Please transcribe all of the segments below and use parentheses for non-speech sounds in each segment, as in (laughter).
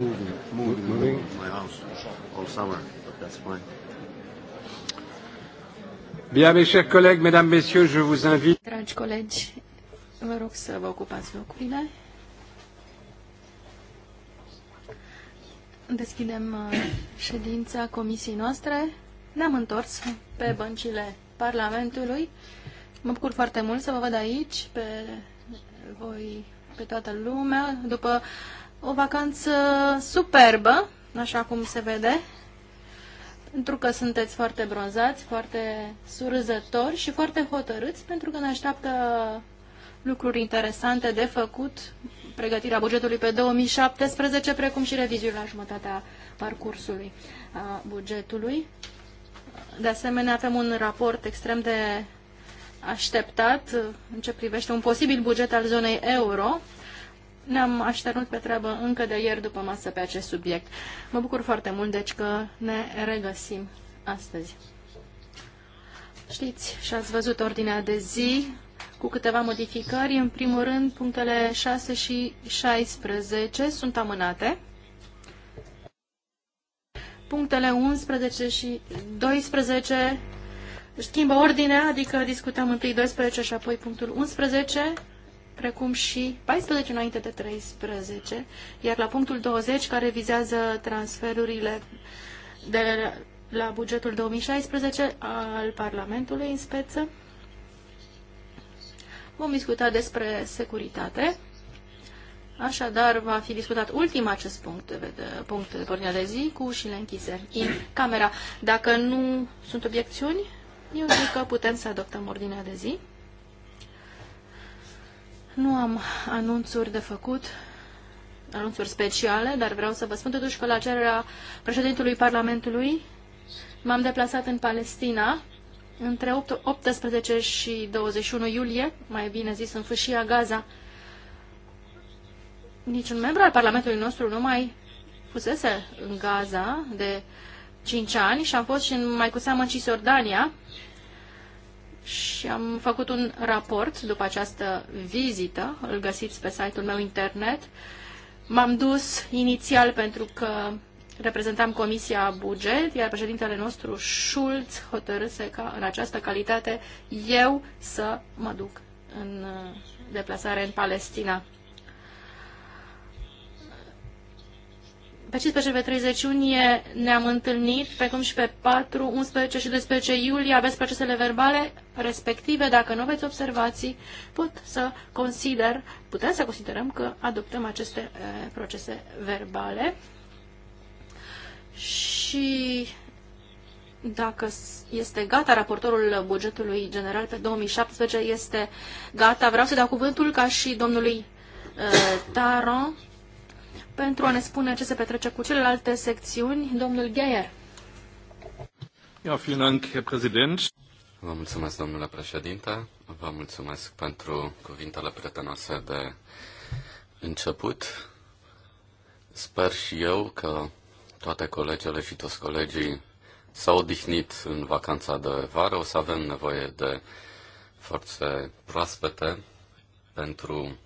Moving, moving, moving. My house all summer, but that's fine. Bien, mes chers collègues, mesdames, messieurs, je vous invite. Dragi colegi, vă rog să vă ocupați locurile. Deschidem uh, ședința comisiei noastre. Ne-am întors pe băncile Parlamentului. Mă bucur foarte mult să vă văd aici, pe voi, pe toată lumea, după o vacanță superbă, așa cum se vede, pentru că sunteți foarte bronzați, foarte surâzători și foarte hotărâți, pentru că ne așteaptă lucruri interesante de făcut, pregătirea bugetului pe 2017, precum și reviziul la jumătatea parcursului a bugetului. De asemenea, avem un raport extrem de așteptat uh, în ce privește un posibil buget al zonei euro ne-am așternut pe treabă încă de ieri după masă pe acest subiect. Mă bucur foarte mult, deci, că ne regăsim astăzi. Știți, și ați văzut ordinea de zi cu câteva modificări. În primul rând, punctele 6 și 16 sunt amânate. Punctele 11 și 12 schimbă ordinea, adică discutăm întâi 12 și apoi punctul 11 precum și 14 înainte de 13, iar la punctul 20, care vizează transferurile de la bugetul 2016 al Parlamentului în speță, vom discuta despre securitate. Așadar, va fi discutat ultim acest punct de, de, punct de pornire de zi cu ușile închise în camera. Dacă nu sunt obiecțiuni, eu zic că putem să adoptăm ordinea de zi. Nu am anunțuri de făcut, anunțuri speciale, dar vreau să vă spun totuși că la cererea președintelui Parlamentului m-am deplasat în Palestina între 8, 18 și 21 iulie, mai bine zis în fâșia Gaza. Niciun membru al Parlamentului nostru nu mai fusese în Gaza de 5 ani și am fost și în, mai cu seamă în Cisjordania și am făcut un raport după această vizită, îl găsiți pe site-ul meu internet. M-am dus inițial pentru că reprezentam Comisia Buget, iar președintele nostru, Schulz, hotărâse ca în această calitate eu să mă duc în uh, deplasare în Palestina. Pe 15 pe 30 iunie ne-am întâlnit, precum și pe 4, 11 și 12 iulie aveți procesele verbale respective. Dacă nu aveți observații, pot să consider, putem să considerăm că adoptăm aceste uh, procese verbale. Și dacă este gata raportorul bugetului general pe 2017, este gata. Vreau să dau cuvântul ca și domnului uh, Taron pentru a ne spune ce se petrece cu celelalte secțiuni. Domnul Geier. Ja, vielen Dank, Herr Präsident. Vă mulțumesc, domnule președinte. Vă mulțumesc pentru cuvintele prietenoase de început. Sper și eu că toate colegele și toți colegii s-au odihnit în vacanța de vară. O să avem nevoie de forțe proaspete pentru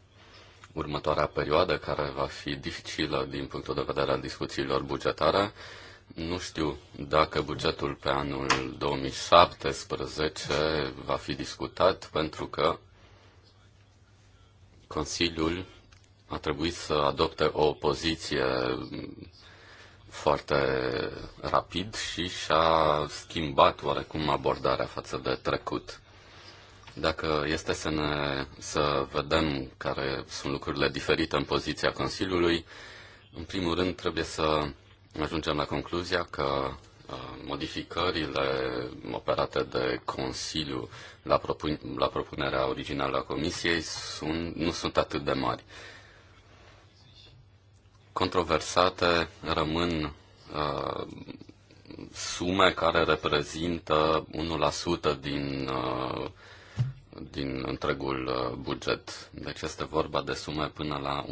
următoarea perioadă, care va fi dificilă din punctul de vedere al discuțiilor bugetare. Nu știu dacă bugetul pe anul 2017 va fi discutat, pentru că Consiliul a trebuit să adopte o poziție foarte rapid și și-a schimbat oarecum abordarea față de trecut. Dacă este să, ne, să vedem care sunt lucrurile diferite în poziția Consiliului, în primul rând trebuie să ajungem la concluzia că uh, modificările operate de Consiliu la, propun- la propunerea originală a Comisiei sunt, nu sunt atât de mari. Controversate rămân uh, sume care reprezintă 1% din uh, din întregul uh, buget. Deci este vorba de sume până la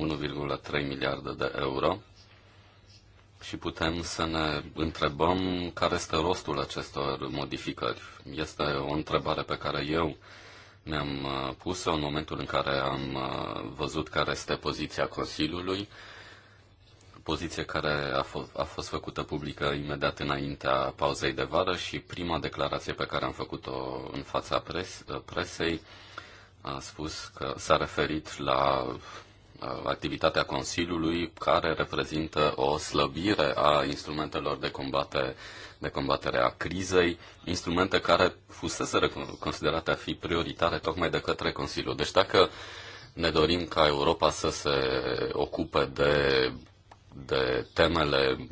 1,3 miliarde de euro și putem să ne întrebăm care este rostul acestor modificări. Este o întrebare pe care eu mi-am uh, pus-o în momentul în care am uh, văzut care este poziția Consiliului poziție care a, fost, a fost făcută publică imediat înaintea pauzei de vară și prima declarație pe care am făcut-o în fața pres- presei a spus că s-a referit la activitatea Consiliului care reprezintă o slăbire a instrumentelor de, combate, de combatere a crizei, instrumente care fusese considerate a fi prioritare tocmai de către Consiliu. Deci dacă ne dorim ca Europa să se ocupe de de temele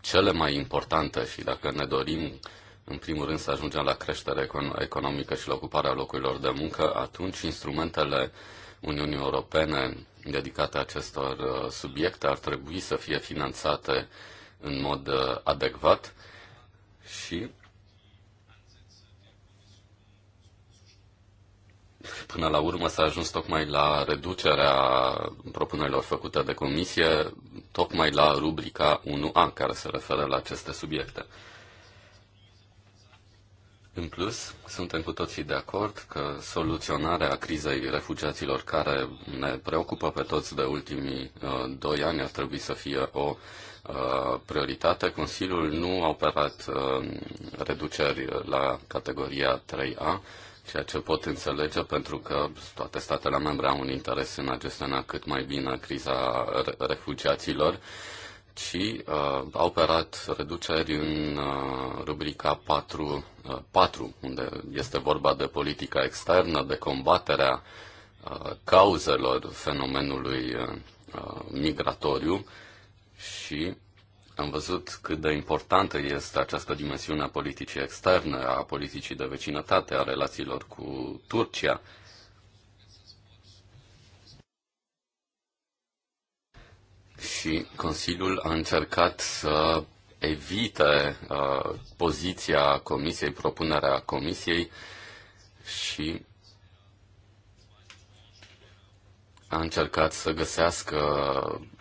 cele mai importante și dacă ne dorim în primul rând să ajungem la creștere economică și la ocuparea locurilor de muncă, atunci instrumentele Uniunii Europene dedicate acestor uh, subiecte ar trebui să fie finanțate în mod uh, adecvat și Până la urmă s-a ajuns tocmai la reducerea propunerilor făcute de comisie, tocmai la rubrica 1A care se referă la aceste subiecte. În plus, suntem cu toții de acord că soluționarea crizei refugiaților care ne preocupă pe toți de ultimii uh, doi ani ar trebui să fie o uh, prioritate. Consiliul nu a operat uh, reduceri la categoria 3A, ceea ce pot înțelege pentru că toate statele membre au un interes în a gestiona cât mai bine criza refugiaților și uh, au operat reduceri în uh, rubrica 4, uh, 4, unde este vorba de politica externă, de combaterea uh, cauzelor fenomenului uh, uh migratoriu și am văzut cât de importantă este această dimensiune a politicii externe, a politicii de vecinătate, a relațiilor cu Turcia. Și Consiliul a încercat să evite uh, poziția Comisiei, propunerea Comisiei și a încercat să găsească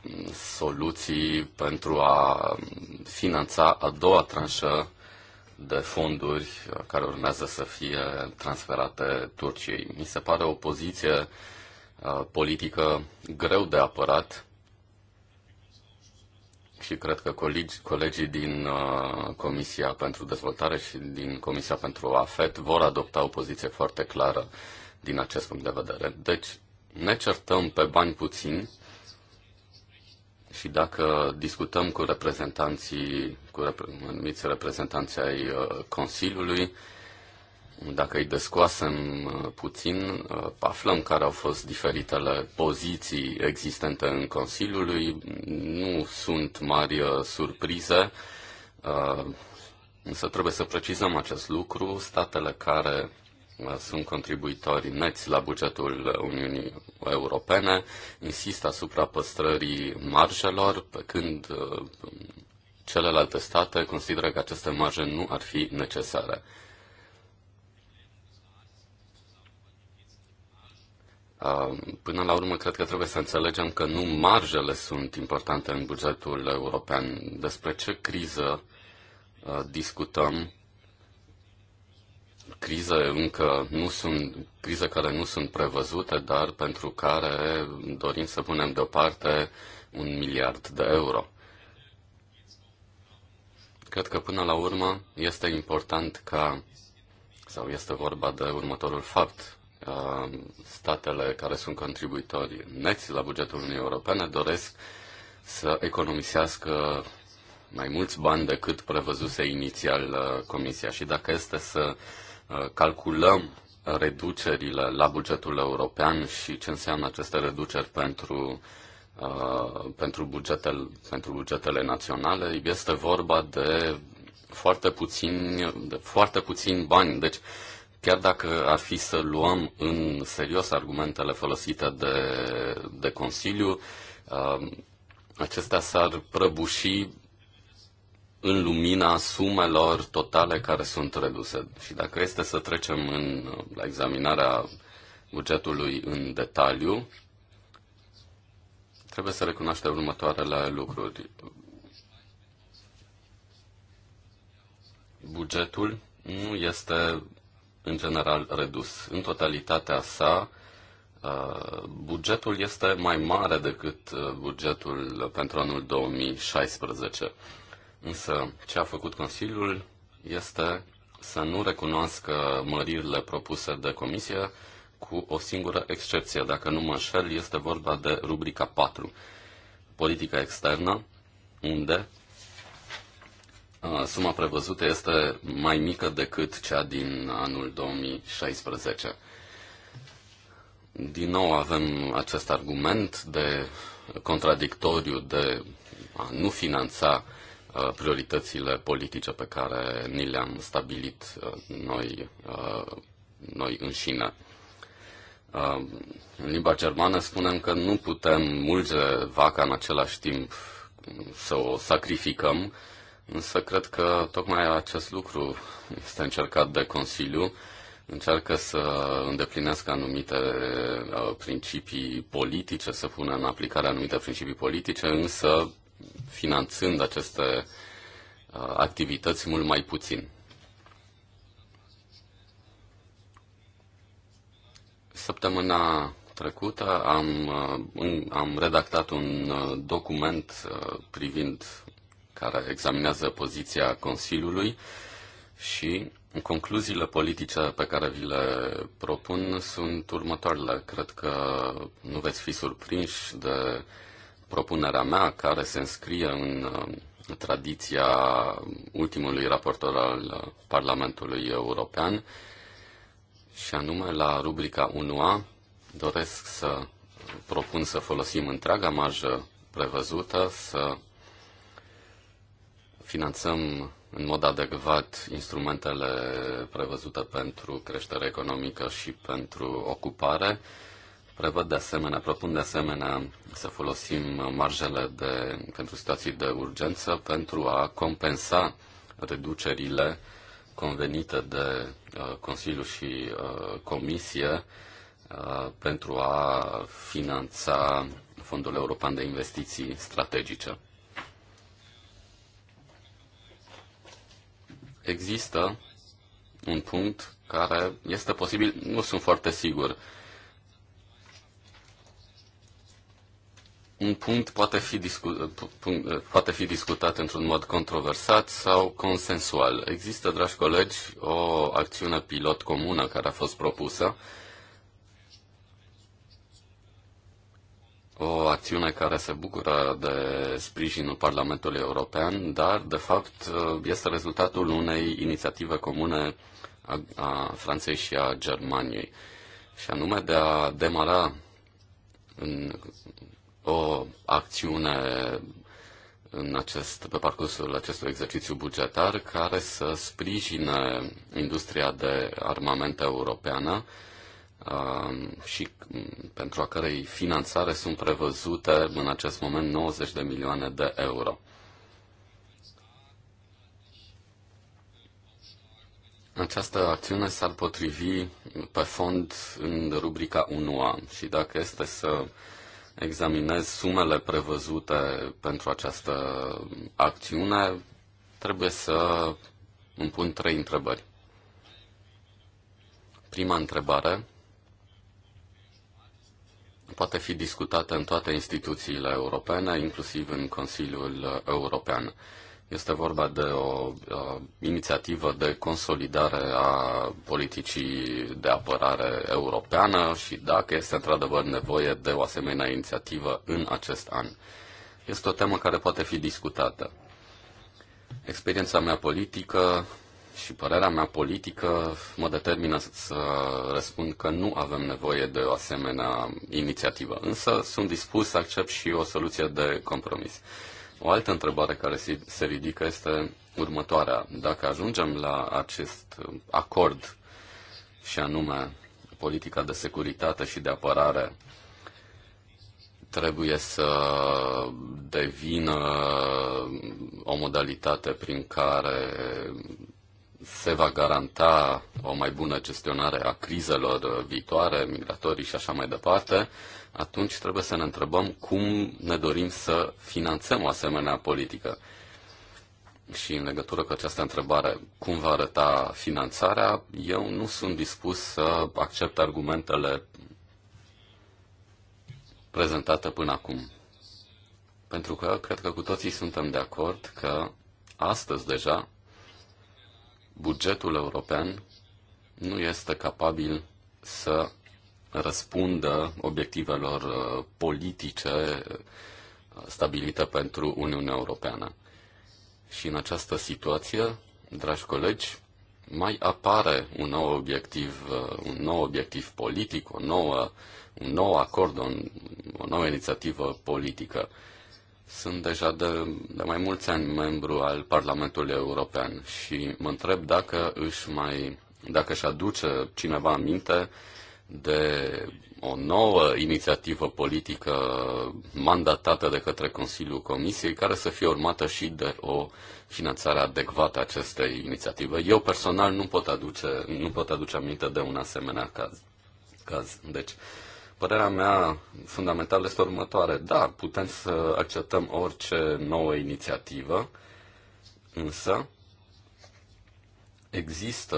mm, soluții pentru a finanța a doua tranșă de fonduri uh, care urmează să fie transferate Turciei. Mi se pare o poziție uh, politică greu de apărat și cred că colegi, colegii din uh, Comisia pentru Dezvoltare și din Comisia pentru AFET vor adopta o poziție foarte clară din acest punct de vedere. Deci, ne certăm pe bani puțin. și dacă discutăm cu reprezentanții, cu rep- anumiți reprezentanții ai uh, Consiliului, dacă îi descoasem uh, puțin, uh, aflăm care au fost diferitele poziții existente în Consiliului. Nu sunt mari surprize, însă trebuie să precizăm acest lucru. Statele care sunt contribuitori neți la bugetul Uniunii Europene, insistă asupra păstrării marjelor, pe când uh, celelalte state consideră că aceste marje nu ar fi necesare. Uh, până la urmă, cred că trebuie să înțelegem că nu marjele sunt importante în bugetul european. Despre ce criză uh, discutăm crize încă nu sunt, crize care nu sunt prevăzute, dar pentru care dorim să punem deoparte un miliard de euro. Cred că până la urmă este important ca, sau este vorba de următorul fapt, statele care sunt contribuitori neți la bugetul Uniunii Europene doresc să economisească mai mulți bani decât prevăzuse inițial Comisia. Și dacă este să Uh, calculăm reducerile la bugetul european și ce înseamnă aceste reduceri pentru, uh, pentru, bugetel, pentru bugetele naționale, este vorba de foarte puțin, de foarte puțin bani. Deci, chiar dacă ar fi să luăm în serios argumentele folosite de, de Consiliu, uh, acestea s-ar prăbuși în lumina sumelor totale care sunt reduse. Și dacă este să trecem în, la examinarea bugetului în detaliu, trebuie să recunoaștem următoarele lucruri. Bugetul nu este în general redus. În totalitatea sa, uh, bugetul este mai mare decât uh, bugetul pentru anul 2016. Însă ce a făcut Consiliul este să nu recunoască măririle propuse de Comisie cu o singură excepție. Dacă nu mă înșel, este vorba de rubrica 4, politica externă, unde uh, suma prevăzută este mai mică decât cea din anul 2016. Din nou avem acest argument de contradictoriu de a nu finanța uh, Uh, prioritățile politice pe care ni le-am stabilit uh, noi, uh, noi înșine. În limba germană spunem că nu putem mulge vaca în același timp să o sacrificăm, însă cred că tocmai acest lucru este încercat de Consiliu, încearcă să îndeplinească anumite principii politice, să pună în aplicare anumite principii politice, însă finanțând aceste uh, activități mult mai puțin. Săptămâna trecută am, uh, am redactat un uh, document privind care examinează poziția Consiliului și concluziile politice pe care vi le propun sunt următoarele. Cred că nu veți fi surprinși de uh, propunerea mea, care se înscrie în uh, tradiția ultimului raportor al uh, Parlamentului European, și anume la rubrica 1A doresc să propun să folosim întreaga marjă prevăzută, să finanțăm în mod adecvat instrumentele prevăzute pentru creștere economică și pentru ocupare, prevăd de asemenea, propun de asemenea să folosim marjele de, pentru situații de urgență pentru a compensa reducerile convenite de uh, Consiliu și uh, Comisie uh, pentru a finanța Fondul European de Investiții Strategice. Există un punct care este posibil, nu sunt foarte sigur, uh, un punct poate fi, discu- eh, poate fi discutat într-un mod controversat sau consensual. Există, dragi colegi, o acțiune pilot comună care a fost propusă, o acțiune care se bucură de sprijinul Parlamentului European, dar, de fapt, eh, este rezultatul unei inițiative comune a, a Franței și a Germaniei, și anume de a demara în o acțiune în acest, pe parcursul acestui exercițiu bugetar care să sprijine industria de armament europeană um, și pentru a cărei finanțare sunt prevăzute în acest moment 90 de milioane de euro. Această acțiune s-ar potrivi pe fond în rubrica 1A și dacă este să examinez sumele prevăzute pentru această acțiune, trebuie să îmi pun trei întrebări. Prima întrebare poate fi discutată în toate instituțiile europene, inclusiv în Consiliul European. Este vorba de o uh, inițiativă de consolidare a politicii de apărare europeană și dacă este într-adevăr nevoie de o asemenea inițiativă în acest an. Este o temă care poate fi discutată. Experiența mea politică și părerea mea politică mă determină să răspund că nu avem nevoie de o asemenea inițiativă, însă sunt dispus să accept și o soluție de compromis. O altă întrebare care se ridică este următoarea. Dacă ajungem la acest acord și anume politica de securitate și de apărare trebuie să devină o modalitate prin care se va garanta o mai bună gestionare a crizelor viitoare, migratorii și așa mai departe, atunci trebuie să ne întrebăm cum ne dorim să finanțăm o asemenea politică. Și în legătură cu această întrebare, cum va arăta finanțarea, eu nu sunt dispus să accept argumentele prezentate până acum. Pentru că cred că cu toții suntem de acord că astăzi deja bugetul european nu este capabil să răspundă obiectivelor uh, politice uh, stabilite pentru Uniunea Europeană. Și în această situație, dragi colegi, mai apare un nou obiectiv, uh, un nou obiectiv politic, o nouă, un nou acord, o, o nouă inițiativă politică. Sunt deja de, de mai mulți ani membru al Parlamentului European și mă întreb dacă își mai dacă își aduce cineva aminte uh, de o nouă inițiativă politică mandatată de către Consiliul Comisiei, care să fie urmată și de o finanțare adecvată acestei inițiative. Eu personal nu pot aduce, nu pot aduce aminte de un asemenea caz. caz. Deci, părerea mea fundamentală este următoare. Da, putem să acceptăm orice nouă inițiativă, însă există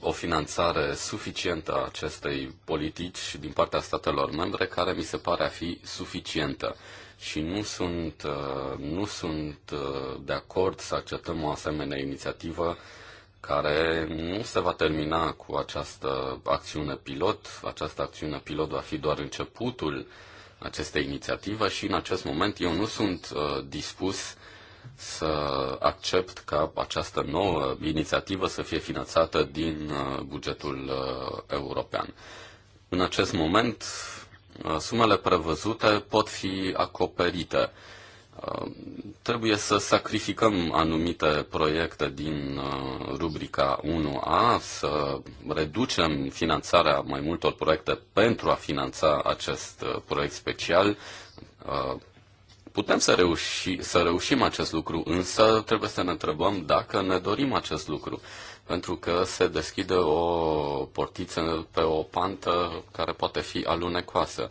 o finanțare suficientă a acestei politici din partea statelor membre care mi se pare a fi suficientă și nu sunt, uh, nu sunt uh, de acord să acceptăm o asemenea inițiativă care nu se va termina cu această acțiune pilot. Această acțiune pilot va fi doar începutul acestei inițiative și în acest moment eu nu sunt uh, dispus uh, să accept ca această nouă inițiativă să fie finanțată din uh, bugetul uh, european. În acest moment, uh, sumele prevăzute pot fi acoperite. Trebuie să sacrificăm anumite proiecte din rubrica 1A, să reducem finanțarea mai multor proiecte pentru a finanța acest proiect special, Putem să, reuși, să reușim acest lucru, însă trebuie să ne întrebăm dacă ne dorim acest lucru, pentru că se deschide o portiță pe o pantă care poate fi alunecoasă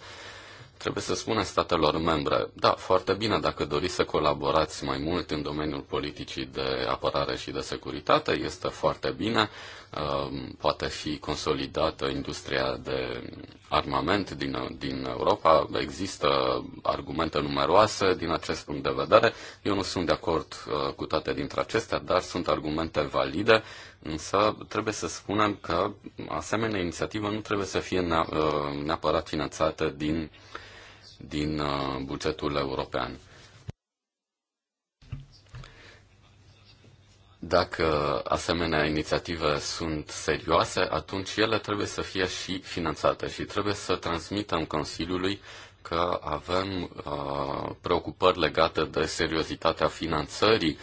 trebuie să spună statelor membre, da, foarte bine, dacă doriți să colaborați mai mult în domeniul politicii de apărare și de securitate, este foarte bine, uh, poate fi consolidată industria de armament din, din Europa, există argumente numeroase din acest punct de vedere. Eu nu sunt de acord uh, cu toate dintre acestea, dar sunt argumente valide, însă trebuie să spunem că asemenea inițiativă nu trebuie să fie uh, neapărat finanțată din din uh, bugetul european. Dacă asemenea inițiative sunt serioase, atunci ele trebuie să fie și finanțate și trebuie să transmitem Consiliului că avem uh, preocupări legate de seriozitatea finanțării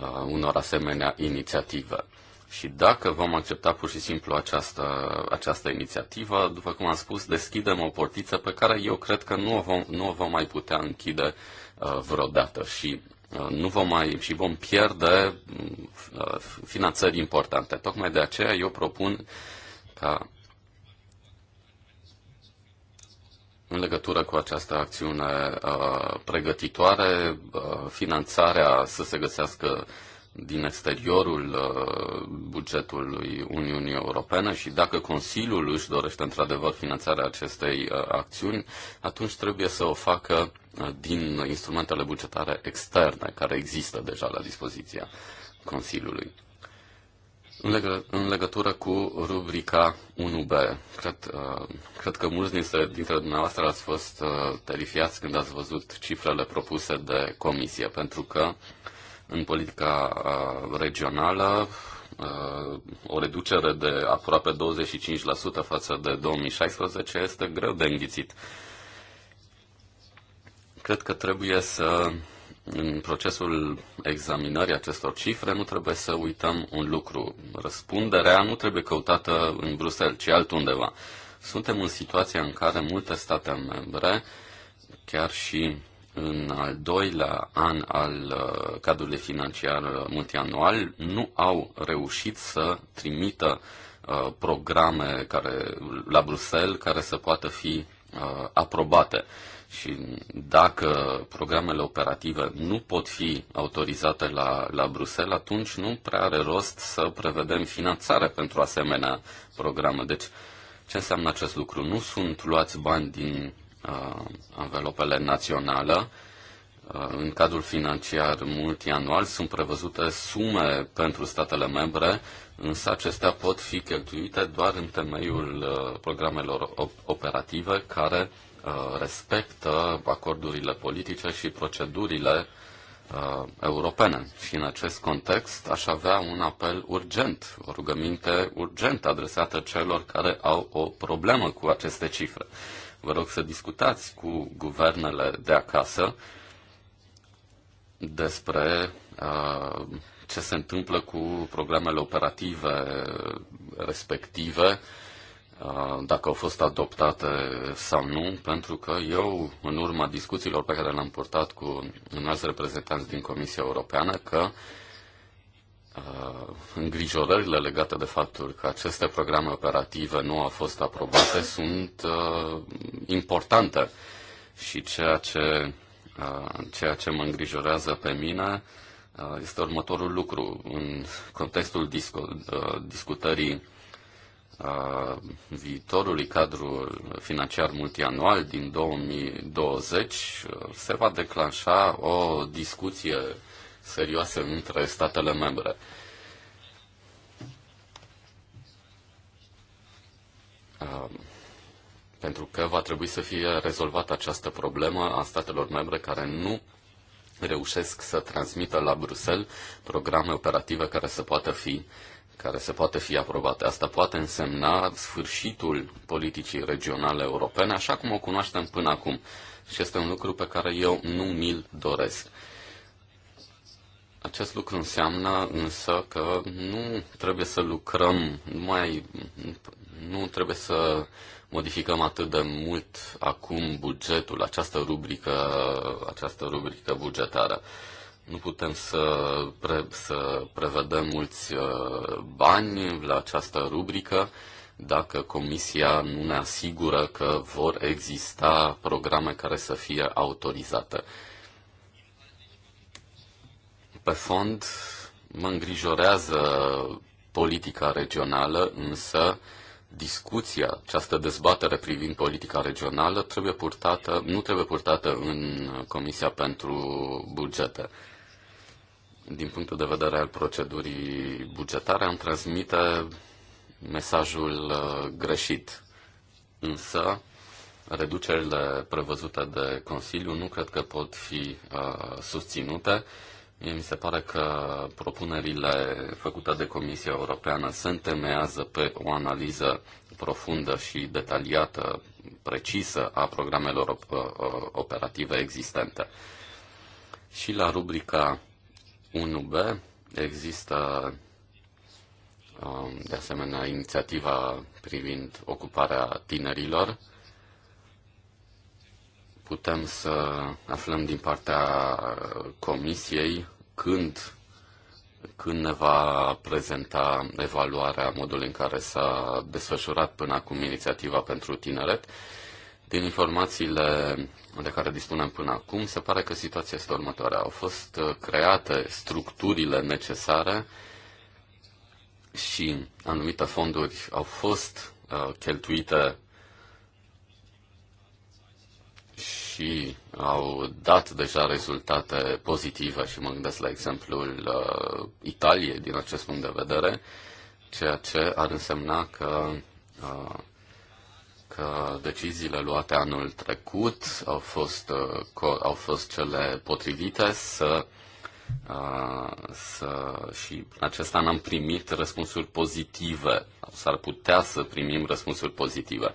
uh, unor asemenea inițiative. Și dacă vom accepta pur și simplu această, această inițiativă, după cum am spus, deschidem o portiță pe care eu cred că nu o vom, nu o vom mai putea închide uh, vreodată și uh, nu vom mai și vom pierde uh, finanțări importante. Tocmai de aceea eu propun ca în legătură cu această acțiune uh, pregătitoare, uh, finanțarea să se găsească uh, din exteriorul uh, bugetului Uniunii Europene și dacă Consiliul își dorește într-adevăr finanțarea acestei uh, acțiuni, atunci trebuie să o facă uh, din instrumentele bugetare externe care există deja la dispoziția Consiliului. În, legătură cu rubrica 1B, cred, cred că mulți dintre, dintre dumneavoastră ați fost terifiați când ați văzut cifrele propuse de comisie, pentru că în politica regională, o reducere de aproape 25% față de 2016 este greu de înghițit. Cred că trebuie să, în procesul examinării acestor cifre, nu trebuie să uităm un lucru. Răspunderea nu trebuie căutată în Bruxelles, ci altundeva. Suntem în situația în care multe state membre, chiar și în al doilea an al uh, cadrului financiar multianual nu au reușit să trimită uh, programe care, la Bruxelles care să poată fi uh, aprobate. Și dacă programele operative nu pot fi autorizate la, la Bruxelles, atunci nu prea are rost să prevedem finanțare pentru asemenea programă. Deci, ce înseamnă acest lucru? Nu sunt luați bani din Uh, anvelopele naționale. Uh, în cadrul financiar multianual sunt prevăzute sume pentru statele membre, însă acestea pot fi cheltuite doar în temeiul uh, programelor operative care respectă acordurile politice și procedurile uh, europene. Și în acest context aș avea un apel urgent, o rugăminte urgentă adresată celor care au o problemă cu aceste cifre. Vă rog să discutați cu guvernele de acasă despre uh, ce se întâmplă cu programele operative respective, uh, dacă au fost adoptate sau nu, pentru că eu, în urma discuțiilor pe care le-am purtat cu un alt reprezentanți din Comisia Europeană, că uh, Uh, îngrijorările legate de faptul că aceste programe operative nu au fost aprobate sunt uh, importante și ceea ce, uh, ceea ce mă îngrijorează pe mine uh, este următorul lucru. În contextul discu- uh, discutării uh, viitorului cadru financiar multianual din 2020 uh, se va declanșa o discuție uh, serioase între statele membre. Um, pentru că va trebui să fie rezolvată această problemă a statelor membre care nu reușesc să transmită la Bruxelles programe operative care se poate fi care se poate fi aprobate. Asta poate însemna sfârșitul politicii regionale europene, așa cum o cunoaștem până acum. Și este un lucru pe care eu nu mi-l doresc. Acest lucru înseamnă însă că nu trebuie să lucrăm mai, nu trebuie să modificăm atât de mult acum bugetul, această rubrică, această rubrică bugetară. Nu putem să, pre, să prevedem mulți uh, bani la această rubrică dacă Comisia nu ne asigură că vor exista programe care să fie autorizate pe fond, mă îngrijorează politica regională, însă discuția, această dezbatere privind politica regională trebuie purtată, nu trebuie purtată în Comisia pentru Bugete. Din punctul de vedere al procedurii bugetare, am transmite mesajul uh, greșit. Însă, reducerile prevăzute de Consiliu nu cred că pot fi uh, susținute Mie mi se pare că propunerile făcute de Comisia Europeană se întemeiază pe o analiză profundă și detaliată, precisă a programelor operative existente. Și la rubrica 1B există um, de asemenea inițiativa privind ocuparea tinerilor. Putem să aflăm din partea Comisiei când, când ne va prezenta evaluarea modului în care s-a desfășurat până acum inițiativa pentru tineret. Din informațiile de care dispunem până acum, se pare că situația este următoarea. Au fost uh, create structurile necesare și anumite fonduri au fost uh, cheltuite și au dat deja rezultate pozitive și mă gândesc la exemplul uh, Italiei din acest punct de vedere, ceea ce ar însemna că, uh, că deciziile luate anul trecut au fost, uh, co- au fost cele potrivite să, uh, să și în acest an am primit răspunsuri pozitive, s-ar putea să primim răspunsuri pozitive.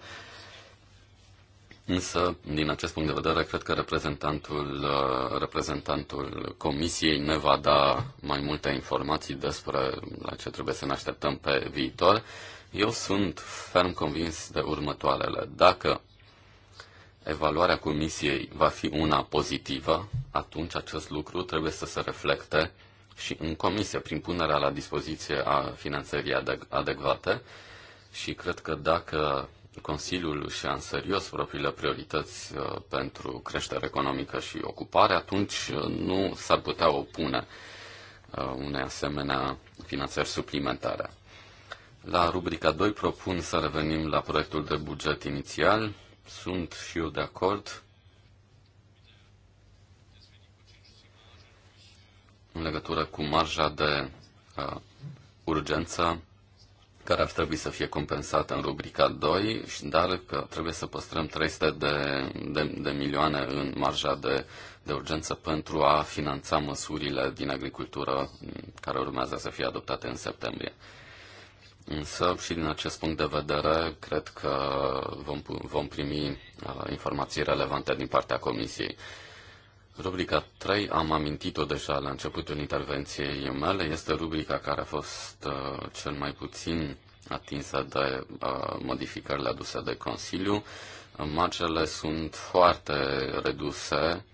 Însă, din acest punct de vedere, cred că reprezentantul, uh, reprezentantul Comisiei ne va da mai multe informații despre la ce trebuie să ne așteptăm pe viitor. Eu sunt ferm convins de următoarele. Dacă evaluarea Comisiei va fi una pozitivă, atunci acest lucru trebuie să se reflecte și în Comisie, prin punerea la dispoziție a finanțării adecvate. Și cred că dacă Consiliul și-a în serios propriile priorități uh, pentru creștere economică și ocupare, atunci uh, nu s-ar putea opune uh, unei asemenea finanțări suplimentare. La rubrica 2 propun să revenim la proiectul de buget inițial. Sunt și eu de acord în legătură cu marja de uh, urgență care ar trebui să fie compensată în rubrica 2, dar că trebuie să păstrăm 300 de, de, de milioane în marja de, de urgență pentru a finanța măsurile din agricultură care urmează să fie adoptate în septembrie. Însă și din acest punct de vedere, cred că vom, vom primi uh, informații relevante din partea Comisiei. Uh, Rubrica 3, am amintit-o deja la începutul intervenției mele, este rubrica care a fost uh, cel mai puțin atinsă de uh, modificările aduse de Consiliu. Marcele sunt foarte reduse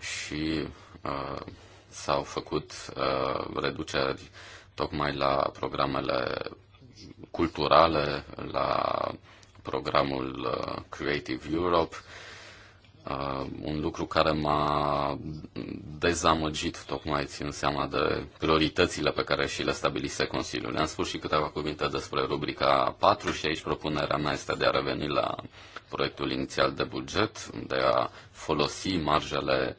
și uh, s-au făcut uh, reduceri tocmai la programele culturale, la programul uh, Creative Europe, uh, Uh, un lucru care m-a dezamăgit, tocmai țin seama de prioritățile pe care și le stabilise Consiliul. Le-am spus și câteva cuvinte despre rubrica 4 și aici propunerea mea este de a reveni la proiectul inițial de buget, de a folosi marjele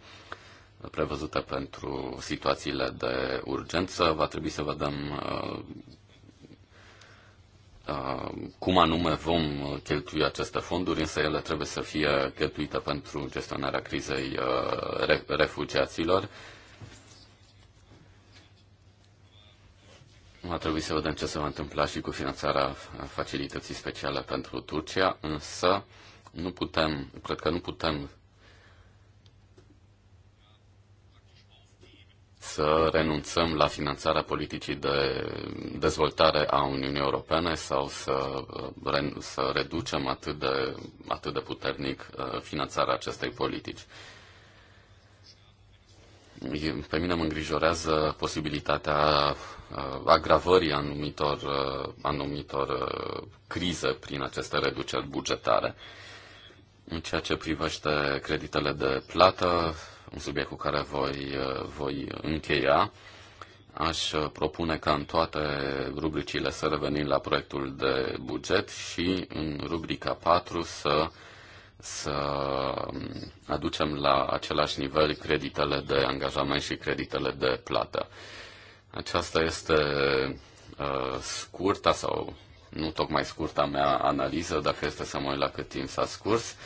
prevăzute pentru situațiile de urgență. Va trebui să vedem uh, Uh, cum anume vom uh, cheltui aceste fonduri, însă ele trebuie să fie cheltuite pentru gestionarea crizei uh, refugiaților. Va trebui să vedem ce se va întâmpla și cu finanțarea facilității speciale pentru Turcia, însă nu putem, cred că nu putem să renunțăm la finanțarea politicii de dezvoltare a Uniunii Europene sau să, uh, să reducem atât de, atât de puternic uh, finanțarea acestei politici. Pe mine mă îngrijorează posibilitatea uh, agravării anumitor, anumitor crize prin aceste reduceri bugetare. În ceea ce privește creditele de plată, un subiect cu care voi, uh, voi încheia, aș uh, propune ca în toate rubricile să revenim la proiectul de buget și în rubrica 4 să, să um, aducem la același nivel creditele de angajament și creditele de plată. Aceasta este uh, scurta sau nu tocmai scurta mea analiză, dacă este să mă uit la cât timp s-a scurs. Uh,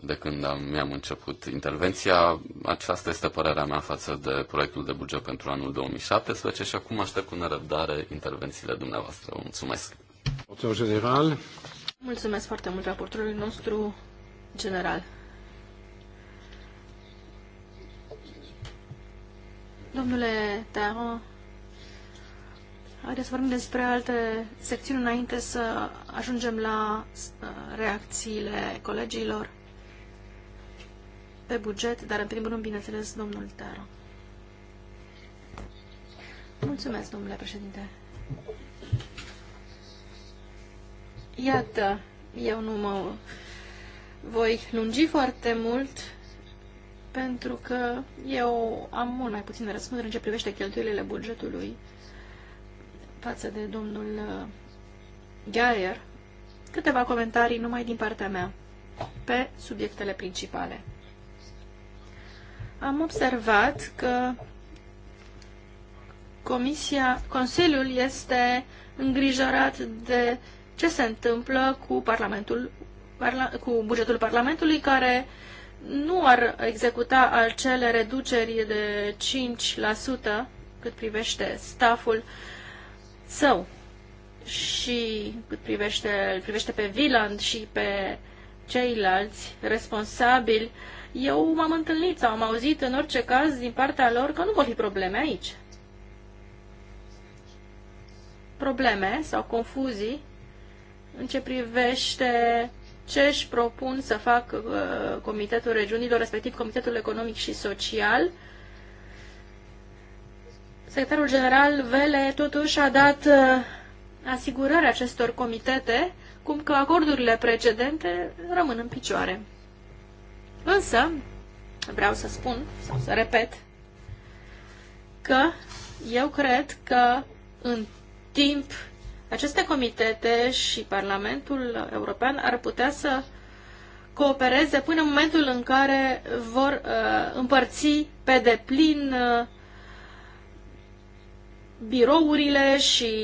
de când am, mi-am început intervenția. Aceasta este părerea mea față de proiectul de buget pentru anul 2017 și acum aștept cu nerăbdare intervențiile dumneavoastră. Vă mulțumesc! general. Mulțumesc foarte mult raportului nostru general. Domnule Taron, haideți să vorbim despre alte secțiuni înainte să ajungem la uh, reacțiile colegilor pe buget, dar în primul rând, bineînțeles, domnul Taro. Mulțumesc, domnule președinte. Iată, eu nu mă voi lungi foarte mult pentru că eu am mult mai puțin răspundere în ce privește cheltuielile bugetului față de domnul uh, Gaier. Câteva comentarii numai din partea mea pe subiectele principale am observat că Comisia, Consiliul este îngrijorat de ce se întâmplă cu, Parlamentul, parla, cu bugetul Parlamentului, care nu ar executa acele reduceri de 5% cât privește staful său și cât privește, privește pe Viland și pe ceilalți responsabili uh, eu m-am întâlnit sau am auzit în orice caz din partea lor că nu vor fi probleme aici. Probleme sau confuzii în ce privește ce își propun să fac uh, Comitetul Regiunilor, respectiv Comitetul Economic și Social. Secretarul General Vele totuși a dat uh, asigurarea acestor comitete cum că acordurile precedente rămân în picioare. Însă, vreau să spun, sau să repet, că eu cred că în timp aceste comitete și Parlamentul European ar putea să coopereze până în momentul în care vor uh, împărți pe deplin uh, birourile și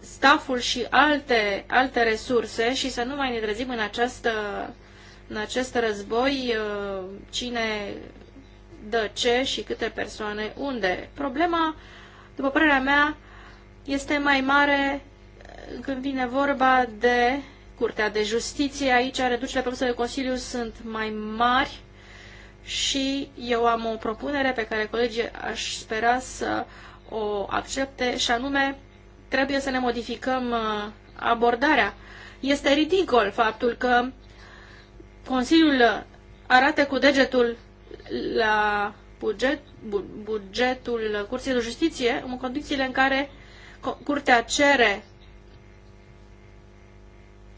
stafful și alte, alte resurse și să nu mai ne trezim în această uh, în acest război, uh, cine dă ce și câte persoane unde. Problema, după părerea mea, este mai mare uh, când vine vorba de Curtea de Justiție. Aici reducerile propuse de Consiliu sunt mai mari și eu am o propunere pe care colegii aș spera să o accepte și anume trebuie să ne modificăm uh, abordarea. Este ridicol faptul că Consiliul arată cu degetul la buget, bu, bugetul Curții de Justiție în condițiile în care Curtea cere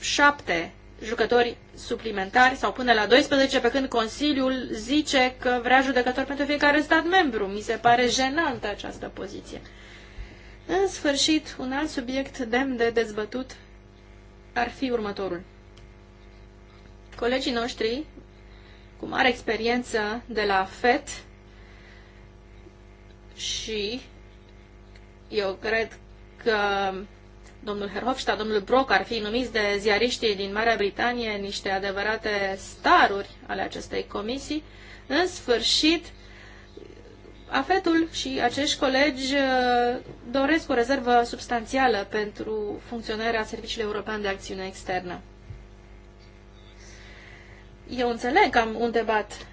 șapte jucători suplimentari sau până la 12, pe când Consiliul zice că vrea judecători pentru fiecare stat membru. Mi se pare jenantă această poziție. În sfârșit, un alt subiect demn de dezbătut ar fi următorul. Colegii noștri, cu mare experiență de la FET și eu cred că domnul Herhofstadt, domnul Brock ar fi numiți de ziariștii din Marea Britanie niște adevărate staruri ale acestei comisii. În sfârșit, Afetul și acești colegi uh, doresc o rezervă substanțială pentru funcționarea Serviciului European de Acțiune Externă. Eu înțeleg că unde bat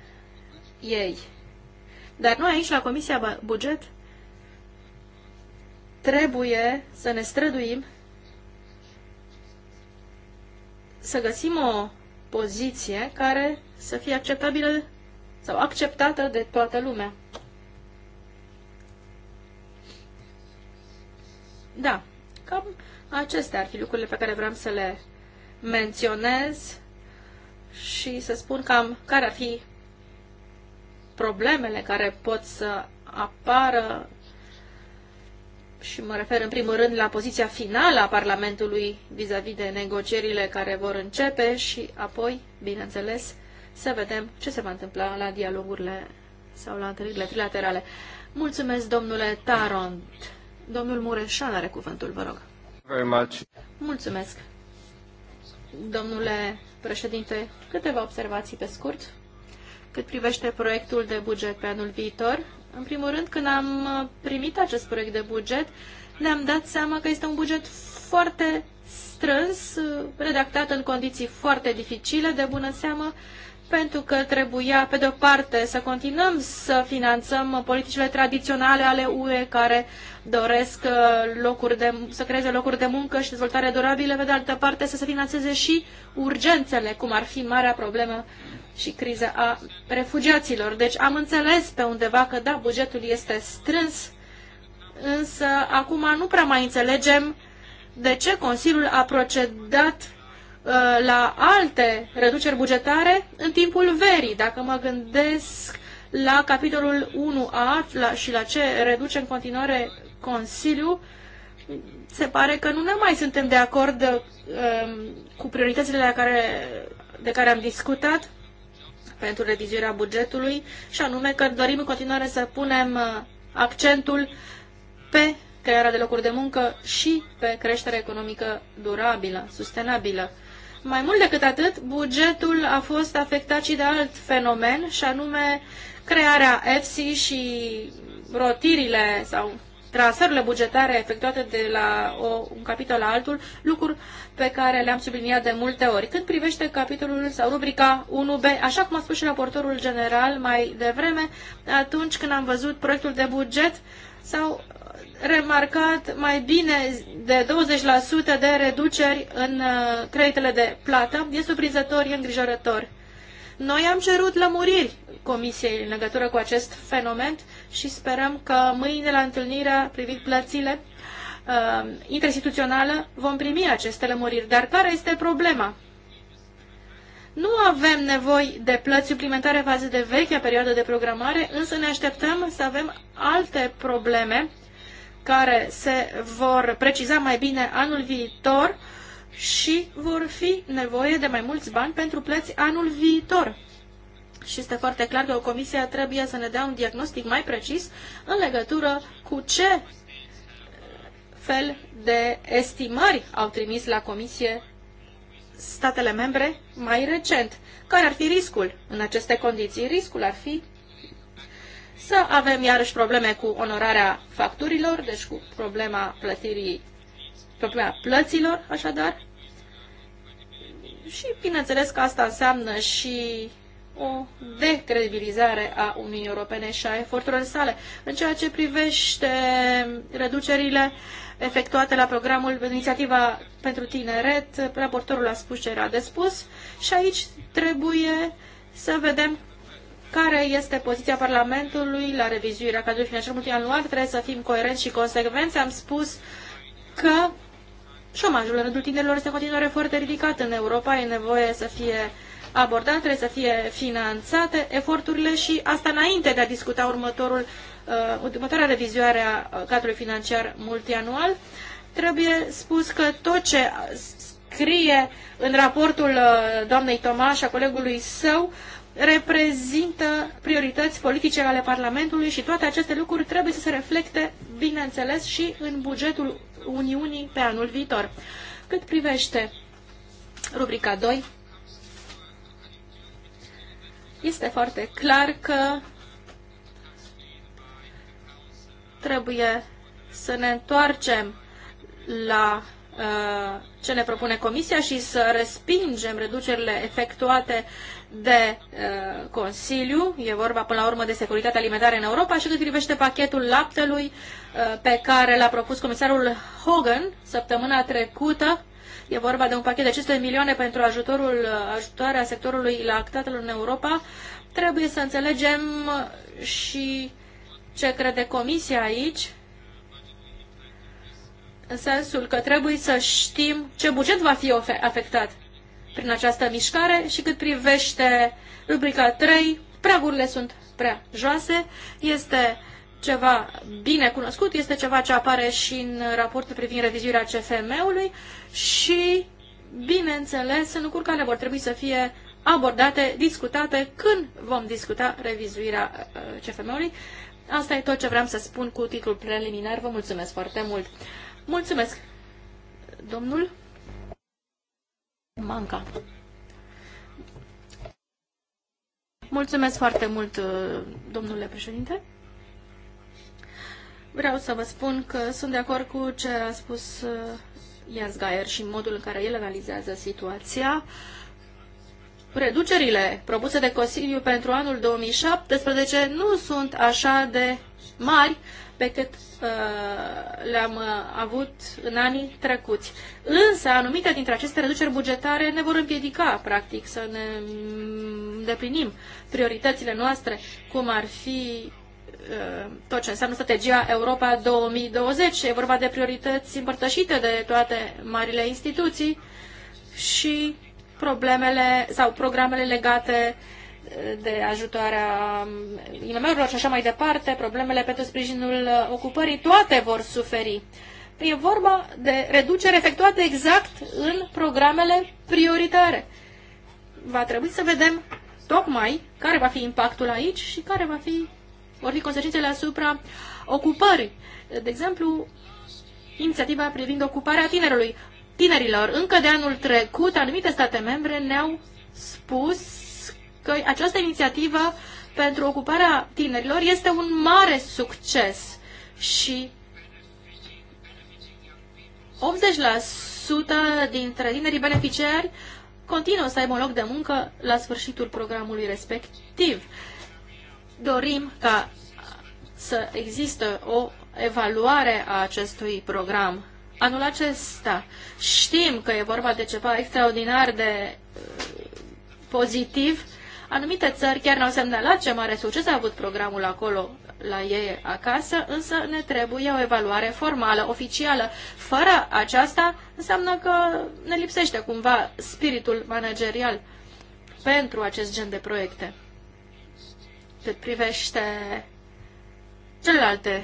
ei, dar noi aici, la Comisia Buget, trebuie să ne străduim să găsim o poziție care să fie acceptabilă sau acceptată de toată lumea. Da, cam acestea ar fi lucrurile pe care vreau să le menționez și să spun cam care ar fi problemele care pot să apară și mă refer în primul rând la poziția finală a Parlamentului vis-a-vis -vis de negocierile care vor începe și apoi, bineînțeles, să vedem ce se va întâmpla la dialogurile sau la întâlnirile trilaterale. Mulțumesc, domnule Tarond. Domnul Mureșan are cuvântul, vă rog. Very much. Mulțumesc domnule președinte, câteva observații pe scurt cât privește proiectul de buget pe anul viitor. În primul rând, când am primit acest proiect de buget, ne-am dat seama că este un buget foarte strâns, redactat în condiții foarte dificile, de bună seamă, pentru că trebuia, pe de-o parte, să continuăm să finanțăm politicile tradiționale ale UE care doresc uh, locuri de, să creeze locuri de muncă și dezvoltare durabilă, pe de altă parte să se finanțeze și urgențele, cum ar fi marea problemă și criza a refugiaților. Deci am înțeles pe undeva că, da, bugetul este strâns, însă acum nu prea mai înțelegem de ce Consiliul a procedat Uh, la alte reduceri bugetare în timpul verii. Dacă mă gândesc la capitolul 1A la, și la ce reduce în continuare Consiliu, se pare că nu ne mai suntem de acord um, cu prioritățile la care, de care am discutat pentru revizuirea bugetului și anume că dorim în continuare să punem uh, accentul pe crearea de locuri de muncă și pe creștere economică durabilă, sustenabilă. Mai mult decât atât, bugetul a fost afectat și de alt fenomen, și anume crearea EFSI și rotirile sau trasările bugetare efectuate de la o, un capitol la altul, lucruri pe care le-am subliniat de multe ori. Cât privește capitolul sau rubrica 1B, așa cum a spus și raportorul general mai devreme, atunci când am văzut proiectul de buget, s-au remarcat mai bine de 20% de reduceri în uh, creditele de plată. E surprinzător, e îngrijorător. Noi am cerut lămuriri Comisiei în legătură cu acest fenomen și sperăm că mâine la întâlnirea privind plățile uh, interinstituțională vom primi aceste lămuriri. Dar care este problema? Nu avem nevoi de plăți suplimentare față de vechea perioadă de programare, însă ne așteptăm să avem alte probleme care se vor preciza mai bine anul viitor și vor fi nevoie de mai mulți bani pentru plăți anul viitor. Și este foarte clar că o comisie trebuie să ne dea un diagnostic mai precis în legătură cu ce fel de estimări au trimis la comisie statele membre mai recent. Care ar fi riscul în aceste condiții? Riscul ar fi să avem iarăși probleme cu onorarea facturilor, deci cu problema plătirii, problema plăților, așadar. Și, bineînțeles, că asta înseamnă și o decredibilizare a Uniunii Europene și a eforturilor sale. În ceea ce privește reducerile efectuate la programul Inițiativa pentru Tineret, raportorul a spus ce era de spus și aici trebuie să vedem care este poziția Parlamentului la revizuirea cadrului financiar multianual. Trebuie să fim coerenți și consecvenți. Am spus că șomajul în rândul tinerilor este în continuare foarte ridicat în Europa. E nevoie să fie abordat, trebuie să fie finanțate eforturile și asta înainte de a discuta următorul, uh, următoarea revizuire a cadrului financiar multianual. Trebuie spus că tot ce scrie în raportul uh, doamnei Tomaș a colegului său uh, reprezintă priorități politice ale Parlamentului și toate aceste lucruri trebuie să se reflecte, bineînțeles, și în bugetul Uniunii pe anul viitor. Cât privește rubrica 2, este foarte clar că trebuie să ne întoarcem la uh, ce ne propune Comisia și să respingem reducerile efectuate de uh, Consiliu, e vorba până la urmă de securitatea alimentară în Europa și cât privește pachetul laptelui uh, pe care l-a propus comisarul Hogan săptămâna trecută. E vorba de un pachet de 500 milioane pentru ajutorul, uh, ajutoarea sectorului lactatelor în Europa. Trebuie să înțelegem uh, și ce crede Comisia aici, în sensul că trebuie să știm ce buget va fi afectat prin această mișcare și cât privește rubrica 3, pragurile sunt prea joase, este ceva bine cunoscut, este ceva ce apare și în raportul privind revizuirea CFM-ului și, bineînțeles, sunt lucruri care vor trebui să fie abordate, discutate când vom discuta revizuirea uh, CFM-ului. Asta e tot ce vreau să spun cu titlul preliminar. Vă mulțumesc foarte mult. Mulțumesc, domnul. Manca. Mulțumesc foarte mult, uh, domnule președinte. Vreau să vă spun că sunt de acord cu ce a spus uh, Jens Geier și modul în care el analizează situația reducerile propuse de Consiliu pentru anul 2017 nu sunt așa de mari pe cât uh, le-am uh, avut în anii trecuți. Însă, anumite dintre aceste reduceri bugetare ne vor împiedica, practic, să ne îndeplinim prioritățile noastre, cum ar fi uh, tot ce înseamnă strategia Europa 2020. E vorba de priorități împărtășite de toate marile instituții și problemele sau programele legate eh, de ajutarea mm, IMM-urilor și așa mai departe, problemele pentru sprijinul eh, ocupării, toate vor suferi. E vorba de reducere efectuată exact în programele prioritare. Va trebui să vedem tocmai care va fi impactul aici și care va fi, vor fi consecințele asupra ocupării. De exemplu, inițiativa privind ocuparea tinerului tinerilor. Încă de anul trecut, anumite state membre ne-au spus că această inițiativă pentru ocuparea tinerilor este un mare succes și 80% dintre tinerii beneficiari continuă să aibă un loc de muncă la sfârșitul programului respectiv. Dorim ca să există o evaluare a acestui program anul acesta. Știm că e vorba de ceva extraordinar de uh, pozitiv. Anumite țări chiar ne-au semnalat ce mare succes a avut programul acolo la ei acasă, însă ne trebuie o evaluare formală, oficială. Fără aceasta înseamnă că ne lipsește cumva spiritul managerial pentru acest gen de proiecte. Cât privește celelalte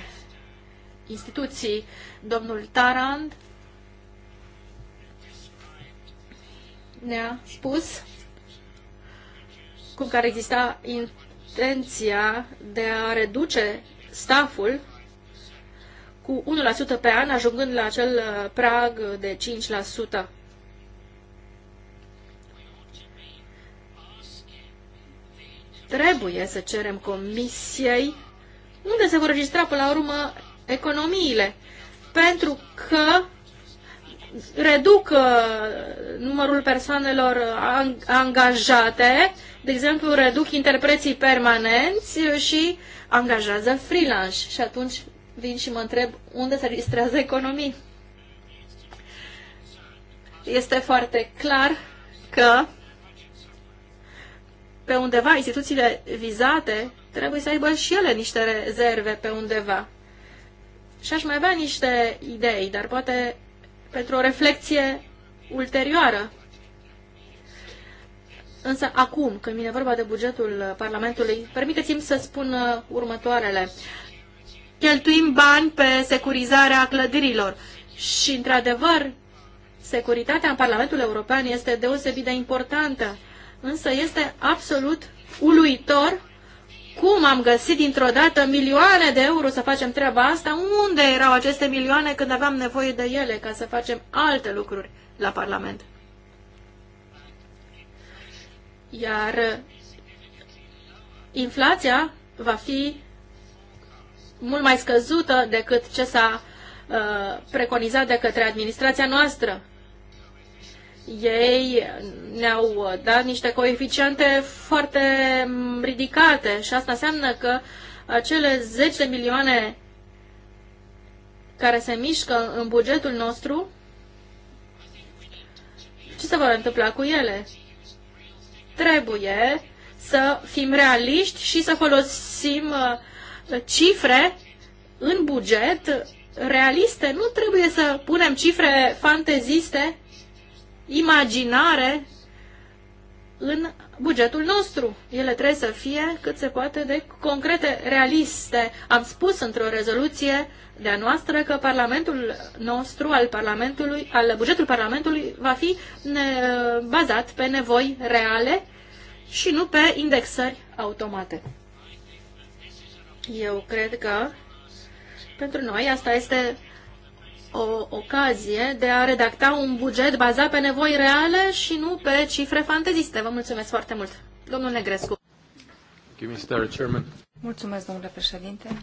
instituții. Domnul Tarand ne-a spus cum care exista intenția de a reduce staful cu 1% pe an, ajungând la acel uh, prag de 5%. Trebuie să cerem comisiei unde se vor registra până la urmă economiile, pentru că reduc uh, numărul persoanelor angajate, de exemplu, reduc interpreții permanenți și angajează freelance. Și atunci vin și mă întreb unde se registrează economii. Este foarte clar că pe undeva instituțiile vizate trebuie să aibă și ele niște rezerve pe undeva. Și aș mai avea niște idei, dar poate pentru o reflexie ulterioară. Însă acum, când vine vorba de bugetul Parlamentului, permiteți-mi să spun uh, următoarele. Cheltuim bani pe securizarea clădirilor și, într-adevăr, securitatea în Parlamentul European este deosebit de importantă, însă este absolut uluitor cum am găsit dintr-o dată milioane de euro să facem treaba asta? Unde erau aceste milioane când aveam nevoie de ele ca să facem alte lucruri la Parlament? Iar inflația va fi mult mai scăzută decât ce s-a uh, preconizat de către administrația noastră ei ne-au dat niște coeficiente foarte ridicate și asta înseamnă că acele 10 de milioane care se mișcă în bugetul nostru, ce se va întâmpla cu ele? Trebuie să fim realiști și să folosim uh, cifre în buget realiste. Nu trebuie să punem cifre fanteziste imaginare în bugetul nostru. Ele trebuie să fie cât se poate de concrete, realiste. Am spus într-o rezoluție de-a noastră că Parlamentul nostru, al Parlamentului, al bugetul Parlamentului va fi ne, bazat pe nevoi reale și nu pe indexări automate. Eu cred că pentru noi asta este o ocazie de a redacta un buget bazat pe nevoi reale și nu pe cifre fanteziste. Vă mulțumesc foarte mult. Domnul Negrescu. Mulțumesc, domnule președinte.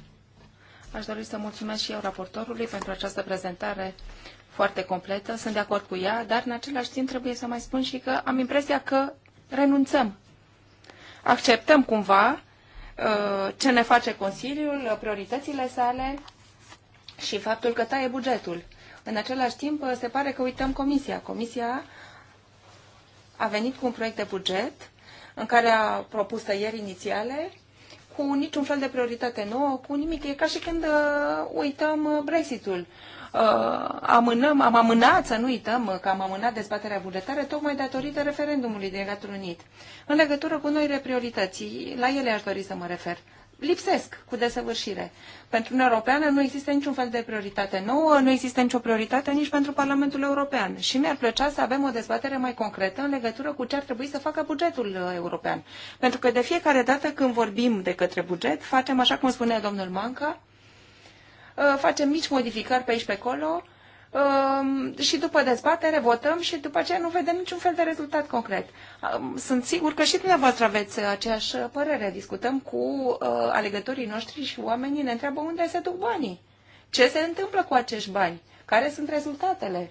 Aș dori să mulțumesc și eu raportorului pentru această prezentare foarte completă. Sunt de acord cu ea, dar în același timp trebuie să mai spun și că am impresia că renunțăm. Acceptăm cumva uh, ce ne face Consiliul, prioritățile sale, și faptul că taie bugetul. În același timp, se pare că uităm Comisia. Comisia a venit cu un proiect de buget în care a propus tăieri inițiale cu niciun fel de prioritate nouă, cu nimic. E ca și când uh, uităm uh, Brexitul. Uh, amânăm, am amânat, să nu uităm uh, că am amânat dezbaterea bugetară tocmai datorită referendumului din Regatul Unit. În legătură cu noile priorități, la ele aș dori să mă refer lipsesc cu desăvârșire. Pentru Uniunea Europeană nu există niciun fel de prioritate nouă, nu există nicio prioritate nici pentru Parlamentul European. Și mi-ar plăcea să avem o dezbatere mai concretă în legătură cu ce ar trebui să facă bugetul uh, european. Pentru că de fiecare dată când vorbim de către buget, facem așa cum spunea domnul Manca, uh, facem mici modificări pe aici pe acolo, Um, și după dezbatere votăm și după aceea nu vedem niciun fel de rezultat concret. Um, sunt sigur că și dumneavoastră aveți aceeași părere. Discutăm cu uh, alegătorii noștri și oamenii ne întreabă unde se duc banii. Ce se întâmplă cu acești bani? Care sunt rezultatele?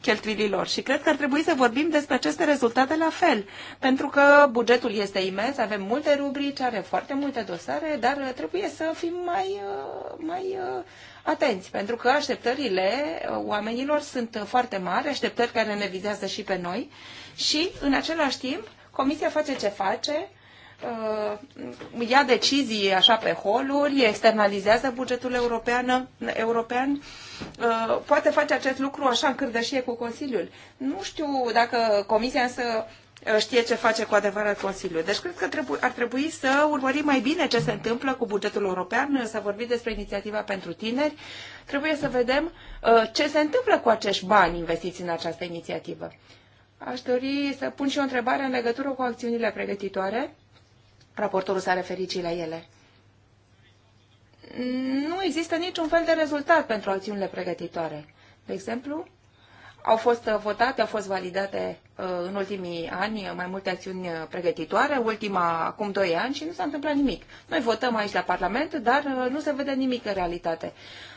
cheltuielilor. Și cred că ar trebui să vorbim despre aceste rezultate la fel, pentru că bugetul este imens, avem multe rubrici, are foarte multe dosare, dar trebuie să fim mai, uh, mai uh, atenți, pentru că așteptările uh, oamenilor sunt foarte mari, așteptări care ne vizează și pe noi și, în același timp, Comisia face ce face, ia decizii așa pe holuri, externalizează bugetul european, european Uh, poate face acest lucru așa în cârdășie cu Consiliul. Nu știu dacă Comisia însă uh, știe ce face cu adevărat Consiliul. Deci cred că trebu- ar trebui să urmărim mai bine ce se întâmplă cu bugetul european, uh, să vorbim despre inițiativa pentru tineri. Trebuie să vedem uh, ce se întâmplă cu acești bani investiți în această inițiativă. Aș dori să pun și o întrebare în legătură cu acțiunile pregătitoare. Raportorul s-a referit și la ele nu există niciun fel de rezultat pentru acțiunile pregătitoare. De exemplu, au fost votate, au fost validate uh, în ultimii ani mai multe acțiuni pregătitoare, ultima acum 2 ani și nu s-a întâmplat nimic. Noi votăm aici la Parlament, dar uh, nu se vede nimic în realitate.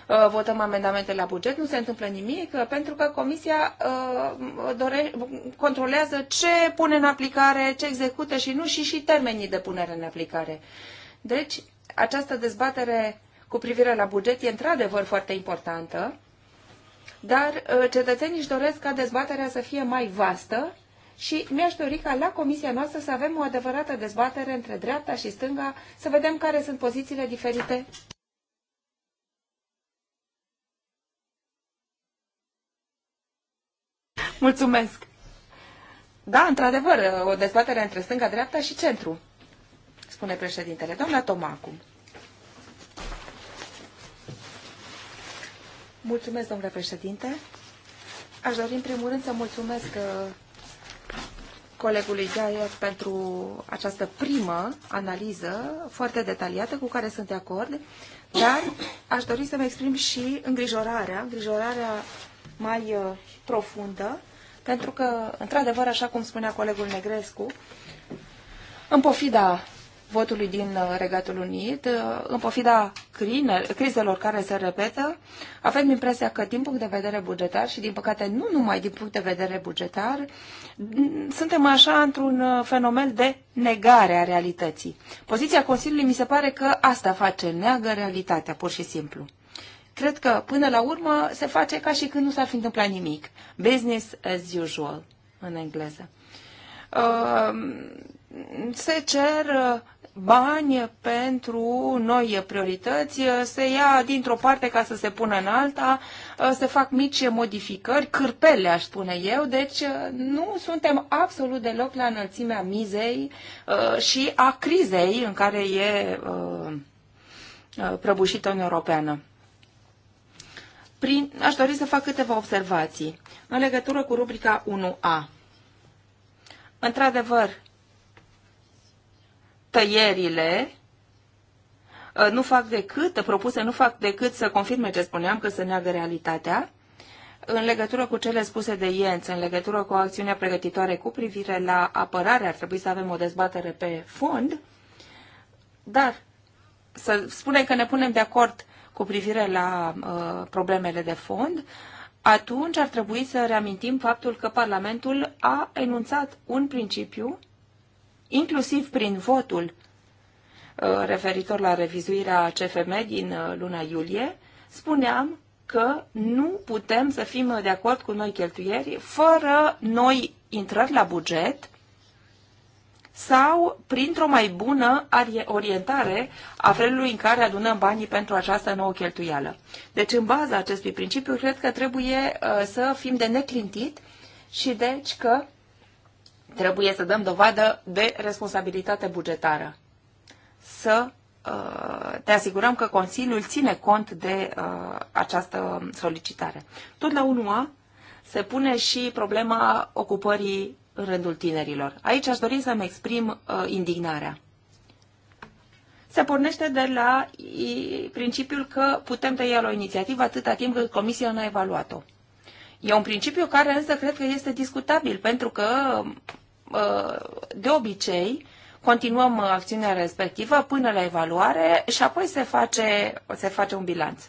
Uh, votăm amendamente la buget, nu se întâmplă nimic, pentru că Comisia dore, controlează ce pune în aplicare, ce execută și nu și și termenii de punere în aplicare. Deci, această dezbatere cu privire la buget e într-adevăr foarte importantă, dar uh, cetățenii își doresc ca dezbaterea să fie mai vastă și mi-aș dori ca la comisia noastră să avem o adevărată dezbatere între dreapta și stânga, să vedem care sunt pozițiile diferite. Mulțumesc! Da, într-adevăr, uh, o dezbatere între stânga, dreapta și centru spune președintele. Doamna Tomacu. acum. Mulțumesc, domnule președinte. Aș dori în primul rând să mulțumesc uh, colegului Gaier pentru această primă analiză foarte detaliată cu care sunt de acord, dar aș dori să-mi exprim și îngrijorarea, îngrijorarea mai uh, profundă, pentru că, într-adevăr, așa cum spunea colegul Negrescu, în pofida votului din uh, Regatul Unit, uh, în pofida crizelor care se repetă, avem impresia că din punct de vedere bugetar și din păcate nu numai din punct de vedere bugetar, suntem așa într-un uh, fenomen de negare a realității. Poziția Consiliului mi se pare că asta face, neagă realitatea pur și simplu. Cred că până la urmă se face ca și când nu s-ar fi întâmplat nimic. Business as usual în engleză. Uh, se cer bani pentru noi priorități, eh, se ia dintr-o parte ca să se pună în alta, eh, se fac mici modificări, cârpele aș spune eu, deci eh, nu suntem absolut deloc la înălțimea mizei și a crizei în care e prăbușită în Europeană. Prin, aș dori să fac câteva observații în legătură cu rubrica 1A. Într-adevăr, tăierile uh, nu fac decât, propuse nu fac decât să confirme ce spuneam, că se neagă realitatea. În legătură cu cele spuse de Ienț, în legătură cu acțiunea pregătitoare cu privire la apărare, ar trebui să avem o dezbatere pe fond, dar să spunem că ne punem de acord cu privire la uh, problemele de fond, atunci ar trebui să reamintim faptul că Parlamentul a enunțat un principiu inclusiv prin votul uh, referitor la revizuirea CFM din uh, luna iulie, spuneam că nu putem să fim de acord cu noi cheltuieri fără noi intrări la buget sau printr-o mai bună orientare a felului în care adunăm banii pentru această nouă cheltuială. Deci, în baza acestui principiu, cred că trebuie uh, să fim de neclintit și deci că Trebuie să dăm dovadă de responsabilitate bugetară. Să uh, te asigurăm că Consiliul ține cont de uh, această solicitare. Tot la 1A se pune și problema ocupării în rândul tinerilor. Aici aș dori să-mi exprim uh, indignarea. Se pornește de la principiul că putem tăia la o inițiativă atâta timp cât Comisia nu a evaluat-o. E un principiu care însă cred că este discutabil, pentru că de obicei, continuăm uh, acțiunea respectivă până la evaluare și apoi se face, se face un bilanț.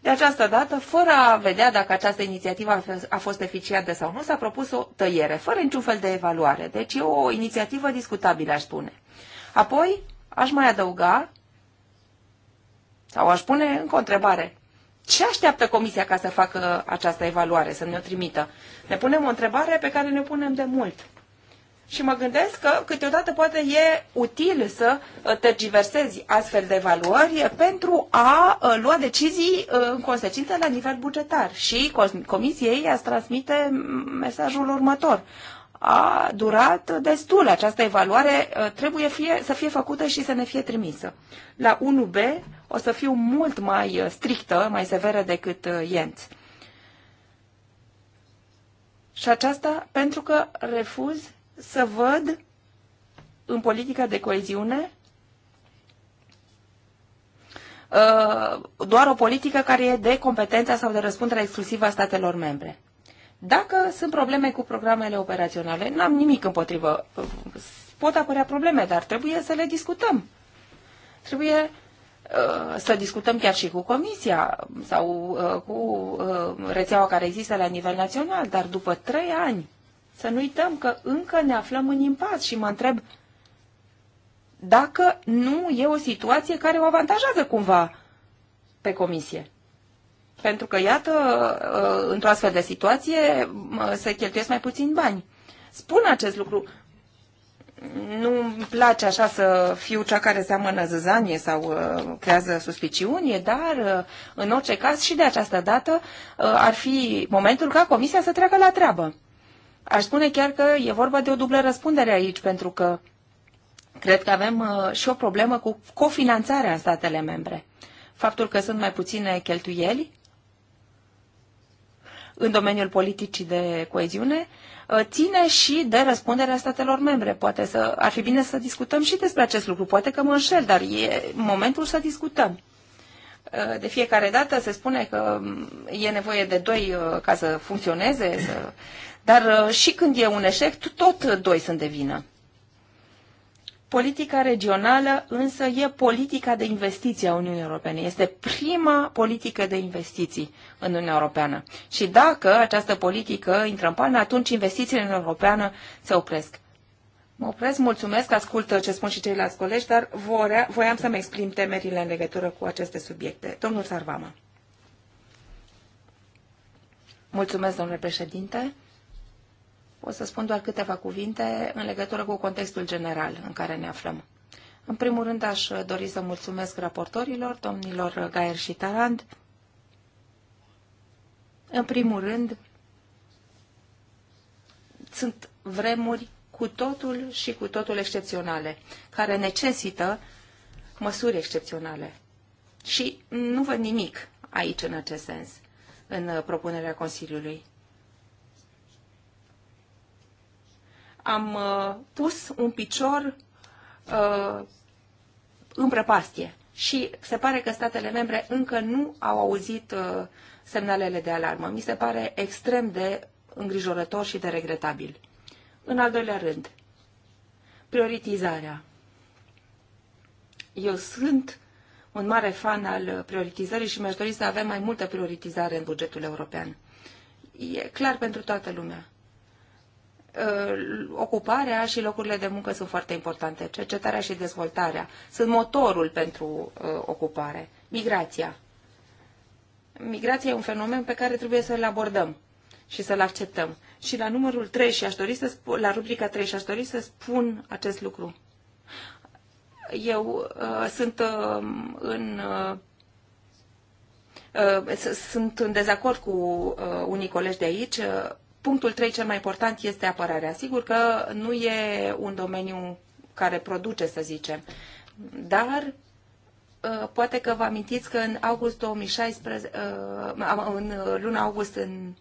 De această dată, fără a vedea dacă această inițiativă a fost eficientă sau nu, s-a propus o tăiere, fără niciun fel de evaluare. Deci e o inițiativă discutabilă, aș spune. Apoi, aș mai adăuga, sau aș pune încă o întrebare. Ce așteaptă Comisia ca să facă această evaluare, să ne o trimită? Ne punem o întrebare pe care ne punem de mult. Și mă gândesc că câteodată poate e util să uh, tergiversezi astfel de valori pentru a uh, lua decizii uh, în consecință la nivel bugetar. Și comisiei a transmite mesajul următor. A durat destul această evaluare, trebuie fie, să fie făcută și să ne fie trimisă. La 1B o să fiu mult mai strictă, mai severă decât Ienț. Și aceasta pentru că refuz să văd în politica de coeziune uh, doar o politică care e de competența sau de răspundere exclusivă a statelor membre. Dacă sunt probleme cu programele operaționale, n-am nimic împotrivă. Pot apărea probleme, dar trebuie să le discutăm. Trebuie uh, să discutăm chiar și cu Comisia sau uh, cu rețeaua care există la nivel național, dar după trei ani să nu uităm că încă ne aflăm în impas și mă întreb dacă nu e o situație care o avantajează cumva pe comisie. Pentru că, iată, uh, într-o astfel de situație se cheltuiesc mai puțin bani. Spun acest lucru. Nu îmi place așa să fiu cea care seamănă zăzanie sau uh, creează suspiciuni, dar uh, în orice caz și de această dată ar fi momentul ca comisia să treacă la treabă. Aș spune chiar că e vorba de o dublă răspundere aici, pentru că cred că avem uh, și o problemă cu cofinanțarea în statele membre. Faptul că sunt mai puține cheltuieli în domeniul politicii de coeziune uh, ține și de răspunderea statelor membre. Poate să, ar fi bine să discutăm și despre acest lucru. Poate că mă înșel, dar e momentul să discutăm. Eh, de fiecare dată se spune că mm, e nevoie de doi eh, ca să funcționeze, să... dar eh, și când e un eșec, tot doi sunt de vină. Politica regională însă e politica de investiții a Uniunii Europene. Este prima politică de investiții în Uniunea Europeană. Și dacă această politică intră în pană, atunci investițiile în Europeană se opresc. Mă opresc, mulțumesc, ascult ce spun și ceilalți colegi, dar vorea, voiam să-mi exprim temerile în legătură cu aceste subiecte. Domnul Sarvama. Mulțumesc, domnule președinte. O să spun doar câteva cuvinte în legătură cu contextul general în care ne aflăm. În primul rând, aș dori să mulțumesc raportorilor, domnilor Gaer și Tarand. În primul rând, sunt vremuri cu totul și cu totul excepționale, care necesită măsuri excepționale. Și nu văd nimic aici în acest sens, în uh, propunerea Consiliului. Am uh, pus un picior uh, în prăpastie și se pare că statele membre încă nu au auzit uh, semnalele de alarmă. Mi se pare extrem de îngrijorător și de regretabil. În al doilea rând, prioritizarea. Eu sunt un mare fan al prioritizării și mi-aș dori să avem mai multă prioritizare în bugetul european. E clar pentru toată lumea. Ă, ocuparea și locurile de muncă sunt foarte importante. Cercetarea și dezvoltarea sunt motorul pentru ă, ocupare. Migrația. Migrația e un fenomen pe care trebuie să-l abordăm și să-l acceptăm și la numărul 3 și aș dori să spun, la rubrica 3 și aș dori să spun acest lucru. Eu uh, sunt uh, în uh, uh sunt în dezacord cu uh, unii colegi de aici. Punctul 3 cel mai important este apărarea. Sigur că nu e un domeniu care produce, să zicem, dar uh, poate că vă amintiți că în august 2016, uh, în luna august în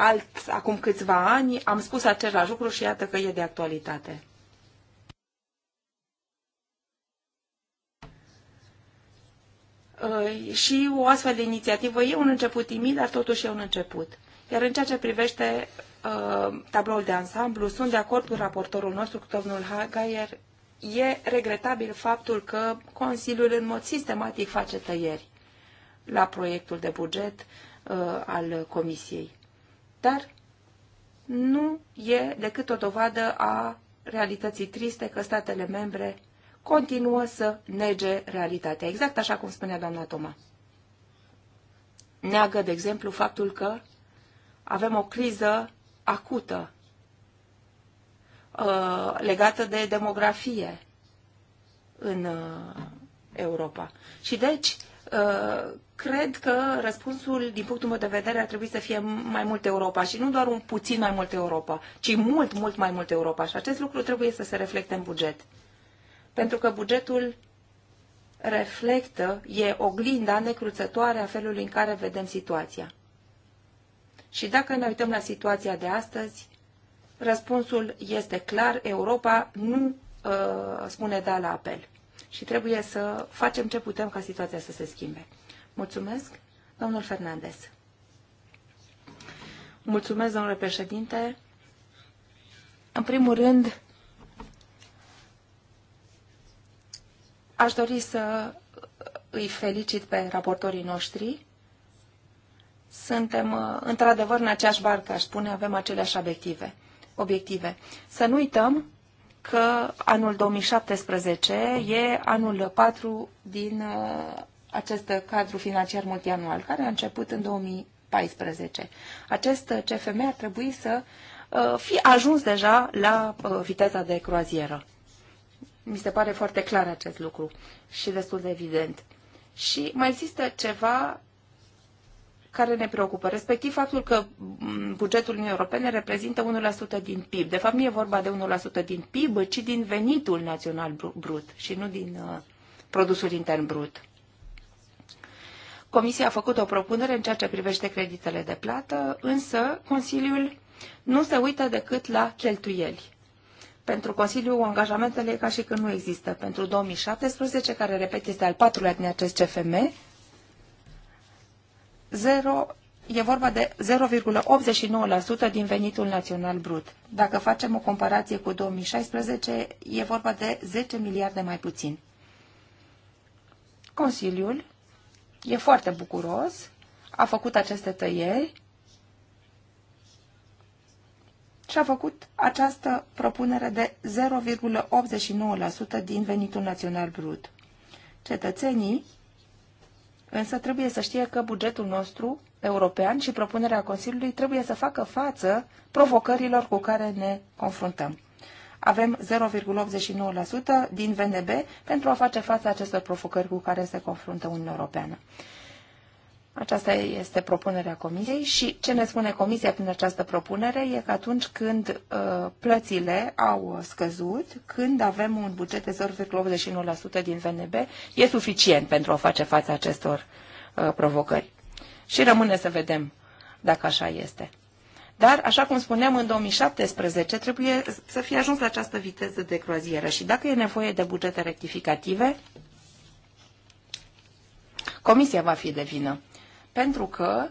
alt, acum câțiva ani, am spus același lucru și iată că e de actualitate. Ă, și o astfel de inițiativă e un început timid, dar totuși e un început. Iar în ceea ce privește uh, tabloul de ansamblu, sunt de acord cu raportorul nostru, cu domnul Hagaier. E regretabil faptul că Consiliul în mod sistematic face tăieri la proiectul de buget uh, al Comisiei dar nu e decât o dovadă a realității triste că statele membre continuă să nege realitatea, exact așa cum spunea doamna Toma. Neagă, de exemplu, faptul că avem o criză acută uh, legată de demografie în uh, Europa. Și deci, uh, cred că răspunsul, din punctul meu de vedere, ar trebui să fie mai mult Europa și nu doar un puțin mai mult Europa, ci mult, mult mai mult Europa. Și acest lucru trebuie să se reflecte în buget. Pentru că bugetul reflectă, e oglinda necruțătoare a felului în care vedem situația. Și dacă ne uităm la situația de astăzi, răspunsul este clar, Europa nu uh, spune da la apel. Și trebuie să facem ce putem ca situația să se schimbe. Mulțumesc, domnul Fernandez. Mulțumesc, domnule președinte. În primul rând, aș dori să îi felicit pe raportorii noștri. Suntem, uh, într-adevăr, în aceeași barcă, aș spune, avem aceleași obiective. obiective. Să nu uităm că anul 2017 e anul 4 din uh, acest cadru financiar multianual, care a început în 2014. Acest CFM ar trebui să uh, fi ajuns deja la uh, viteza de croazieră. Mi se pare foarte clar acest lucru și destul de evident. Și mai există ceva care ne preocupă, respectiv faptul că mm, bugetul Uniunii Europene reprezintă 1% din PIB. De fapt, nu e vorba de 1% din PIB, ci din venitul național brut și nu din uh, produsul intern brut. Comisia a făcut o propunere în ceea ce privește creditele de plată, însă Consiliul nu se uită decât la cheltuieli. Pentru Consiliu, angajamentele e ca și când nu există. Pentru 2017, care, repet, este al patrulea din acest CFM, 0, e vorba de 0,89% din venitul național brut. Dacă facem o comparație cu 2016, e vorba de 10 miliarde mai puțin. Consiliul e foarte bucuros, a făcut aceste tăieri și a făcut această propunere de 0,89% din venitul național brut. Cetățenii însă trebuie să știe că bugetul nostru european și propunerea Consiliului trebuie să facă față provocărilor cu care ne confruntăm avem 0,89% din VNB pentru a face față acestor provocări cu care se confruntă Uniunea Europeană. Aceasta este propunerea Comisiei și ce ne spune Comisia prin această propunere e că atunci când uh, plățile au scăzut, când avem un buget de 0,89% din VNB, e suficient pentru a face față acestor uh, provocări. Și rămâne să vedem dacă așa este. Dar, așa cum spuneam, în 2017 trebuie să fie ajuns la această viteză de croazieră și dacă e nevoie de bugete rectificative, Comisia va fi de vină. Pentru că,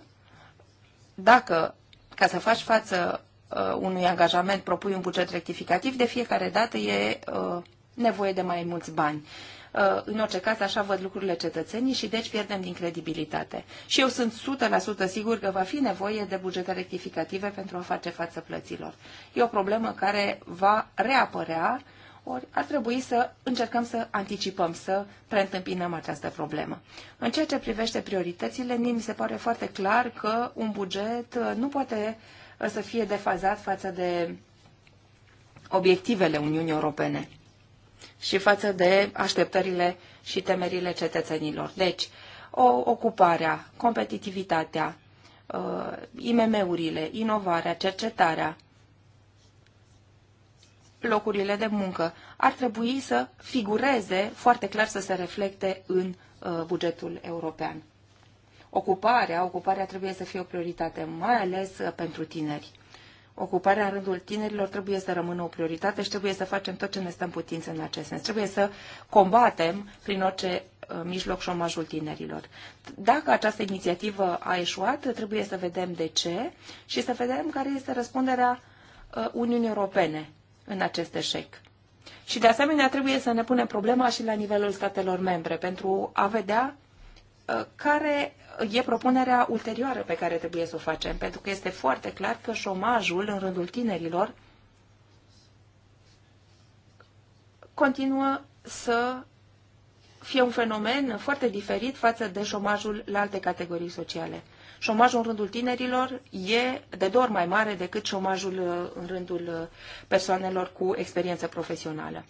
dacă, ca să faci față uh, unui angajament, propui un buget rectificativ, de fiecare dată e uh, nevoie de mai mulți bani în orice caz așa văd lucrurile cetățenii și deci pierdem din credibilitate. Și eu sunt 100% sigur că va fi nevoie de bugete rectificative pentru a face față plăților. E o problemă care va reapărea, ori ar trebui să încercăm să anticipăm, să preîntâmpinăm această problemă. În ceea ce privește prioritățile, mi se pare foarte clar că un buget uh, nu poate uh, să fie defazat față de obiectivele Uniunii Europene și față de așteptările și temerile cetățenilor. Deci, o, ocuparea, competitivitatea, uh, IMM-urile, inovarea, cercetarea, locurile de muncă ar trebui să figureze foarte clar să se reflecte în uh, bugetul european. Ocuparea, ocuparea trebuie să fie o prioritate, mai ales uh, pentru tineri ocuparea în rândul tinerilor trebuie să rămână o prioritate și trebuie să facem tot ce ne stăm putință în acest sens. Trebuie să combatem prin orice ă, mijloc șomajul tinerilor. Dacă această inițiativă a eșuat, trebuie să vedem de ce și să vedem care este răspunderea ă, Uniunii Europene în acest eșec. Și de asemenea trebuie să ne punem problema și la nivelul statelor membre pentru a vedea ă, care e propunerea ulterioară pe care trebuie să o facem, pentru că este foarte clar că șomajul în rândul tinerilor continuă să fie un fenomen foarte diferit față de șomajul la alte categorii sociale. Șomajul în rândul tinerilor e de două ori mai mare decât șomajul uh, în rândul uh, persoanelor cu experiență profesională.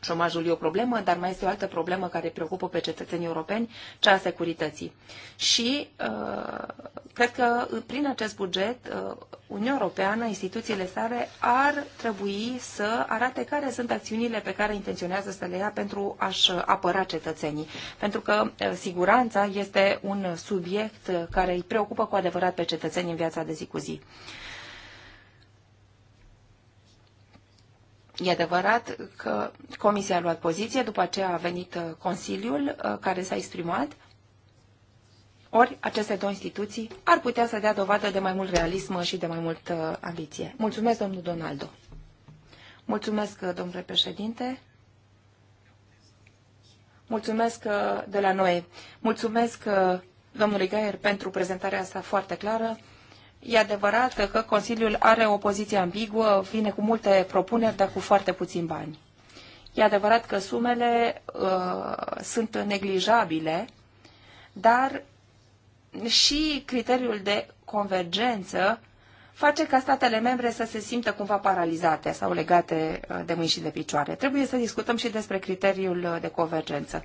Șomajul e o problemă, dar mai este o altă problemă care preocupă pe cetățenii europeni, cea a securității. Și uh, cred că prin acest buget, uh, Uniunea Europeană, instituțiile sale ar trebui să arate care sunt acțiunile pe care intenționează să le ia pentru a-și apăra cetățenii. Pentru că uh, siguranța este un subiect care îi preocupă cu adevărat pe cetățenii în viața de zi cu zi. E adevărat că Comisia a luat poziție, după aceea a venit uh, Consiliul uh, care s-a exprimat. Ori aceste două instituții ar putea să dea dovadă de mai mult realism și de mai mult uh, ambiție. Mulțumesc, domnul Donaldo. Mulțumesc, domnule președinte. Mulțumesc de la noi. Mulțumesc domnului Gaier pentru prezentarea asta foarte clară. E adevărat că Consiliul are o poziție ambiguă, vine cu multe propuneri, dar cu foarte puțini bani. E adevărat că sumele uh, sunt neglijabile, dar și criteriul de convergență face ca statele membre să se simtă cumva paralizate sau legate uh, de mâini și de picioare. Trebuie să discutăm și despre criteriul uh, de convergență. Uh,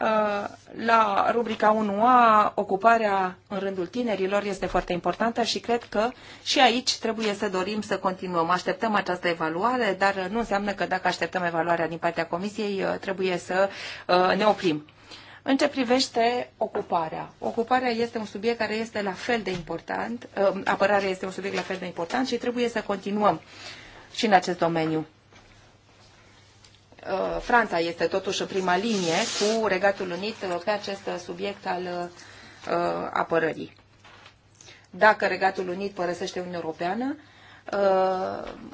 Uh, la rubrica 1A, ocuparea în rândul tinerilor este foarte importantă și cred că și aici trebuie să dorim să continuăm. Așteptăm această evaluare, dar nu înseamnă că dacă așteptăm evaluarea din partea Comisiei, uh, trebuie să uh, ne oprim. În ce privește ocuparea, ocuparea este un subiect care este la fel de important, apărarea este un subiect la fel de important și trebuie să continuăm și în acest domeniu. Uh, Franța este totuși în prima linie cu Regatul Unit uh, pe acest uh, subiect al apărării. Dacă Regatul Unit părăsește Uniunea Europeană,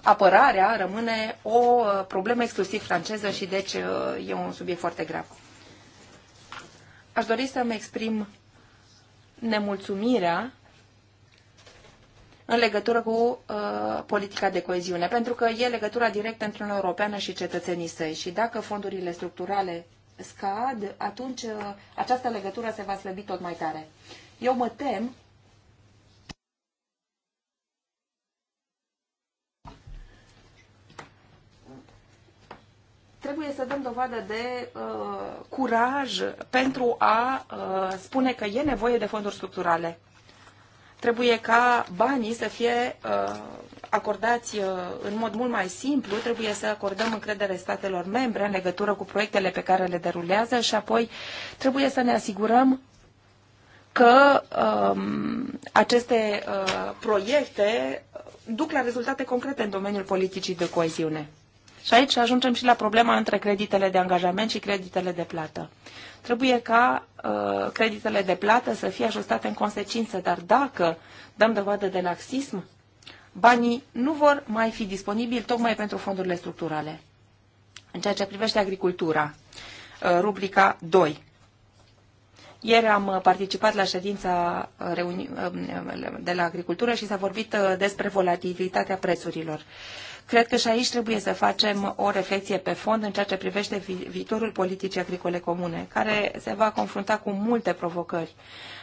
apărarea rămâne o problemă exclusiv franceză și deci e un subiect foarte grav. Aș dori să-mi exprim nemulțumirea în legătură cu uh, politica de coeziune, pentru că e legătura directă între Uniunea Europeană și cetățenii săi. Și dacă fondurile structurale scad, atunci uh, această legătură se va slăbi tot mai tare. Eu mă tem trebuie să dăm dovadă de uh, curaj pentru a uh, spune că e nevoie de fonduri structurale. Trebuie ca banii să fie uh, acordați uh, în mod mult mai simplu, trebuie să acordăm încredere statelor membre în legătură cu proiectele pe care le derulează și apoi trebuie să ne asigurăm că um, aceste uh, proiecte duc la rezultate concrete în domeniul politicii de coeziune. Și aici ajungem și la problema între creditele de angajament și creditele de plată. Trebuie ca uh, creditele de plată să fie ajustate în consecință, dar dacă dăm dovadă de laxism, banii nu vor mai fi disponibili tocmai pentru fondurile structurale. În ceea ce privește agricultura, uh, rubrica 2. Ieri am uh, participat la ședința uh, uh, de la agricultură și s-a vorbit despre volatilitatea prețurilor. Uh, Cred că și aici trebuie să facem o reflexie pe fond în ceea ce privește viitorul politicii agricole comune, care se va confrunta cu multe provocări.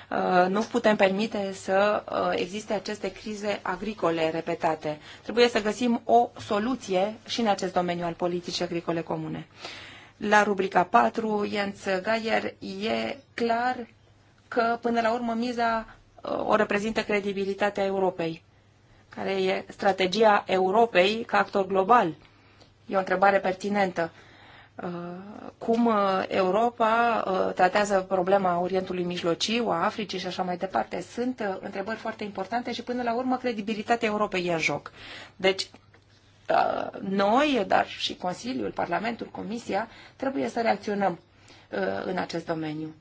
Uh, nu putem permite să uh, existe aceste crize agricole repetate. Trebuie să găsim o soluție și în acest domeniu al politicii agricole comune. La rubrica 4, Jens Gaier, e clar că, până la urmă, miza uh, o reprezintă credibilitatea Europei care e strategia Europei ca actor global. E o întrebare pertinentă. Uh, cum uh, Europa uh, tratează problema Orientului Mijlociu, a Africii și așa mai departe. Sunt întrebări foarte importante și până la urmă credibilitatea Europei e în joc. Deci noi, dar și Consiliul, Parlamentul, Comisia, trebuie să reacționăm în acest domeniu.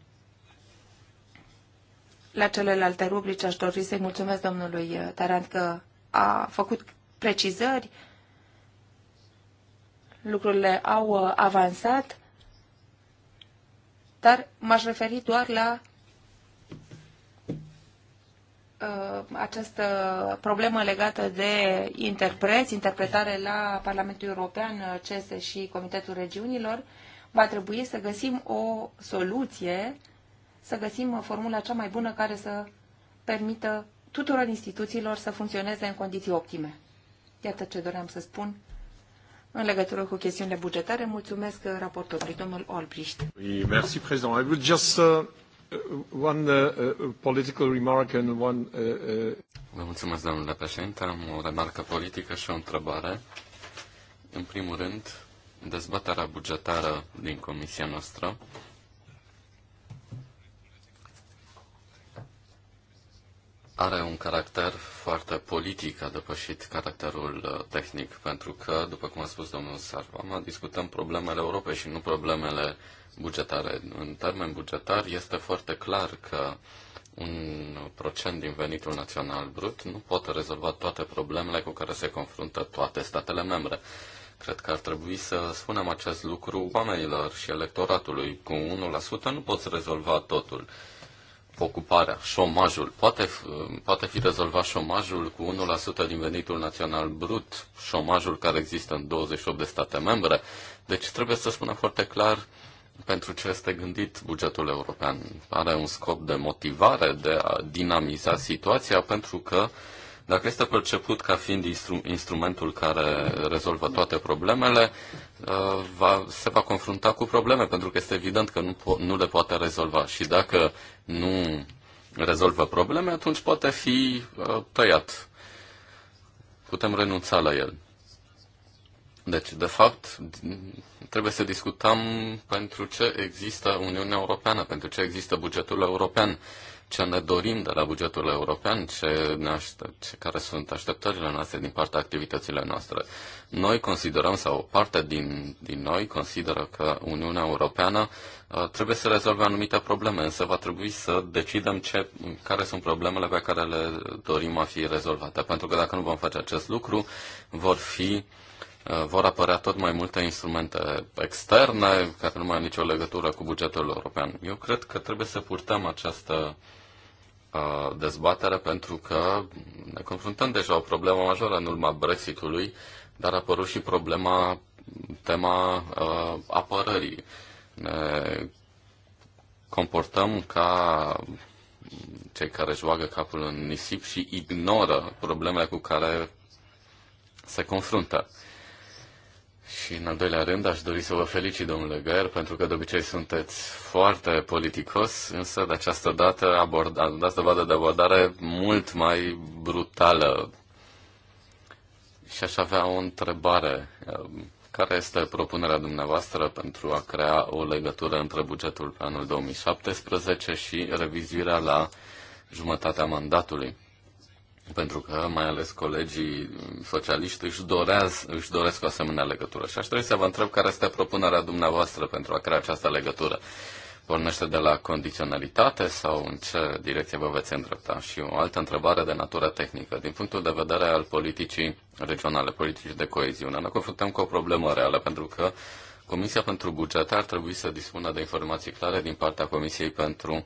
La celelalte rubrici aș dori să-i mulțumesc domnului Tarant că a făcut precizări, lucrurile au uh, avansat, dar m-aș referi doar la uh, această problemă legată de interpreți, interpretare la Parlamentul European, CESE și Comitetul Regiunilor, va trebui să găsim o soluție, să găsim formula cea mai bună care să permită tuturor instituțiilor să funcționeze în condiții optime. Iată ce doream să spun în legătură cu chestiunile bugetare. Mulțumesc uh, raportorului, domnul Olbricht. merci, président. I would just uh, uh one uh, uh, political remark and one... Uh, Vă mulțumesc, domnule președinte. Am o remarcă politică și o întrebare. În primul rând, dezbaterea bugetară din comisia noastră are un caracter foarte politic, a depășit caracterul uh, tehnic, pentru că, după cum a spus domnul Sarvama, discutăm problemele Europei și nu problemele bugetare. În termen bugetar este foarte clar că un procent din venitul național brut nu poate rezolva toate problemele cu care se confruntă toate statele membre. Cred că ar trebui să spunem acest lucru oamenilor și electoratului. Cu 1% nu poți rezolva totul ocuparea, șomajul. Poate, uh, poate fi rezolvat șomajul cu 1% din venitul național brut, șomajul care există în 28 de state membre. Deci trebuie să spunem foarte clar pentru ce este gândit bugetul european. Are un scop de motivare, de a dinamiza situația, pentru că uh, dacă este perceput ca fiind instru- instrumentul care rezolvă toate problemele, uh, va, se va confrunta cu probleme, pentru că este evident că nu, nu le poate rezolva. Și dacă nu rezolvă probleme, atunci poate fi uh, tăiat. Putem renunța la el. Deci, de fapt, trebuie să discutăm pentru ce există Uniunea Europeană, pentru ce există bugetul european ce ne dorim de la bugetul european, ce ne aștept, care sunt așteptările noastre din partea activităților noastre. Noi considerăm, sau o parte din, din noi consideră că Uniunea Europeană uh, trebuie să rezolve anumite probleme, însă va trebui să decidem ce, care sunt problemele pe care le dorim a fi rezolvate. Pentru că dacă nu vom face acest lucru, vor fi uh, vor apărea tot mai multe instrumente externe care nu mai au nicio legătură cu bugetul european. Eu cred că trebuie să purtăm această Uh, dezbatere pentru că ne confruntăm deja o problemă majoră în urma Brexitului, dar a apărut și problema, tema uh, apărării. Ne comportăm ca cei care își joagă capul în nisip și ignoră problemele cu care se confruntă. Și în al doilea rând aș dori să vă felicit, domnule Găr, pentru că de obicei sunteți foarte politicos, însă de această dată abordați dați dovadă de abordare mult mai brutală. Și aș avea o întrebare. Ehm, care este propunerea dumneavoastră pentru a crea o legătură între bugetul pe anul 2017 și revizuirea la jumătatea mandatului? pentru că mai ales colegii socialiști își, doreaz, își doresc o asemenea legătură. Și aș trebui să vă întreb care este propunerea dumneavoastră pentru a crea această legătură. Pornește de la condiționalitate sau în ce direcție vă veți îndrepta? Și o altă întrebare de natură tehnică. Din punctul de vedere al politicii regionale, politicii de coeziune, ne confruntăm cu o problemă reală, pentru că Comisia pentru Bugete ar trebui să dispună de informații clare din partea Comisiei pentru uh,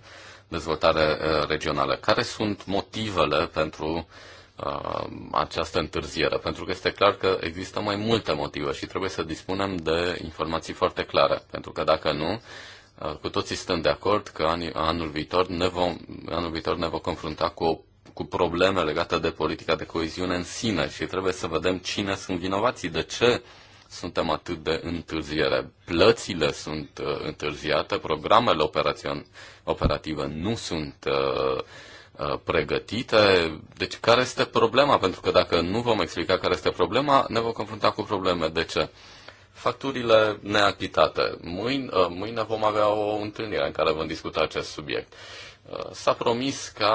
dezvoltare uh, regională. Care sunt motivele pentru uh, această întârziere? Pentru că este clar că există mai multe motive și trebuie să dispunem de informații foarte clare. Pentru că dacă nu, uh, cu toții stăm de acord că anul, viitor ne vom, anul viitor ne vom confrunta cu o cu probleme legate de politica de coeziune în sine și trebuie să vedem cine sunt vinovații, de ce suntem atât de întârziere. Plățile sunt întârziate, programele operațion- operativă nu sunt uh, uh, pregătite. Deci care este problema? Pentru că dacă nu vom explica care este problema, ne vom confrunta cu probleme. De ce? Facturile neachitate. Mâine, uh, mâine vom avea o întâlnire în care vom discuta acest subiect. S-a promis ca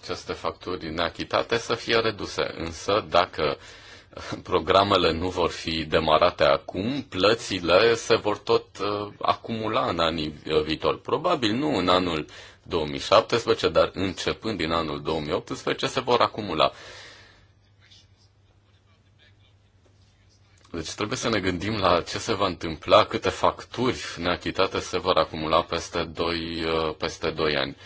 aceste facturi neachitate să fie reduse, însă dacă uh, programele nu vor fi demarate acum, plățile se vor tot uh, acumula în anii uh, viitor. Probabil nu în anul 2017, dar începând din anul 2018 se vor acumula. Deci trebuie să ne gândim la ce se va întâmpla, câte facturi neachitate se vor acumula peste 2, uh, peste 2 ani.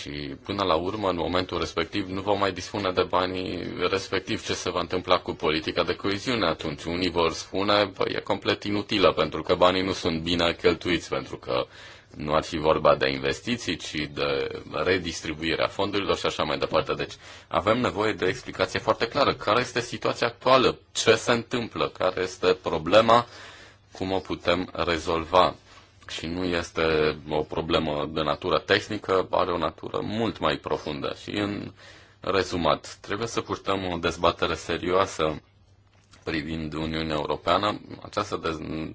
Și până la urmă, în momentul respectiv, nu vom mai dispune de banii respectiv. Ce se va întâmpla cu politica de coeziune atunci? Unii vor spune, bă, păi, e complet inutilă, pentru că banii nu sunt bine cheltuiți, pentru că nu ar fi vorba de investiții, ci de redistribuirea fondurilor și așa mai departe. Deci avem nevoie de explicație foarte clară. Care este situația actuală? Ce se întâmplă? Care este problema? Cum o putem rezolva? și nu este o problemă de natură tehnică, are o natură mult mai profundă. Și în rezumat, trebuie să purtăm o dezbatere serioasă privind Uniunea Europeană. Această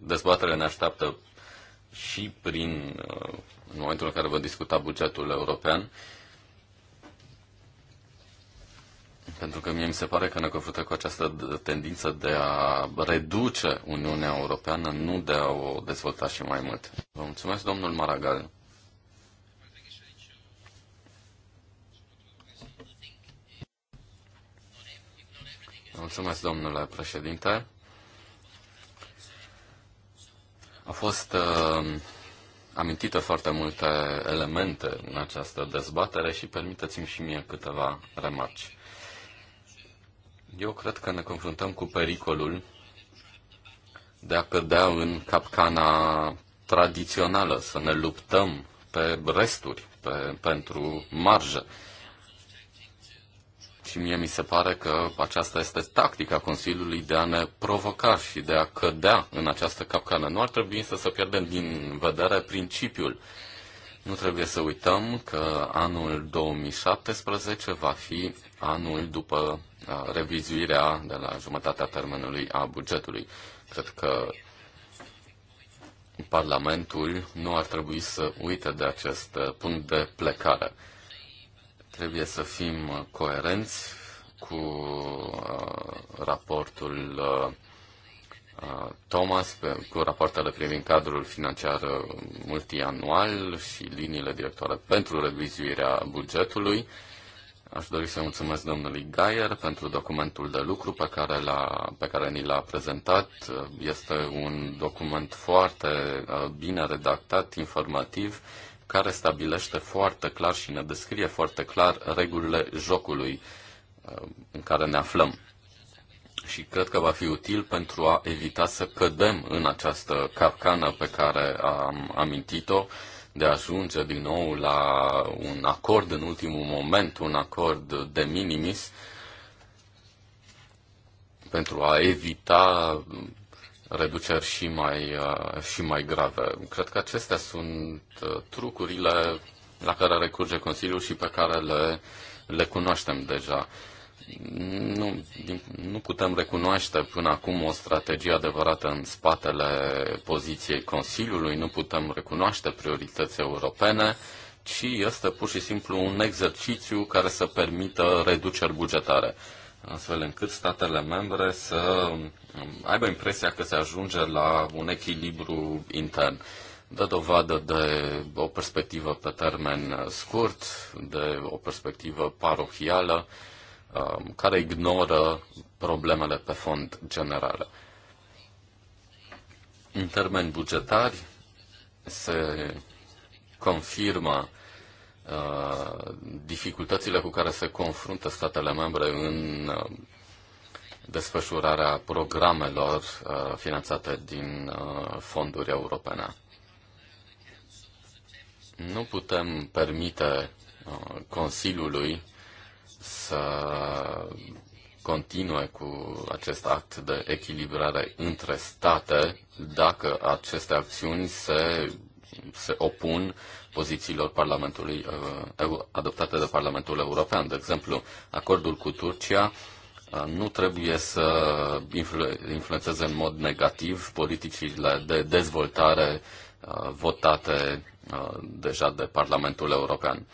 dezbatere ne așteaptă și prin, uh, în momentul în care vă discuta bugetul european Pentru că mie mi se pare că ne confruntăm cu această tendință de a reduce Uniunea Europeană, nu de a o dezvolta și mai mult. Vă mulțumesc, domnul Maragal. Mulțumesc, domnule președinte. A fost uh, amintită foarte multe elemente în această dezbatere și permiteți-mi și mie câteva remarci. Eu cred că ne confruntăm cu pericolul de a cădea în capcana tradițională, să ne luptăm pe resturi, pe, pentru marjă. Și mie mi se pare că aceasta este tactica Consiliului de a ne provoca și de a cădea în această capcană. Nu ar trebui să să pierdem din vedere principiul nu trebuie să uităm că anul 2017 va fi anul după uh, revizuirea de la jumătatea termenului a bugetului. Cred că Parlamentul nu ar trebui să uite de acest uh, punct de plecare. Trebuie să fim uh, coerenți cu raportul Thomas cu rapoartele privind cadrul financiar uh, multianual și liniile directoare pentru revizuirea bugetului. Aș dori să mulțumesc domnului Gaier pentru documentul de lucru pe care, l-a, pe care ni l-a prezentat. Uh, este un document foarte uh, bine redactat, informativ, care stabilește foarte clar și ne descrie foarte clar regulile jocului în care ne aflăm și cred că va fi util pentru a evita să cădem în această capcană pe care am amintit-o de a ajunge din nou la un acord în ultimul moment, un acord de minimis, pentru a evita reduceri și mai, uh, și mai grave. Cred că acestea sunt uh, trucurile la care recurge Consiliul și pe care le, le cunoaștem deja nu, nu putem recunoaște până acum o strategie adevărată în spatele poziției Consiliului, nu putem recunoaște priorități europene, ci este pur și simplu un exercițiu care să permită reduceri bugetare, astfel încât statele membre să um, aibă impresia că se ajunge la un echilibru intern dă dovadă de o perspectivă pe termen scurt, de o perspectivă parohială Um, care ignoră problemele pe fond generale. În termeni bugetari, se confirmă uh, dificultățile cu care se confruntă statele membre în uh, desfășurarea programelor uh, finanțate din fonduri europene. Nu putem permite Consiliului să continue cu acest act de echilibrare între state dacă aceste acțiuni se, se opun pozițiilor Parlamentului uh, adoptate de Parlamentul European. De exemplu, acordul cu Turcia uh, nu trebuie să influențeze în mod negativ politicile de dezvoltare uh, votate deja de Parlamentul European.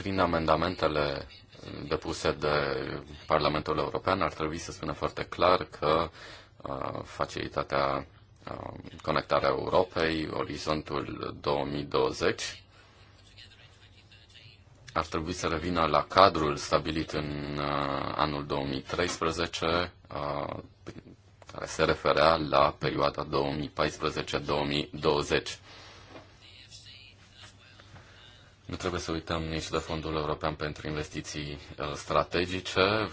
prin amendamentele depuse de Parlamentul European ar trebui să spună foarte clar că uh, facilitatea uh, Conectarea Europei, Orizontul 2020, ar trebui să revină la cadrul stabilit în uh, anul 2013, care se referea la perioada 2014-2020. Nu trebuie să uităm nici de Fondul European pentru Investiții uh, Strategice.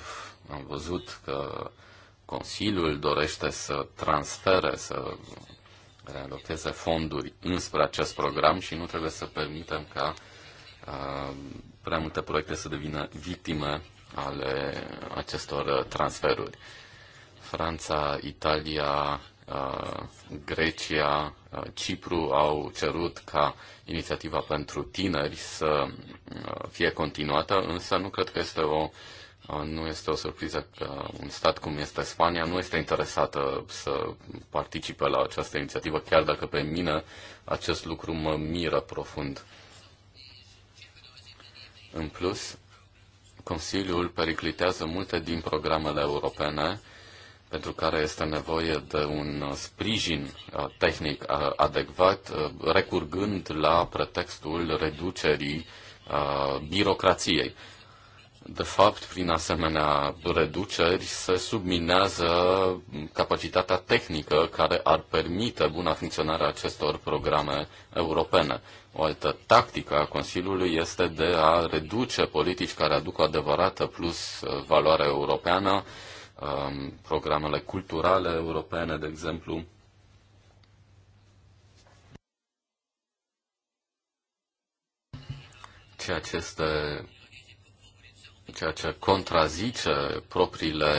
Am văzut că Consiliul dorește să transfere, să realocheze fonduri înspre acest program și nu trebuie să permitem ca uh, prea multe proiecte să devină victime ale acestor uh, transferuri. Franța, Italia, Grecia Uh, Cipru au cerut ca inițiativa pentru tineri să uh, fie continuată, însă nu cred că este o, uh, nu este o surpriză că un stat cum este Spania nu este interesată să participe la această inițiativă, chiar dacă pe mine acest lucru mă miră profund. În plus, Consiliul periclitează multe din programele europene pentru care este nevoie de un uh, sprijin uh, tehnic uh, adecvat, recurgând la pretextul reducerii birocrației. De fapt, prin asemenea reduceri se subminează mm, capacitatea tehnică care ar permite buna funcționare a acestor programe europene. O altă tactică a Consiliului este de a reduce politici care aduc o adevărată plus valoare europeană, Um, programele culturale europene, de exemplu. Ceea ce este ceea ce contrazice propriile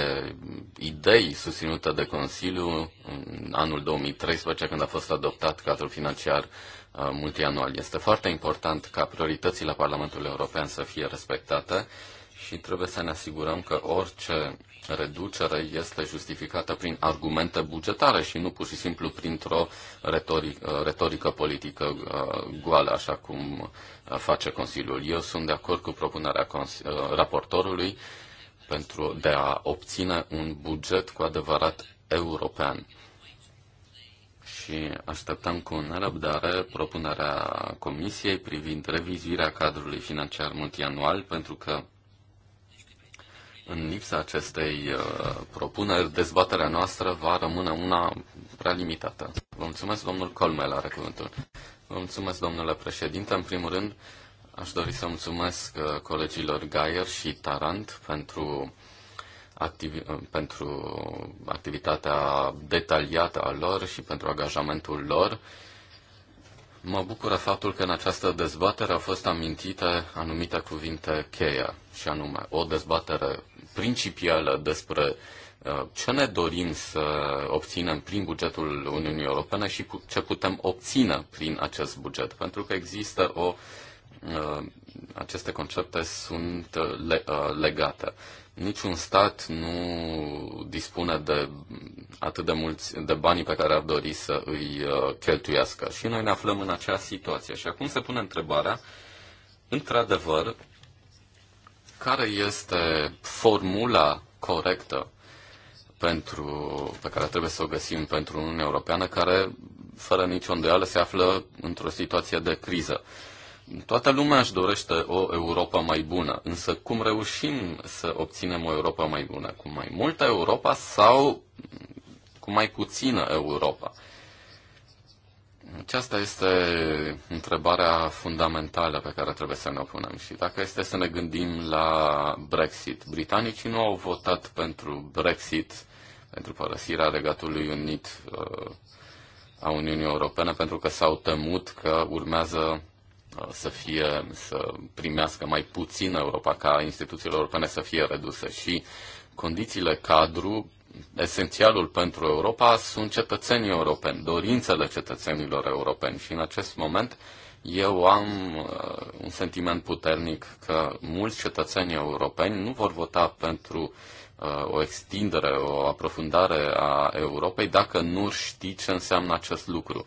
idei susținute de Consiliu în anul 2013, când a fost adoptat cadrul financiar uh, multianual. Este foarte important ca prioritățile Parlamentului European să fie respectate și trebuie să ne asigurăm că orice reducere este justificată prin argumente bugetare și nu pur și simplu printr-o retorică, retorică politică uh, goală, așa cum uh, face Consiliul. Eu sunt de acord cu propunerea uh, raportorului pentru de a obține un buget cu adevărat european. Și așteptăm cu nerăbdare propunerea Comisiei privind revizuirea cadrului financiar multianual, pentru că în lipsa acestei uh, propuneri, dezbaterea noastră va rămâne una prea limitată. Vă mulțumesc, domnul Colmel, are cuvântul. Vă mulțumesc, domnule președinte. În primul rând, aș dori să mulțumesc uh, colegilor Gaier și Tarant pentru, activi- uh, pentru activitatea detaliată a lor și pentru angajamentul lor. Mă bucură faptul că în această dezbatere au fost amintite anumite cuvinte cheie, și anume o dezbatere principială despre uh, ce ne dorim să obținem prin bugetul Uniunii Europene și ce putem obține prin acest buget. Pentru că există o. Uh, aceste concepte sunt uh, legate. Niciun stat nu dispune de atât de mulți de banii pe care ar dori să îi cheltuiască. Și noi ne aflăm în acea situație. Și acum se pune întrebarea, într-adevăr, care este formula corectă pentru, pe care trebuie să o găsim pentru Uniunea Europeană, care, fără nicio îndoială, se află într-o situație de criză. Toată lumea își dorește o Europa mai bună, însă cum reușim să obținem o Europa mai bună? Cu mai multă Europa sau cu mai puțină Europa? Aceasta este întrebarea fundamentală pe care trebuie să ne o punem. Și dacă este să ne gândim la Brexit, britanicii nu au votat pentru Brexit, pentru părăsirea Regatului Unit uh, a Uniunii Europene, pentru că s-au temut că urmează uh, să fie, să primească mai puțin Europa, ca instituțiile europene să fie reduse. Și condițiile cadru esențialul pentru Europa sunt cetățenii europeni, dorințele cetățenilor europeni și în acest moment eu am uh, un sentiment puternic că mulți cetățeni europeni nu vor vota pentru uh, o extindere, o aprofundare a Europei dacă nu știi ce înseamnă acest lucru.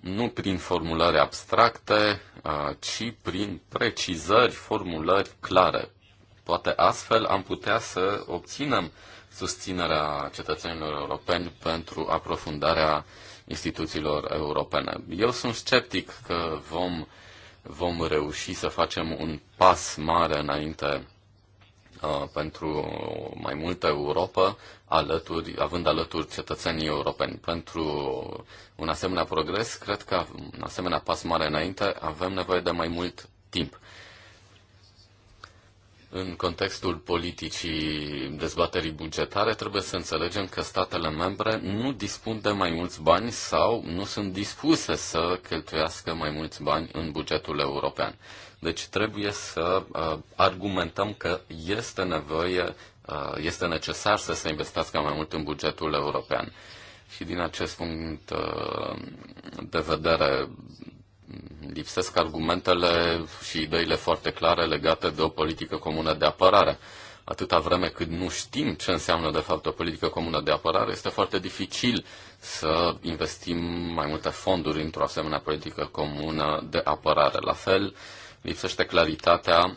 Nu prin formulări abstracte, uh, ci prin precizări, formulări clare. Poate astfel am putea să obținem uh, susținerea cetățenilor europeni pentru aprofundarea instituțiilor europene. Eu sunt sceptic că vom, vom reuși să facem un pas mare înainte uh, pentru mai multă Europa, alături, având alături cetățenii europeni. Pentru un asemenea progres, cred că un asemenea pas mare înainte avem nevoie de mai mult timp în contextul politicii dezbaterii bugetare, trebuie să înțelegem că statele membre nu dispun de mai mulți bani sau nu sunt dispuse să cheltuiască mai mulți bani în bugetul european. Deci trebuie să uh, argumentăm că este nevoie, uh, este necesar să se investească mai mult în bugetul european. Și din acest punct uh, de vedere, lipsesc argumentele și ideile foarte clare legate de o politică comună de apărare. Atâta vreme cât nu știm ce înseamnă de fapt o politică comună de apărare, este foarte dificil să investim mai multe fonduri într-o asemenea politică comună de apărare. La fel, lipsește claritatea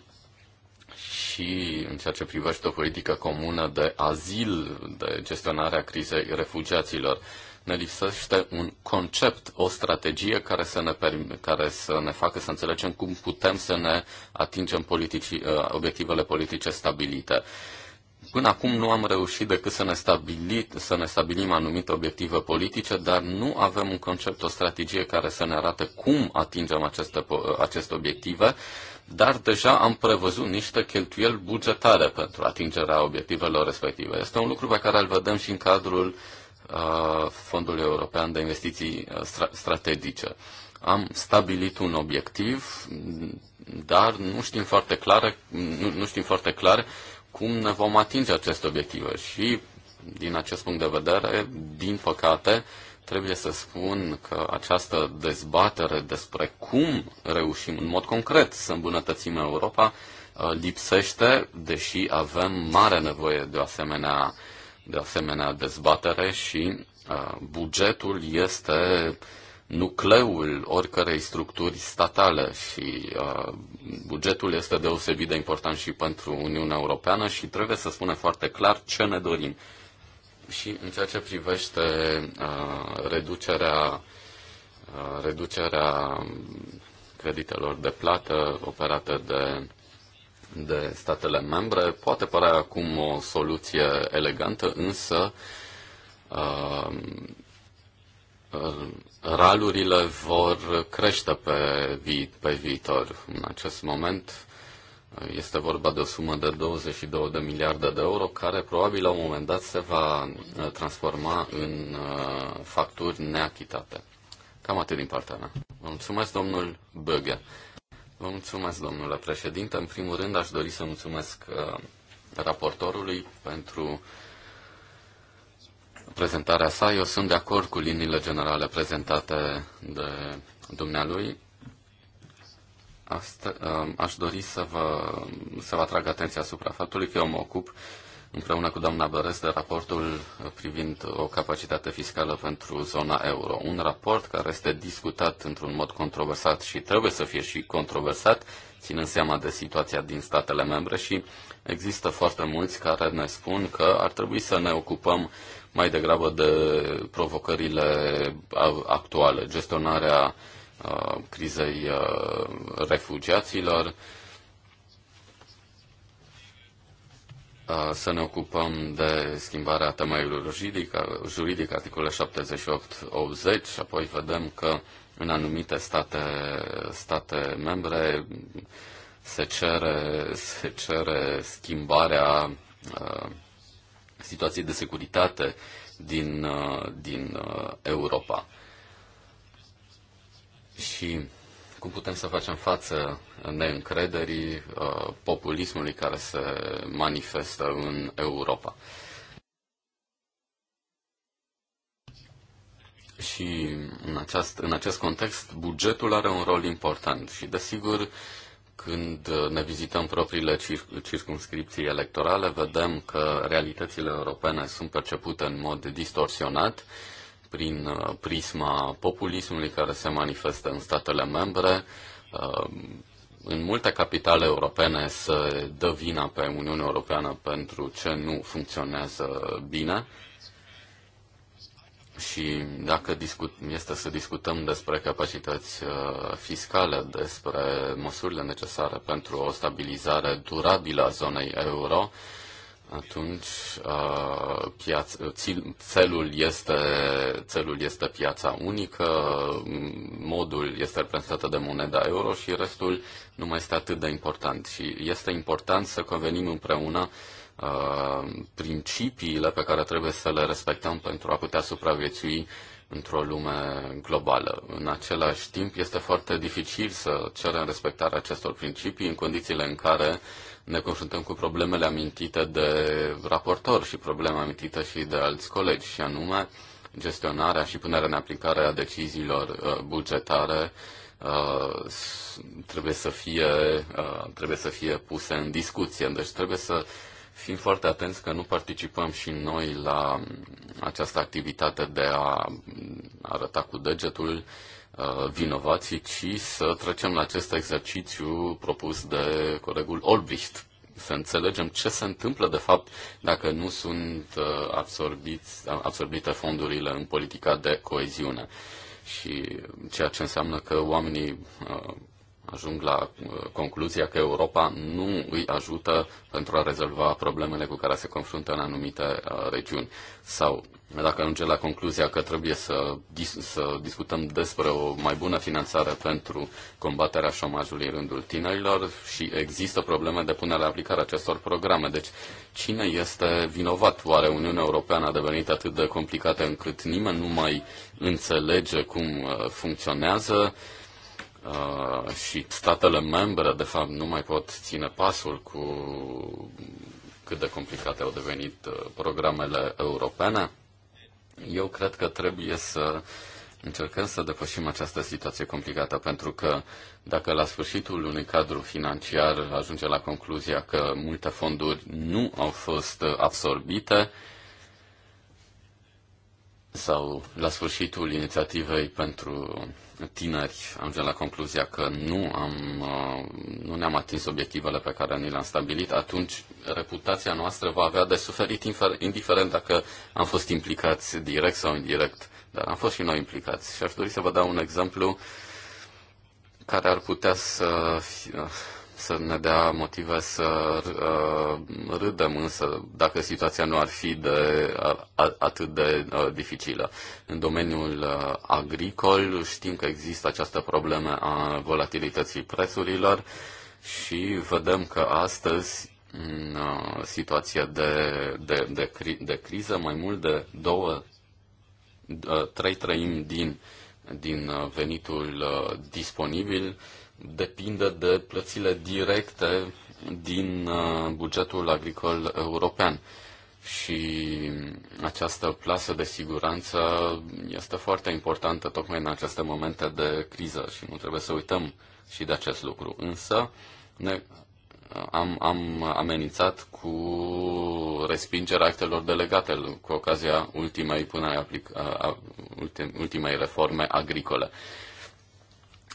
și în ceea ce privește o politică comună de azil, de gestionarea crizei refugiaților ne lipsește un concept, o strategie care să ne, perm- care să ne facă să înțelegem cum putem să ne atingem politici, uh, obiectivele politice stabilite. Până acum nu am reușit decât să ne, stabilit, să ne stabilim anumite obiective politice, dar nu avem un concept, o strategie care să ne arate cum atingem aceste, aceste obiective, dar deja am prevăzut niște cheltuieli bugetare pentru atingerea obiectivelor respective. Este un lucru pe care îl vedem și în cadrul Uh, Fondului European de Investiții uh, Strategice. Am stabilit un obiectiv, dar nu știm foarte clar, nu, nu știm foarte clar cum ne vom atinge acest obiectiv. Și din acest punct de vedere, din păcate, trebuie să spun că această dezbatere despre cum reușim în mod concret să îmbunătățim Europa uh, lipsește, deși avem mare nevoie de o asemenea de asemenea dezbatere și uh, bugetul este nucleul oricărei structuri statale și uh, bugetul este deosebit de important și pentru Uniunea Europeană și trebuie să spunem foarte clar ce ne dorim. Și în ceea ce privește uh, reducerea, uh, reducerea creditelor de plată operate de de statele membre poate părea acum o soluție elegantă, însă uh, ralurile vor crește pe, vi- pe viitor. În acest moment uh, este vorba de o sumă de 22 de miliarde de euro, care probabil la un moment dat se va uh, transforma în uh, facturi neachitate. Cam atât din partea mea. Mulțumesc, domnul Băghe. Vă mulțumesc, domnule președinte. În primul rând, aș dori să mulțumesc uh, raportorului pentru prezentarea sa. Eu sunt de acord cu liniile generale prezentate de dumnealui. Asta, uh, aș dori să vă, să vă atrag atenția asupra faptului că eu mă ocup împreună cu doamna Bărăs de raportul privind o capacitate fiscală pentru zona euro. Un raport care este discutat într-un mod controversat și trebuie să fie și controversat, ținând seama de situația din statele membre și există foarte mulți care ne spun că ar trebui să ne ocupăm mai degrabă de provocările actuale, gestionarea uh, crizei uh, refugiaților, uh, să ne ocupăm de schimbarea temeiului juridic, juridic articolul 78-80 și apoi vedem că în anumite state, state membre se cere, se cere schimbarea uh, situației de securitate din, uh, din Europa. Și cum putem să facem față neîncrederii, uh, populismului care se manifestă în Europa. Și în acest, în acest context, bugetul are un rol important și, desigur, când ne vizităm propriile cir- circumscripții electorale, vedem că realitățile europene sunt percepute în mod distorsionat prin uh, prisma populismului care se manifestă în statele membre. Uh, în multe capitale europene se dă vina pe Uniunea Europeană pentru ce nu funcționează bine. Și dacă discut, este să discutăm despre capacități uh, fiscale, despre măsurile necesare pentru o stabilizare durabilă a zonei euro, atunci celul piaț- țelul, este, țelul este piața unică, modul este reprezentat de moneda euro și restul nu mai este atât de important. Și este important să convenim împreună uh, principiile pe care trebuie să le respectăm pentru a putea supraviețui într-o lume globală. În același timp, este foarte dificil să cerem respectarea acestor principii în condițiile în care uh, ne confruntăm cu problemele amintite de raportor și probleme amintite și de alți colegi, și anume gestionarea și punerea în aplicare a deciziilor uh, bugetare uh, trebuie să fie, uh, trebuie să fie puse în discuție. Deci trebuie să fim foarte atenți că nu participăm și noi la um, această activitate de a arăta cu degetul Uh, vinovații, ci să trecem la acest exercițiu propus de colegul Olbricht. Să înțelegem ce se întâmplă, de fapt, dacă nu sunt uh, absorbiți, absorbite fondurile în politica de coeziune. Și ceea ce înseamnă că oamenii uh, ajung la concluzia că Europa nu îi ajută pentru a rezolva problemele cu care se confruntă în anumite regiuni. Sau dacă ajunge la concluzia că trebuie să, dis- să discutăm despre o mai bună finanțare pentru combaterea șomajului în rândul tinerilor și există probleme de punere la aplicare acestor programe. Deci, cine este vinovat? Oare Uniunea Europeană a devenit atât de complicată încât nimeni nu mai înțelege cum uh, funcționează? Uh, și statele membre, de fapt, nu mai pot ține pasul cu cât de complicate au devenit uh, programele europene. Eu cred că trebuie să încercăm să depășim această situație complicată, pentru că dacă la sfârșitul unui cadru financiar ajunge la concluzia că multe fonduri nu au fost absorbite, sau la sfârșitul inițiativei pentru tineri am ajuns la concluzia că nu, am, uh, nu ne-am atins obiectivele pe care ni le-am stabilit, atunci reputația noastră va avea de suferit, indiferent dacă am fost implicați direct sau indirect. Dar am fost și noi implicați. Și aș dori să vă dau un exemplu care ar putea să uh, să ne dea motive să uh, râdem, însă dacă situația nu ar fi de, atât de uh, dificilă. În domeniul uh, agricol știm că există această problemă a volatilității prețurilor și vedem că astăzi în situația de, de, de, cri, de criză, mai mult de două, trei treimi din, din venitul disponibil uh, depinde de plățile directe din uh, bugetul agricol european. Și această plasă de siguranță este foarte importantă tocmai în aceste momente de criză și nu trebuie să uităm și de acest lucru. Însă ne, am, am amenințat cu respingerea actelor delegate cu ocazia ultimei, până aplic, a, ultim, ultimei reforme agricole.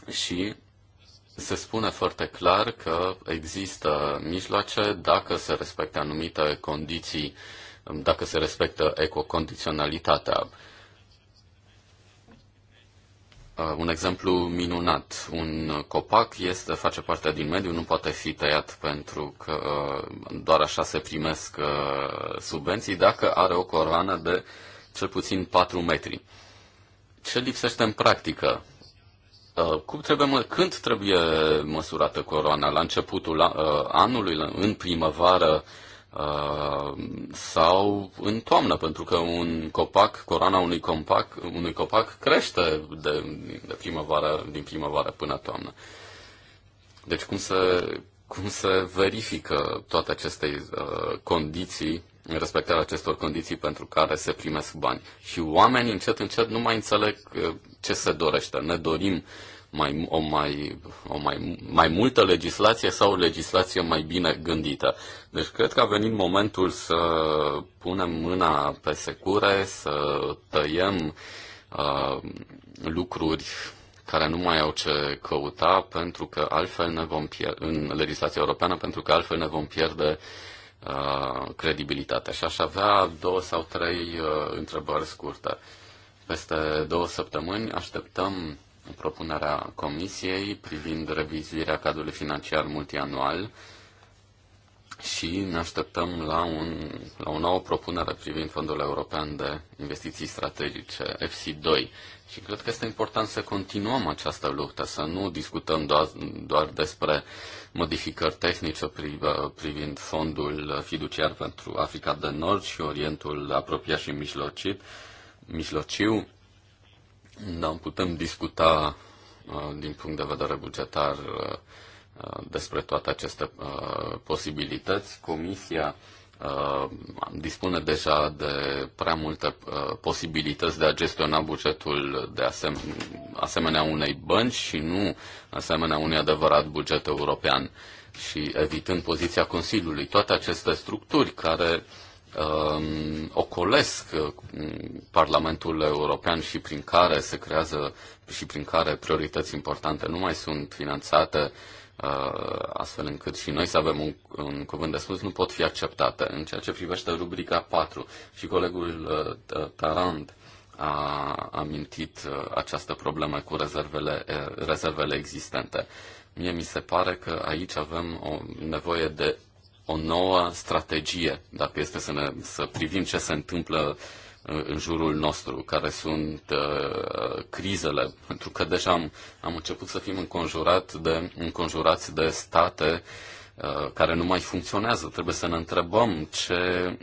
Și se spune foarte clar că există mijloace dacă se respectă anumite condiții, dacă se respectă ecocondiționalitatea. Uh, un exemplu minunat, un copac este, face parte din mediu, nu poate fi tăiat pentru că uh, doar așa se primesc uh, subvenții dacă are o coroană de cel puțin 4 metri. Ce lipsește în practică? Uh, cum trebuie, mă, când trebuie măsurată coroana? La începutul uh, anului, în primăvară uh, sau în toamnă? Pentru că un copac, coroana unui copac, unui copac crește de, de primăvară, din primăvară până toamnă. Deci cum se, cum se verifică toate aceste condiții respectarea acestor condiții pentru care se primesc bani. Și oamenii încet, încet nu mai înțeleg ce se dorește. Ne dorim uh, mai, o, mai, o mai, mai multă legislație sau o legislație mai bine gândită. Deci cred că a venit momentul să punem mâna pe secure, să tăiem uh, lucruri care nu mai au ce căuta pentru că altfel ne vom pierde în legislația europeană, pentru că altfel ne vom pierde uh, credibilitatea. Și aș avea două sau trei uh, întrebări scurte. Peste două săptămâni așteptăm propunerea Comisiei privind revizuirea cadrului financiar multianual și ne așteptăm la, un, la o nouă propunere privind Fondul European de Investiții Strategice, FC2. Și cred că este important să continuăm această luptă, să nu discutăm doar, doar despre modificări tehnice uh, privind Fondul Fiduciar pentru Africa de Nord și Orientul Apropiat și Mijlociu, da, putem discuta uh, din punct de vedere bugetar uh, uh, despre toate aceste posibilități. Comisia dispune deja de prea multe posibilități de a gestiona bugetul de asemenea unei bănci și nu asemenea unui adevărat buget european și evitând poziția Consiliului. Toate aceste structuri care uh, Um, ocolesc uh, Parlamentul European și prin care se creează și prin care priorități importante nu mai sunt finanțate uh, astfel încât și noi să avem un, un cuvânt de spus, nu pot fi acceptate. În ceea ce privește rubrica 4 și colegul uh, Tarand a amintit această problemă cu rezervele, rezervele existente. Mie mi se pare că aici avem o nevoie de o nouă strategie, dacă este să, ne, să privim ce se întâmplă uh, în jurul nostru, care sunt uh, crizele, pentru că deja am, am început să fim înconjurat de, înconjurați de state uh, care nu mai funcționează. Trebuie să ne întrebăm ce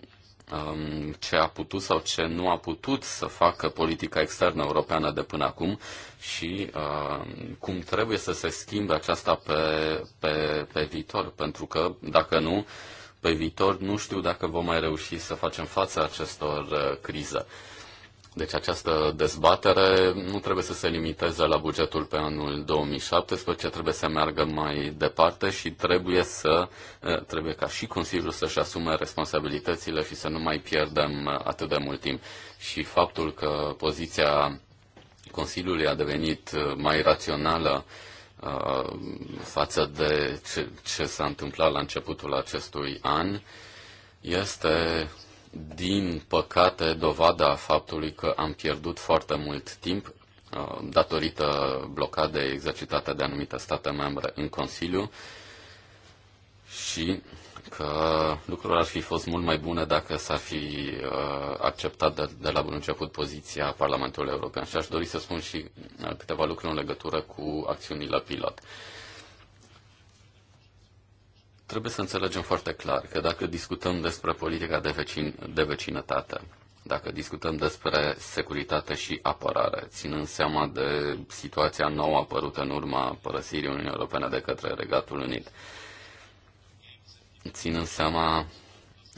Um, ce a putut sau ce nu a putut să facă politica externă europeană de până acum și um, cum trebuie să se schimbe aceasta pe, pe, pe viitor, pentru că dacă nu, pe viitor nu știu dacă vom mai reuși să facem față acestor uh, crize. Deci această dezbatere nu trebuie să se limiteze la bugetul pe anul 2017, trebuie să meargă mai departe și trebuie să eh, trebuie ca și Consiliul să-și asume responsabilitățile și să nu mai pierdem eh, atât de mult timp. Și faptul că poziția Consiliului a devenit eh, mai rațională față de ce, ce s-a întâmplat la începutul acestui an este din păcate, dovada faptului că am pierdut foarte mult timp uh, datorită blocadei exercitate de anumite state membre în Consiliu și că lucrurile ar fi fost mult mai bune dacă s-ar fi uh, acceptat de, de la bun început poziția Parlamentului European. Și aș dori să spun și uh, câteva lucruri în legătură cu acțiunile pilot. Uh, Trebuie să înțelegem foarte clar că dacă discutăm despre politica de, vecin, de vecinătate, dacă discutăm despre securitate și apărare, ținând seama de situația nouă apărută în urma părăsirii Uniunii Europene de către Regatul Unit, ținând seama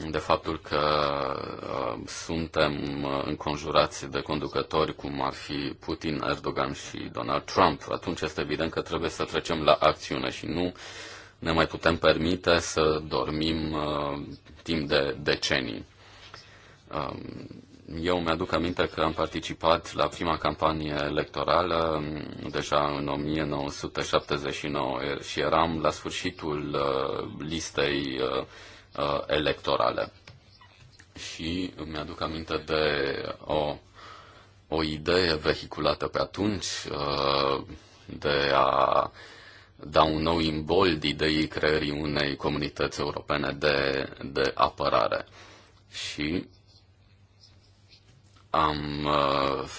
de faptul că uh, suntem uh, înconjurați de conducători cum ar fi Putin, Erdogan și Donald Trump, atunci este evident că trebuie să trecem la acțiune și nu ne mai putem permite să dormim uh, timp de decenii. Uh, eu mi-aduc aminte că am participat la prima campanie electorală um, deja în 1979 er, și eram la sfârșitul uh, listei uh, uh, electorale. Și îmi aduc aminte de o, o idee vehiculată pe atunci de a da un nou imbold ideii creării unei comunități europene de, de apărare. Și am, uh,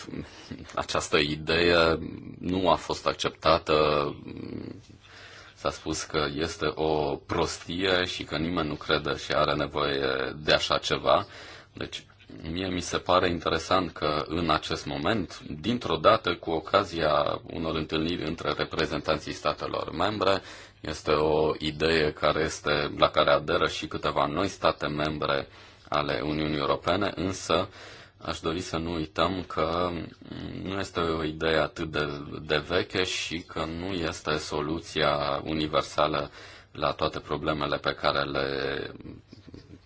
această idee nu a fost acceptată. S-a spus că este o prostie și că nimeni nu crede și are nevoie de așa ceva. Deci, mie mi se pare interesant că în acest moment, dintr-o dată, cu ocazia unor întâlniri între reprezentanții statelor membre, este o idee care este, la care aderă și câteva noi state membre ale Uniunii Europene, însă aș dori să nu uităm că nu este o idee atât de, de veche și că nu este soluția universală la toate problemele pe care le,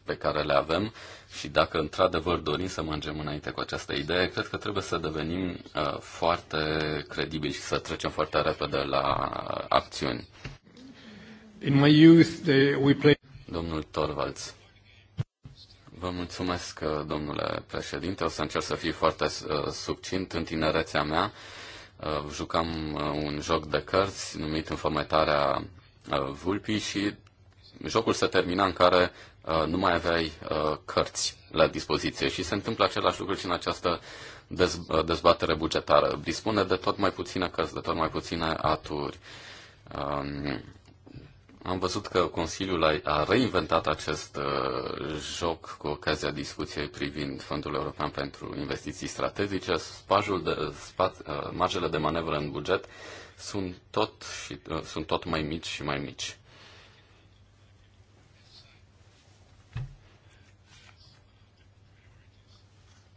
pe care le avem și dacă într-adevăr dorim să mergem înainte cu această idee, cred că trebuie să devenim uh, foarte credibili și să trecem foarte repede la uh, acțiuni. In my youth, they, we play... Domnul Torvalds. Vă mulțumesc, uh, domnule președinte. O să încerc să fiu foarte uh, succint. În tinerețea mea uh, jucam uh, un joc de cărți numit Înfometarea uh, Vulpii și jocul se termina în care Uh, nu mai aveai uh, cărți la dispoziție și se întâmplă același lucru și în această uh, dezbatere bugetară. Dispune de tot mai puține cărți, de tot mai puține aturi. Um, am văzut că Consiliul a, reinventat acest joc cu ocazia discuției privind Fondul European pentru Investiții Strategice. Spajul de, spa, marjele de manevră în buget sunt tot, și, sunt tot mai mici și mai mici.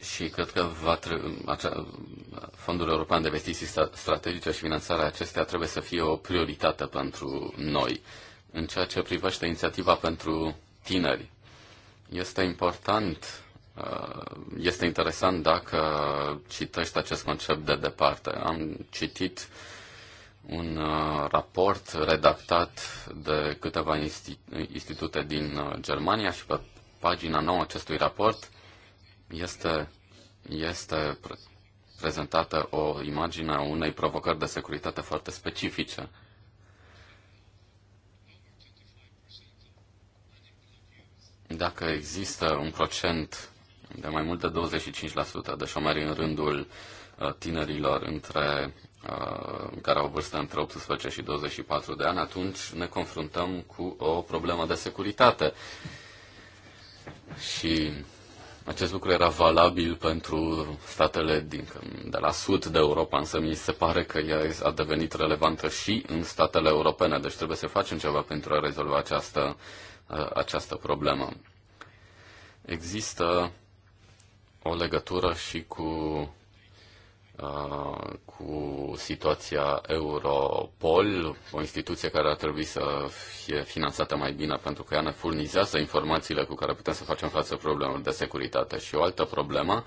și cred că va tre- acea, Fondul European de Investiții Strategice și finanțarea acestea trebuie să fie o prioritate pentru noi. În ceea ce privește inițiativa pentru tineri, este important, uh, este interesant dacă citești acest concept de departe. Am citit un uh, raport redactat de câteva institute din uh, Germania și pe pagina nouă acestui raport este, este prezentată o imagine a unei provocări de securitate foarte specifice. Dacă există un procent de mai mult de 25% de șomeri în rândul uh, tinerilor între, uh, care au vârstă între 18 și 24 de ani, atunci ne confruntăm cu o problemă de securitate. Și acest lucru era valabil pentru statele din, de la sud de Europa, însă mi se pare că ea a devenit relevantă și în statele europene, deci trebuie să facem ceva pentru a rezolva această, această problemă. Există o legătură și cu Uh, cu situația Europol, o instituție care ar trebui să fie finanțată mai bine pentru că ea ne furnizează informațiile cu care putem să facem față problemelor de securitate. Și o altă problemă,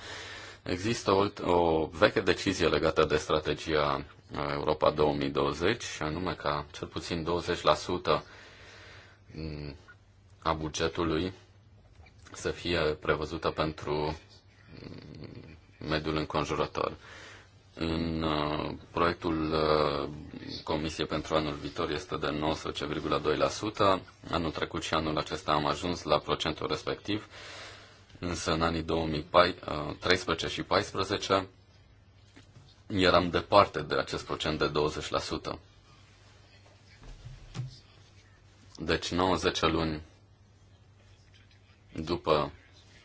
există o, o veche decizie legată de strategia uh, Europa 2020, și anume ca cel puțin 20% mm, a bugetului să fie prevăzută pentru mm, mediul înconjurător în uh, proiectul uh, Comisiei pentru anul viitor este de 19,2%. Anul trecut și anul acesta am ajuns la procentul respectiv, însă în anii 2013 uh, și 2014 eram departe de acest procent de 20%. Deci 90 luni după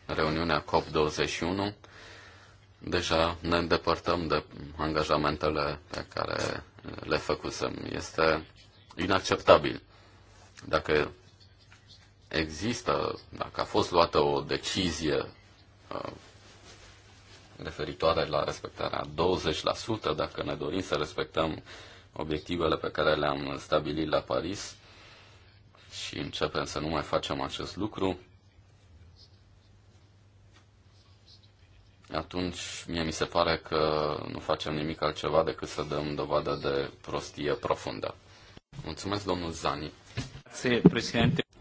reuniunea COP21, deja ne îndepărtăm de angajamentele pe care le făcusem. Este inacceptabil. Dacă există, dacă a fost luată o decizie uh, referitoare la respectarea 20%, dacă ne dorim să respectăm obiectivele pe care le-am stabilit la Paris și începem să nu mai facem acest lucru, atunci mie mi se pare că nu facem nimic altceva decât să dăm dovadă de prostie profundă. Mulțumesc, domnul Zani.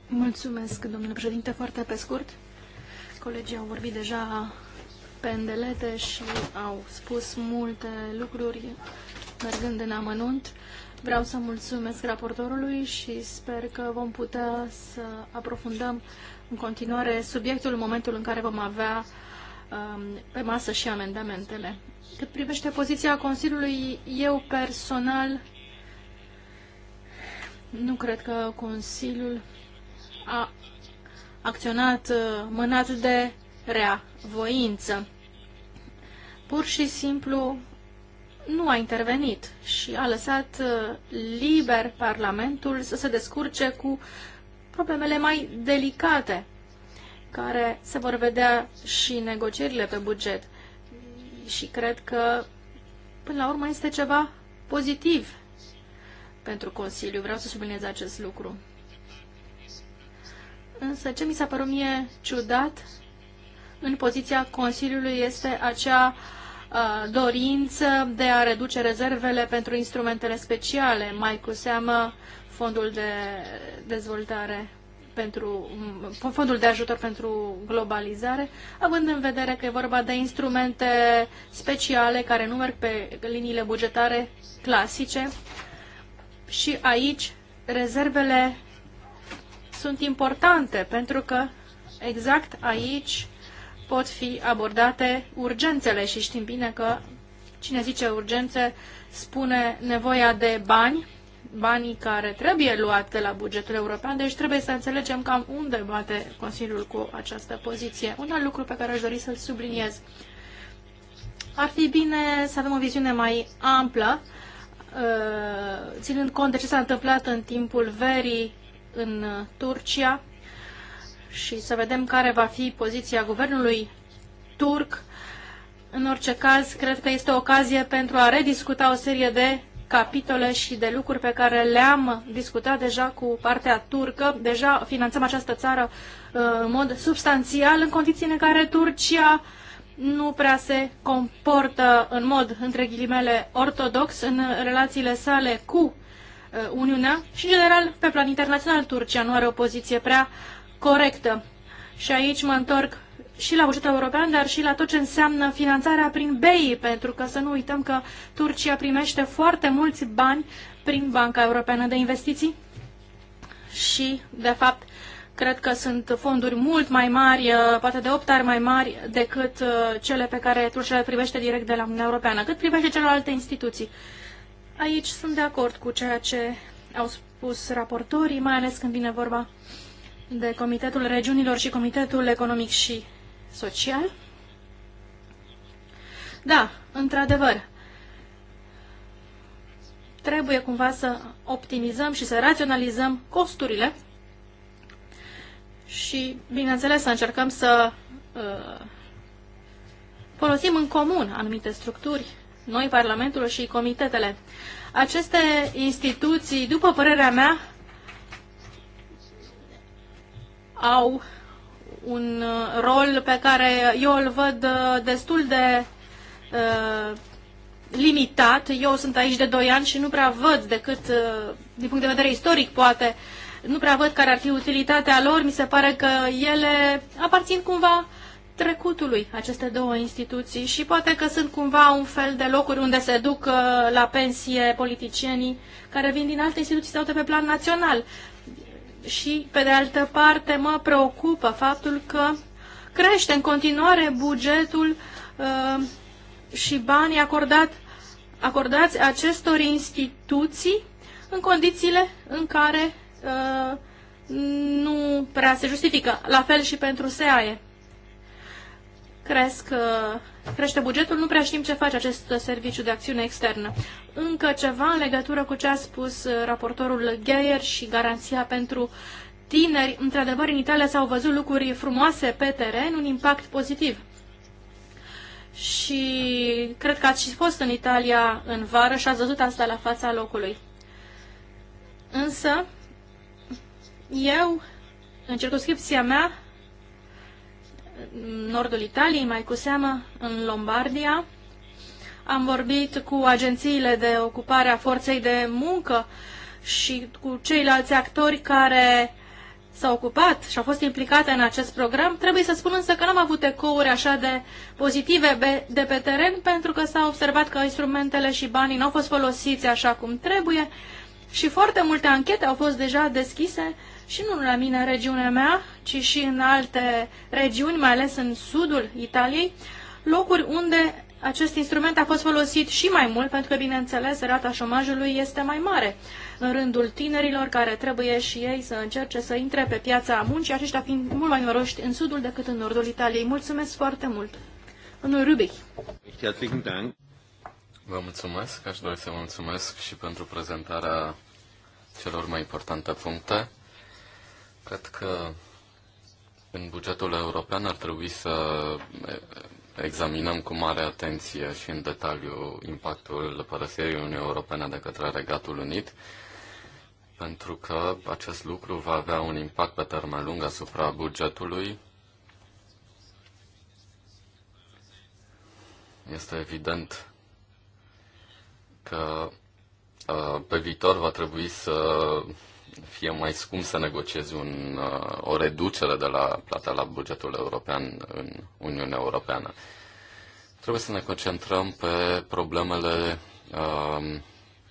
Mulțumesc, domnule președinte, foarte pe scurt. Colegii au vorbit deja pe îndelete și au spus multe lucruri mergând în amănunt. Vreau să mulțumesc raportorului și sper că vom putea să aprofundăm în continuare subiectul în momentul în care vom avea uh, Um, pe masă și amendamentele. Cât privește poziția Consiliului, eu personal nu cred că Consiliul a acționat uh, mânat de rea voință. Pur și simplu nu a intervenit și a lăsat uh, liber Parlamentul să se descurce cu problemele mai delicate care se vor vedea și negocierile pe buget. Și cred că, până la urmă, este ceva pozitiv pentru Consiliu. Vreau să subliniez acest lucru. Însă ce mi s-a părut mie ciudat în poziția Consiliului este acea dorință de a reduce rezervele pentru instrumentele speciale, mai cu seamă fondul de dezvoltare pentru mm, fondul de ajutor pentru globalizare, având în vedere că e vorba de instrumente speciale care nu merg pe liniile bugetare clasice și aici rezervele sunt importante pentru că exact aici pot fi abordate urgențele și știm bine că cine zice urgențe spune nevoia de bani banii care trebuie luat de la bugetul european, deci trebuie să înțelegem cam unde bate Consiliul cu această poziție. Un alt lucru pe care aș dori să-l subliniez. Ar fi bine să avem o viziune mai amplă, uh, ținând cont de ce s-a întâmplat în timpul verii în Turcia și să vedem care va fi poziția guvernului turc în orice caz, cred că este o ocazie pentru a rediscuta o serie de capitole și de lucruri pe care le-am discutat deja cu partea turcă. Deja finanțăm această țară uh, în mod substanțial în condițiile în care Turcia nu prea se comportă în mod, între ghilimele, ortodox în relațiile sale cu uh, Uniunea și, în general, pe plan internațional, Turcia nu are o poziție prea corectă. Și aici mă întorc și la bugetul european, dar și la tot ce înseamnă finanțarea prin BEI, pentru că să nu uităm că Turcia primește foarte mulți bani prin Banca Europeană de Investiții și, de fapt, cred că sunt fonduri mult mai mari, uh, poate de 8 ori mai mari decât uh, cele pe care Turcia le primește direct de la Uniunea Europeană, cât privește celelalte instituții. Aici sunt de acord cu ceea ce au spus raportorii, mai ales când vine vorba de Comitetul Regiunilor și Comitetul Economic și social? Da, într-adevăr, trebuie cumva să optimizăm și să raționalizăm costurile și, bineînțeles, să încercăm să uh, folosim în comun anumite structuri, noi, Parlamentul și comitetele. Aceste instituții, după părerea mea, au un uh, rol pe care eu îl văd uh, destul de uh, limitat. Eu sunt aici de 2 ani și nu prea văd decât, uh, din punct de vedere istoric poate, nu prea văd care ar fi utilitatea lor. Mi se pare că ele aparțin cumva trecutului, aceste două instituții și poate că sunt cumva un fel de locuri unde se duc uh, la pensie politicienii care vin din alte instituții sau de pe plan național și, pe de altă parte, mă preocupă faptul că crește în continuare bugetul uh, și banii acordat, acordați acestor instituții în condițiile în care uh, nu prea se justifică. La fel și pentru SEAE. Cresc uh, crește bugetul, nu prea știm ce face acest serviciu de acțiune externă. Încă ceva în legătură cu ce a spus uh, raportorul Geier și garanția pentru tineri. Într-adevăr, în Italia s-au văzut lucruri frumoase pe teren, un impact pozitiv. Și cred că ați și fost în Italia în vară și ați văzut asta la fața locului. Însă, eu, în circunscripția mea, nordul Italiei, mai cu seamă în Lombardia. Am vorbit cu agențiile de ocupare a forței de muncă și cu ceilalți actori care s-au ocupat și au fost implicate în acest program. Trebuie să spun însă că n-am avut ecouri așa de pozitive de pe teren pentru că s-a observat că instrumentele și banii nu au fost folosiți așa cum trebuie și foarte multe anchete au fost deja deschise și nu la mine în regiunea mea, ci și în alte regiuni, mai ales în sudul Italiei, locuri unde acest instrument a fost folosit și mai mult, pentru că, bineînțeles, rata șomajului este mai mare în rândul tinerilor care trebuie și ei să încerce să intre pe piața muncii, aceștia fiind mult mai numeroși în sudul decât în nordul Italiei. Mulțumesc foarte mult! Domnul Rubic. Vă mulțumesc, aș dori să vă mulțumesc și pentru prezentarea celor mai importante puncte. Cred că în bugetul european ar trebui să examinăm cu mare atenție și în detaliu impactul părăsirii Uniunii Europene de către Regatul Unit, pentru că acest lucru va avea un impact pe termen lung asupra bugetului. Este evident că pe viitor va trebui să fie mai scump să negociezi un, uh, o reducere de la plata la bugetul european în Uniunea Europeană. Trebuie să ne concentrăm pe problemele um,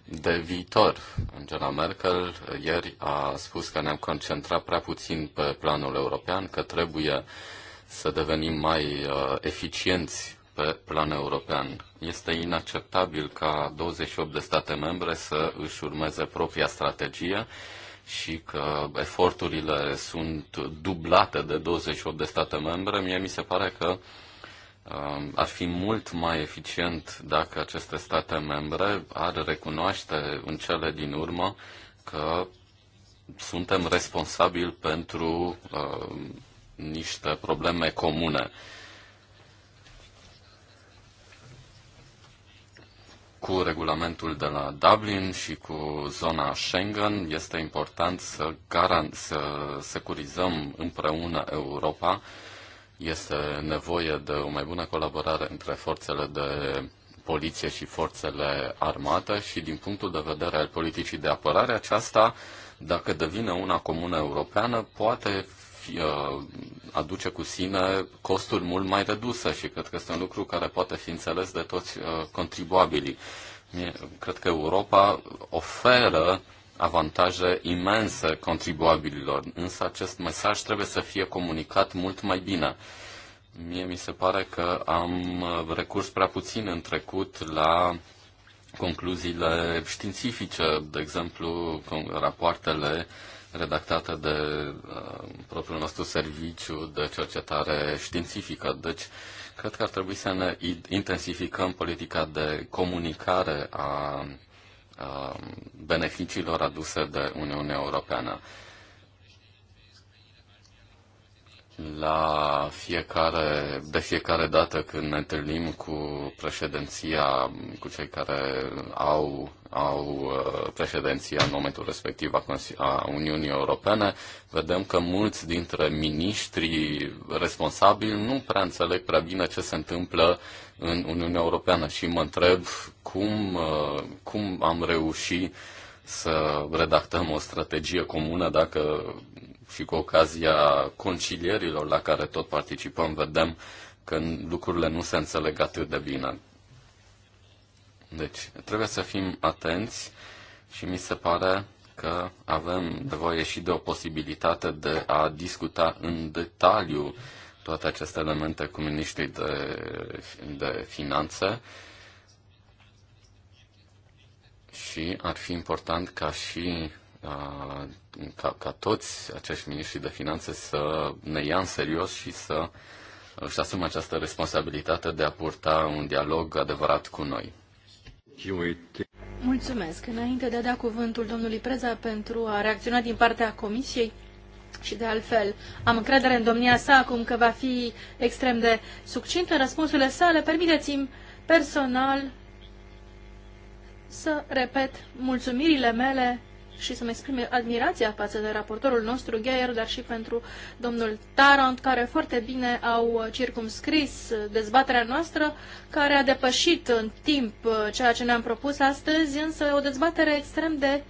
de viitor. Angela Merkel ieri a spus că ne-am concentrat prea puțin pe planul european, că trebuie să devenim mai uh, eficienți pe plan european. Este inacceptabil ca 28 de state membre să își urmeze propria strategie și că eforturile sunt dublate de 28 de state membre, mie mi se pare că um, ar fi mult mai eficient dacă aceste state membre ar recunoaște în cele din urmă că suntem responsabili pentru uh, niște probleme comune cu regulamentul de la Dublin și cu zona Schengen, este important să, garan- să securizăm împreună Europa. Este nevoie de o mai bună colaborare între forțele de poliție și forțele armate și din punctul de vedere al politicii de apărare, aceasta, dacă devine una comună europeană, poate Uh, aduce cu sine costuri mult mai reduse și cred că este un lucru care poate fi înțeles de toți uh, contribuabilii. Cred că Europa oferă avantaje imense contribuabililor, însă acest mesaj trebuie să fie comunicat mult mai bine. Mie mi se pare că am uh, recurs prea puțin în trecut la concluziile științifice, de exemplu, rapoartele uh, redactată de uh, propriul nostru serviciu de cercetare științifică. Deci, cred că ar trebui să ne intensificăm politica de comunicare a uh, beneficiilor aduse de Uniunea Europeană. la fiecare, de fiecare dată când ne întâlnim cu președinția, cu cei care au, au uh, președinția în momentul respectiv a Uniunii Europene, vedem că mulți dintre miniștrii responsabili nu prea înțeleg prea bine ce se întâmplă în Uniunea Europeană și mă întreb cum, uh, cum am reușit să redactăm o strategie comună dacă și cu ocazia concilierilor la care tot participăm, vedem că lucrurile nu se înțeleg atât de bine. Deci, trebuie să fim atenți și mi se pare că avem nevoie și de o posibilitate de a discuta în detaliu toate aceste elemente cu ministrii de, de finanțe și ar fi important ca și ca, ca toți acești miniștri de finanțe să ne ia în serios și să își asume această responsabilitate de a purta un dialog adevărat cu noi. Mulțumesc. Înainte de a da cuvântul domnului Preza pentru a reacționa din partea Comisiei, și de altfel, am încredere în domnia sa acum că va fi extrem de succint în răspunsurile sale. Permiteți-mi personal să repet mulțumirile mele și să-mi exprime admirația față de raportorul nostru, Gheier, dar și pentru domnul Tarant, care foarte bine au circumscris dezbaterea noastră, care a depășit în timp uh, ceea ce ne-am propus astăzi, însă o dezbatere extrem de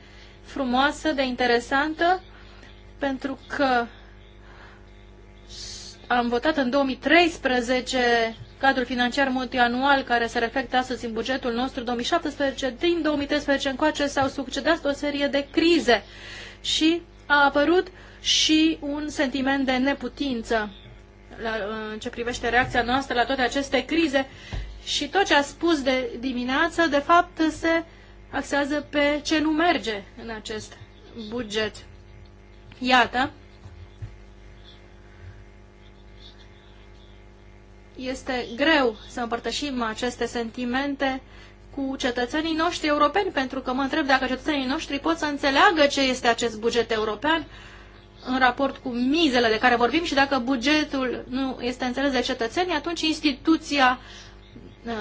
frumoasă, de interesantă, pentru că am votat în 2013 cadrul financiar multianual care se reflectă astăzi în bugetul nostru 2017, din 2013 încoace s-au succedat o serie de crize și a apărut și un sentiment de neputință la, în ce privește reacția noastră la toate aceste crize și tot ce a spus de dimineață, de fapt, se axează pe ce nu merge în acest buget. Iată, este greu să împărtășim aceste sentimente cu cetățenii noștri europeni, pentru că mă întreb dacă cetățenii noștri pot să înțeleagă ce este acest buget european în raport cu mizele de care vorbim și dacă bugetul nu este înțeles de cetățenii, atunci instituția uh,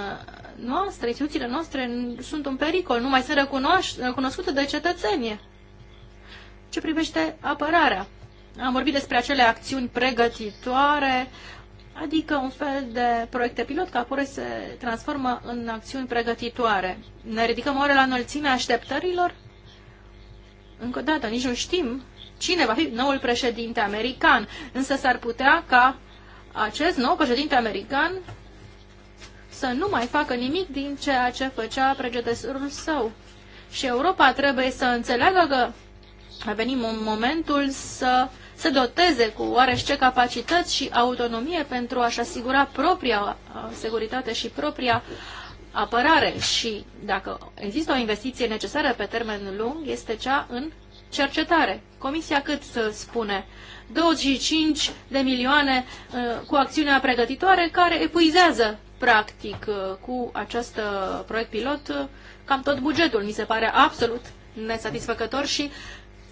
noastră, instituțiile noastre sunt un pericol, nu mai sunt recunoscute de cetățenie. Ce privește apărarea? Am vorbit despre acele acțiuni pregătitoare, adică un fel de proiecte pilot care apoi se transformă în acțiuni pregătitoare. Ne ridicăm oare la înălțimea așteptărilor? Încă o dată, nici nu știm cine va fi noul președinte american, însă s-ar putea ca acest nou președinte american să nu mai facă nimic din ceea ce făcea pregătesorul său. Și Europa trebuie să înțeleagă că a venit momentul să uh, se doteze cu oarește capacități și autonomie pentru a-și asigura propria uh, securitate și propria apărare. Și dacă există o investiție necesară pe termen lung, este cea în cercetare. Comisia cât să spune? 25 de milioane uh, cu acțiunea pregătitoare care epuizează practic uh, cu acest proiect pilot cam tot bugetul. Mi se pare absolut nesatisfăcător și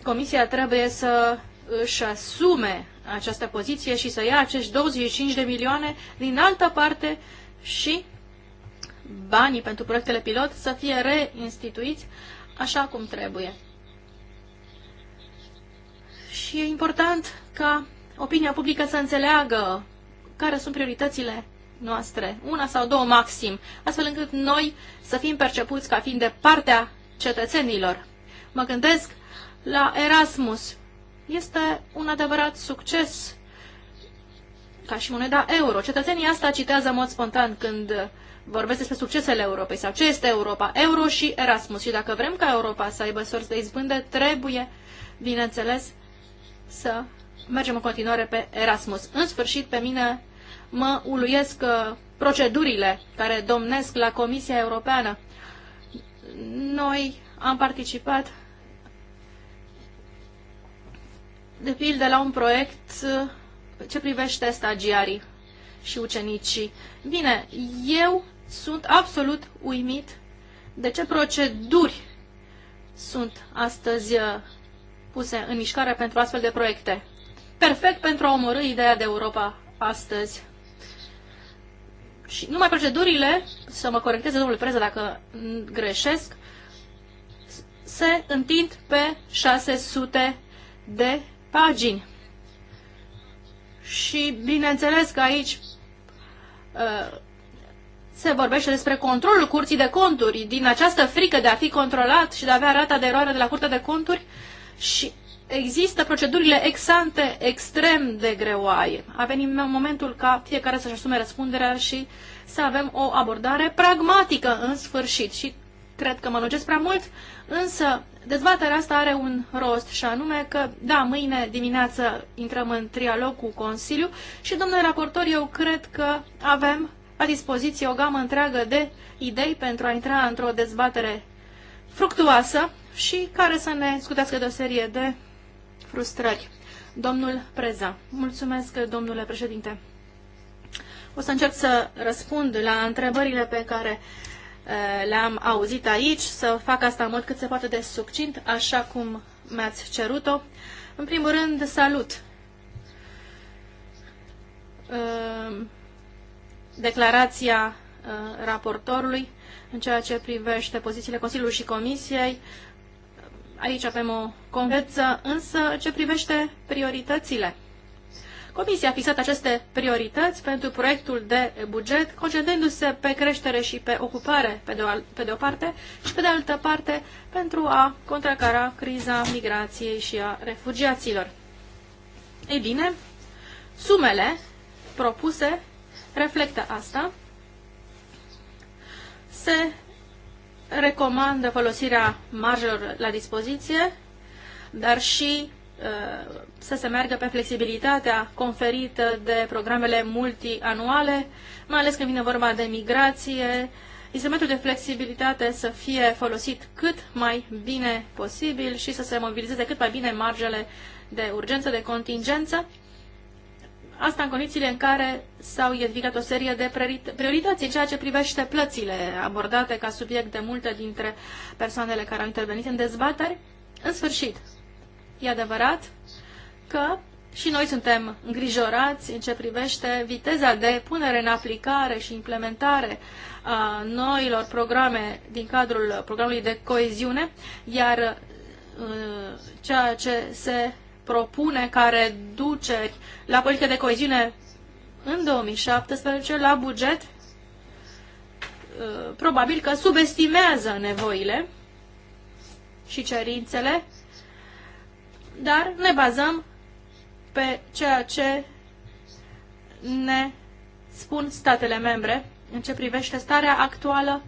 Comisia trebuie să își asume această poziție și să ia acești 25 de milioane din altă parte și banii pentru proiectele pilot să fie reinstituiți așa cum trebuie. Și e important ca opinia publică să înțeleagă care sunt prioritățile noastre, una sau două maxim, astfel încât noi să fim percepuți ca fiind de partea cetățenilor. Mă gândesc la Erasmus, este un adevărat succes ca și moneda euro. Cetățenii asta citează în mod spontan când vorbesc despre succesele Europei sau ce este Europa, euro și Erasmus. Și dacă vrem ca Europa să aibă sorți de izbândă, trebuie, bineînțeles, să mergem în continuare pe Erasmus. În sfârșit, pe mine mă uluiesc uh, procedurile care domnesc la Comisia Europeană. Noi am participat de pildă la un proiect uh, ce privește stagiarii și ucenicii. Bine, eu sunt absolut uimit de ce proceduri sunt astăzi uh, puse în mișcare pentru astfel de proiecte. Perfect pentru a omorâ ideea de Europa astăzi. Și numai procedurile, să mă corecteze domnul Preză dacă greșesc, se întind pe 600 de pagini. Și bineînțeles că aici uh, se vorbește despre controlul curții de conturi, din această frică de a fi controlat și de a avea rata de eroare de la curtea de conturi și există procedurile exante extrem de greoaie. A venit momentul ca fiecare să-și asume răspunderea și să avem o abordare pragmatică în sfârșit și cred că mă lungesc prea mult, însă Dezbaterea asta are un rost și anume că, da, mâine dimineață intrăm în trialog cu Consiliu și, domnule raportor, eu cred că avem la dispoziție o gamă întreagă de idei pentru a intra într-o dezbatere fructuoasă și care să ne scutească de o serie de frustrări. Domnul Preza. Mulțumesc, domnule președinte. O să încerc să răspund la întrebările pe care uh, Eh, le-am auzit aici, să fac asta în mod cât se poate de succint, așa cum mi-ați cerut-o. În primul rând, salut! Eh, declarația eh, raportorului în ceea ce privește pozițiile Consiliului și Comisiei. Aici avem o conveță, însă ce privește prioritățile Comisia a fixat aceste priorități pentru proiectul de buget, concentrându-se pe creștere și pe ocupare, pe de, o, pe de o parte, și pe de altă parte, pentru a contracara criza migrației și a refugiaților. Ei bine, sumele propuse reflectă asta. Se recomandă folosirea marjelor la dispoziție, dar și Uh, să se meargă pe flexibilitatea conferită de programele multianuale, mai ales când vine vorba de migrație, instrumentul de flexibilitate să fie folosit cât mai bine posibil și să se mobilizeze cât mai bine marjele de urgență, de contingență. Asta în condițiile în care s-au identificat o serie de priorități în ceea ce privește plățile abordate ca subiect de multe dintre persoanele care au intervenit în dezbateri. În sfârșit, E adevărat că și noi suntem îngrijorați în ce privește viteza de punere în aplicare și implementare a noilor programe din cadrul programului de coeziune, iar uh, ceea ce se propune ca reduceri la politică de coeziune în 2017 la buget, uh, probabil că subestimează nevoile și cerințele dar ne bazăm pe ceea ce ne spun statele membre în ce privește starea actuală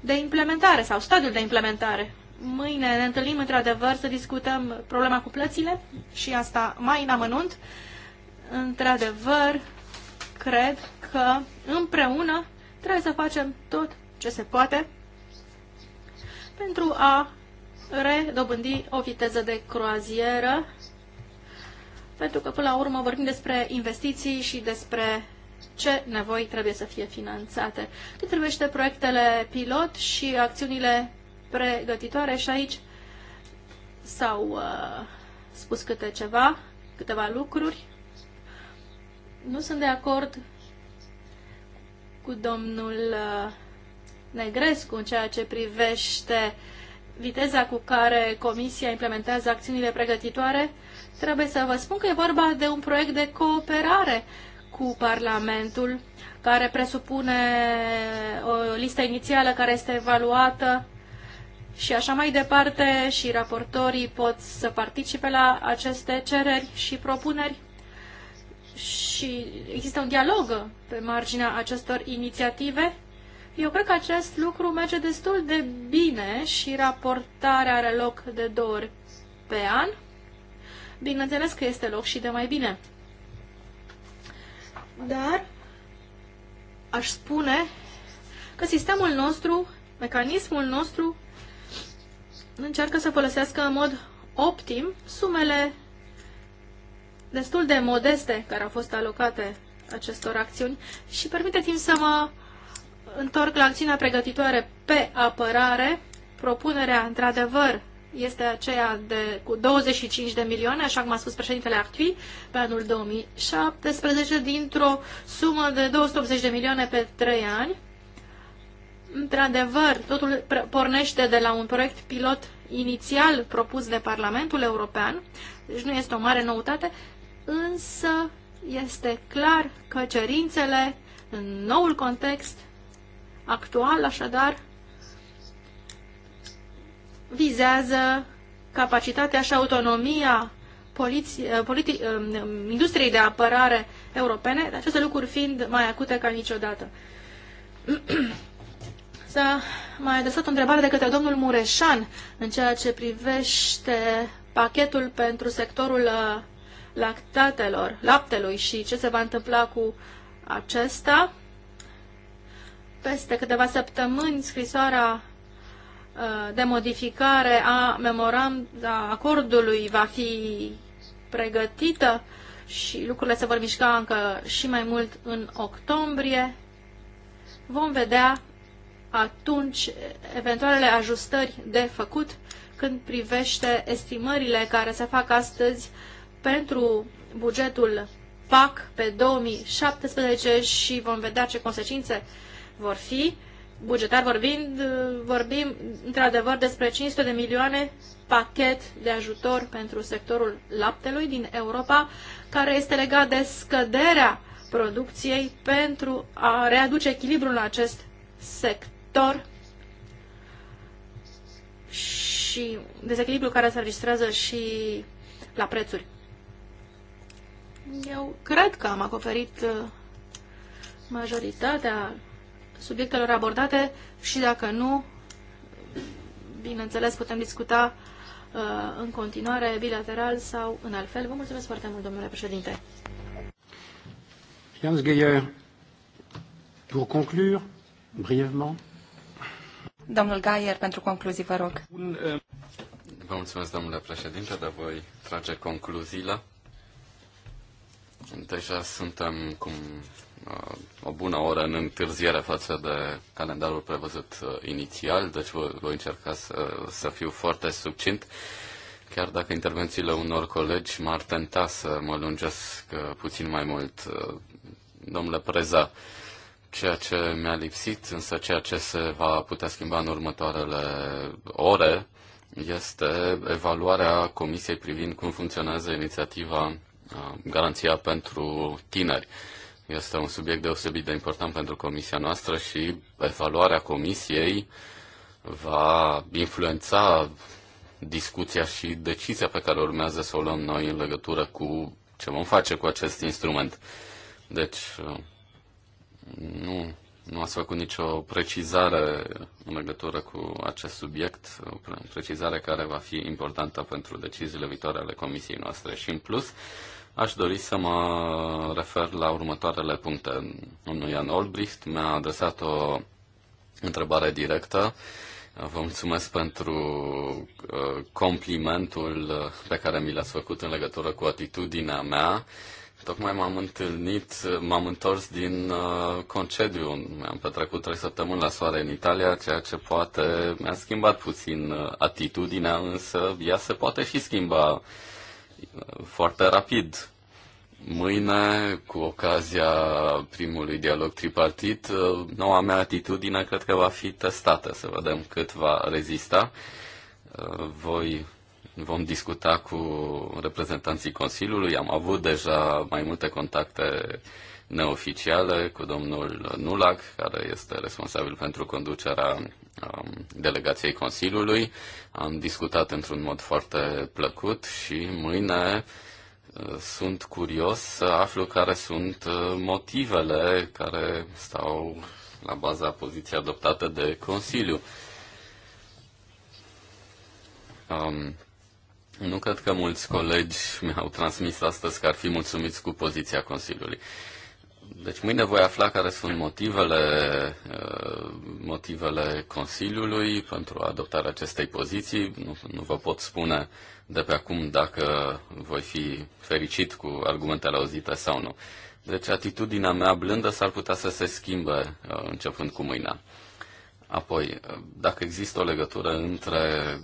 de implementare sau stadiul de implementare. Mâine ne întâlnim într-adevăr să discutăm problema cu plățile și asta mai în amănunt. Într-adevăr, cred că împreună trebuie să facem tot ce se poate pentru a redobândi o viteză de croazieră, pentru că până la urmă vorbim despre investiții și despre ce nevoi trebuie să fie finanțate. Cât privește proiectele pilot și acțiunile pregătitoare și aici s-au uh, spus câte ceva, câteva lucruri. Nu sunt de acord cu domnul uh, Negrescu în ceea ce privește viteza cu care Comisia implementează acțiunile pregătitoare, trebuie să vă spun că e vorba de un proiect de cooperare cu Parlamentul, care presupune o listă inițială care este evaluată și așa mai departe și raportorii pot să participe la aceste cereri și propuneri și există un dialog pe marginea acestor inițiative eu cred că acest lucru merge destul de bine și raportarea are loc de două ori pe an. Bineînțeles că este loc și de mai bine. Dar aș spune că sistemul nostru, mecanismul nostru, încearcă să folosească în mod optim sumele destul de modeste care au fost alocate acestor acțiuni și permiteți-mi să mă întorc la acțiunea pregătitoare pe apărare. Propunerea, într-adevăr, este aceea de, cu 25 de milioane, așa cum a spus președintele Actui, pe anul 2017, dintr-o sumă de 280 de milioane pe 3 ani. Într-adevăr, totul pornește de la un proiect pilot inițial propus de Parlamentul European, deci nu este o mare noutate, însă este clar că cerințele în noul context actual, așadar, vizează capacitatea și autonomia eh, eh, industriei de apărare europene, aceste lucruri fiind mai acute ca niciodată. (clears throat) S-a mai adresat o întrebare de către domnul Mureșan în ceea ce privește pachetul pentru sectorul eh, lactatelor, laptelui și ce se va întâmpla cu acesta peste câteva săptămâni scrisoarea uh, de modificare a memorand a acordului va fi pregătită și lucrurile se vor mișca încă și mai mult în octombrie. Vom vedea atunci eventualele ajustări de făcut când privește estimările care se fac astăzi pentru bugetul PAC pe 2017 și vom vedea ce consecințe vor fi. Bugetar vorbind, vorbim într-adevăr despre 500 de milioane pachet de ajutor pentru sectorul laptelui din Europa, care este legat de scăderea producției pentru a readuce echilibrul în acest sector și dezechilibru care se registrează și la prețuri. Eu cred că am acoperit uh, majoritatea subiectelor abordate și dacă nu, bineînțeles, putem discuta uh, în continuare bilateral sau în alt fel. Vă mulțumesc foarte mult, domnule președinte. Jans Geier, pour conclure, brièvement. Domnul Gaier, pentru concluzii, vă rog. Uh, vă mulțumesc, domnule președinte, dar voi trage concluziile. Deja suntem, cum o bună oră în întârziere față de calendarul prevăzut uh, inițial, deci voi încerca să, să fiu foarte succint. Chiar dacă intervențiile unor colegi m-ar tenta să mă lungesc uh, puțin mai mult, uh, domnule Preza, ceea ce mi-a lipsit, însă ceea ce se va putea schimba în următoarele ore, este evaluarea Comisiei privind cum funcționează inițiativa Garanția pentru Tineri. Este un subiect deosebit de important pentru comisia noastră și evaluarea comisiei va influența discuția și decizia pe care urmează să o luăm noi în legătură cu ce vom face cu acest instrument. Deci, nu, nu ați făcut nicio precizare în legătură cu acest subiect, o precizare care va fi importantă pentru deciziile viitoare ale comisiei noastre. Și în plus, Aș dori să mă refer la următoarele puncte. Domnul Ian Olbricht mi-a adresat o întrebare directă. Vă mulțumesc pentru uh, complimentul pe care mi l-ați făcut în legătură cu atitudinea mea. Tocmai m-am întâlnit, m-am întors din uh, concediu, mi-am petrecut trei săptămâni la soare în Italia, ceea ce poate mi-a schimbat puțin uh, atitudinea, însă ea se poate și schimba foarte rapid. Mâine, cu ocazia primului dialog tripartit, noua mea atitudine cred că va fi testată, să vedem cât va rezista. Voi vom discuta cu reprezentanții Consiliului. Am avut deja mai multe contacte neoficiale cu domnul Nulac, care este responsabil pentru conducerea delegației Consiliului. Am discutat într-un mod foarte plăcut și mâine uh, sunt curios să aflu care sunt uh, motivele care stau la baza poziției adoptate de Consiliu. Um, nu cred că mulți colegi mi-au transmis astăzi că ar fi mulțumiți cu poziția Consiliului. Deci mâine voi afla care sunt motivele, uh, motivele Consiliului pentru adoptarea acestei poziții. Nu, nu vă pot spune de pe acum dacă voi fi fericit cu argumentele auzite sau nu. Deci atitudinea mea blândă s-ar putea să se schimbe uh, începând cu mâine. Apoi, dacă există o legătură între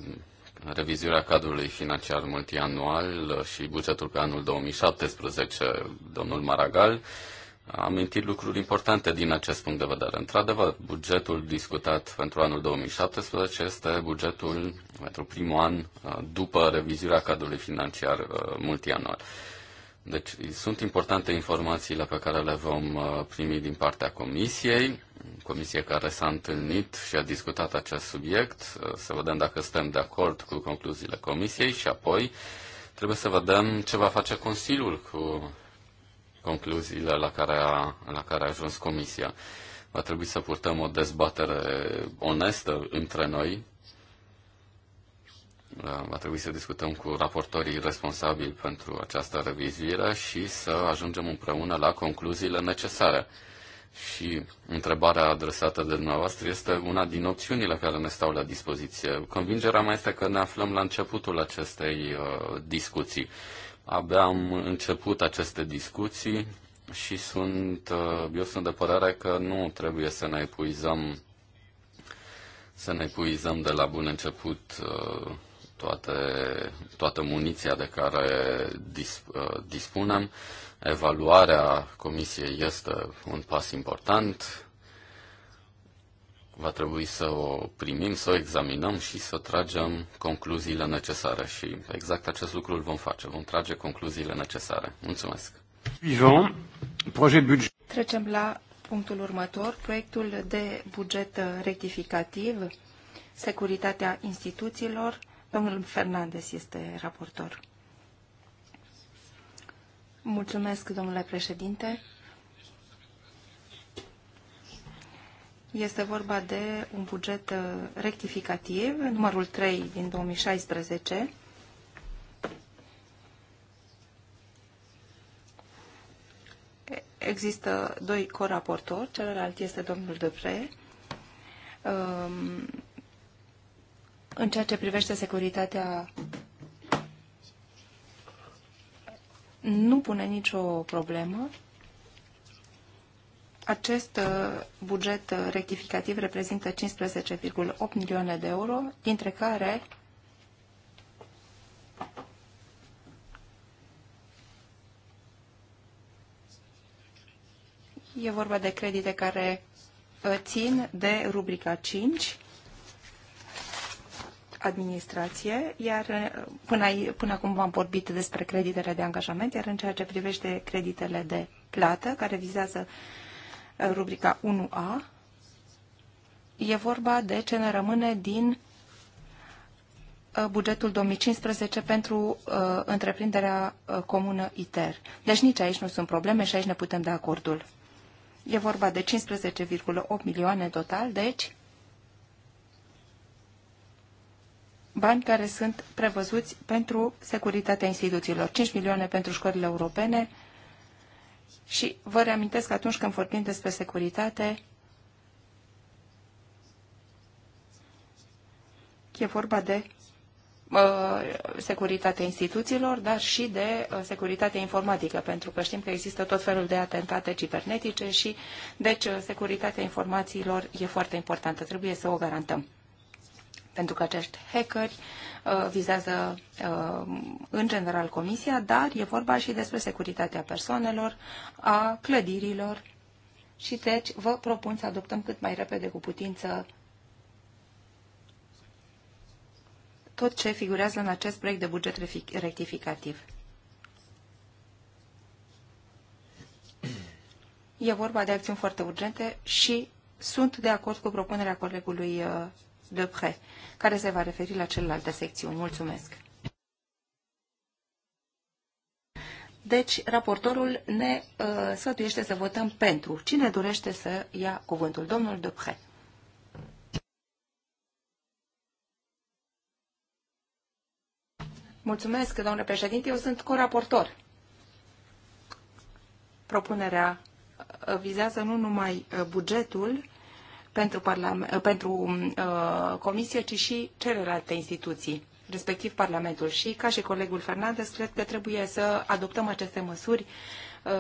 revizuirea cadrului financiar multianual și bugetul pe anul 2017, domnul Maragal, amintit lucruri importante din acest punct de vedere. Într-adevăr, bugetul discutat pentru anul 2017 este bugetul pentru primul an uh, după revizuirea cadrului financiar uh, multianual. Deci sunt importante informațiile pe care le vom uh, primi din partea Comisiei, Comisie care s-a întâlnit și a discutat acest subiect, să vedem dacă suntem de acord cu concluziile Comisiei și apoi trebuie să vedem ce va face Consiliul cu concluziile la care a, la care a ajuns Comisia. Va trebui să purtăm o dezbatere onestă între noi. Va trebui să discutăm cu raportorii responsabili pentru această revizuire și să ajungem împreună la concluziile necesare. Și întrebarea adresată de dumneavoastră este una din opțiunile care ne stau la dispoziție. Convingerea mea este că ne aflăm la începutul acestei uh, discuții Abia am început aceste discuții și sunt, uh, eu sunt de părere că nu trebuie să ne epuizăm să ne epuizăm de la bun început uh, toate, toată muniția de care uh, dispunem. Evaluarea comisiei este un pas important va trebui să o primim, să o examinăm și să tragem concluziile necesare. Și exact acest lucru îl vom face. Vom trage concluziile necesare. Mulțumesc. Trecem la punctul următor, proiectul de buget rectificativ, securitatea instituțiilor. Domnul Fernandez este raportor. Mulțumesc, domnule președinte. Este vorba de un buget uh, rectificativ, numărul 3 din 2016. Există doi coraportori, celălalt este domnul Depre. Um, în ceea ce privește securitatea, nu pune nicio problemă. Acest uh, buget uh, rectificativ reprezintă 15,8 milioane de euro, dintre care e vorba de credite care uh, țin de rubrica 5, administrație, iar până, până acum v-am vorbit despre creditele de angajament, iar în ceea ce privește creditele de plată, care vizează uh, rubrica 1A. E vorba de ce ne rămâne din uh, bugetul 2015 pentru uh, întreprinderea uh, comună ITER. Deci nici aici nu sunt probleme și aici ne putem da acordul. E vorba de 15,8 milioane total, deci bani care sunt prevăzuți pentru securitatea instituțiilor. 5 milioane pentru școlile europene, și vă reamintesc că atunci când vorbim despre securitate, e vorba de uh, securitatea instituțiilor, dar și de uh, securitatea informatică, pentru că știm că există tot felul de atentate cibernetice și, deci, uh, securitatea informațiilor e foarte importantă. Trebuie să o garantăm pentru că acești hackeri uh, vizează uh, în general comisia, dar e vorba și despre securitatea persoanelor, a clădirilor și deci vă propun să adoptăm cât mai repede cu putință tot ce figurează în acest proiect de buget rectificativ. E vorba de acțiuni foarte urgente și sunt de acord cu propunerea colegului uh, Depre, care se va referi la celelalte secțiuni. Mulțumesc! Deci, raportorul ne uh, sfătuiește să votăm pentru. Cine dorește să ia cuvântul? Domnul Depre. Mulțumesc, domnule președinte. Eu sunt coraportor. Propunerea uh, vizează nu numai uh, bugetul, pentru, uh, pentru uh, Comisie, ci și celelalte instituții, respectiv Parlamentul. Și, ca și colegul Fernandez, cred că trebuie să adoptăm aceste măsuri uh,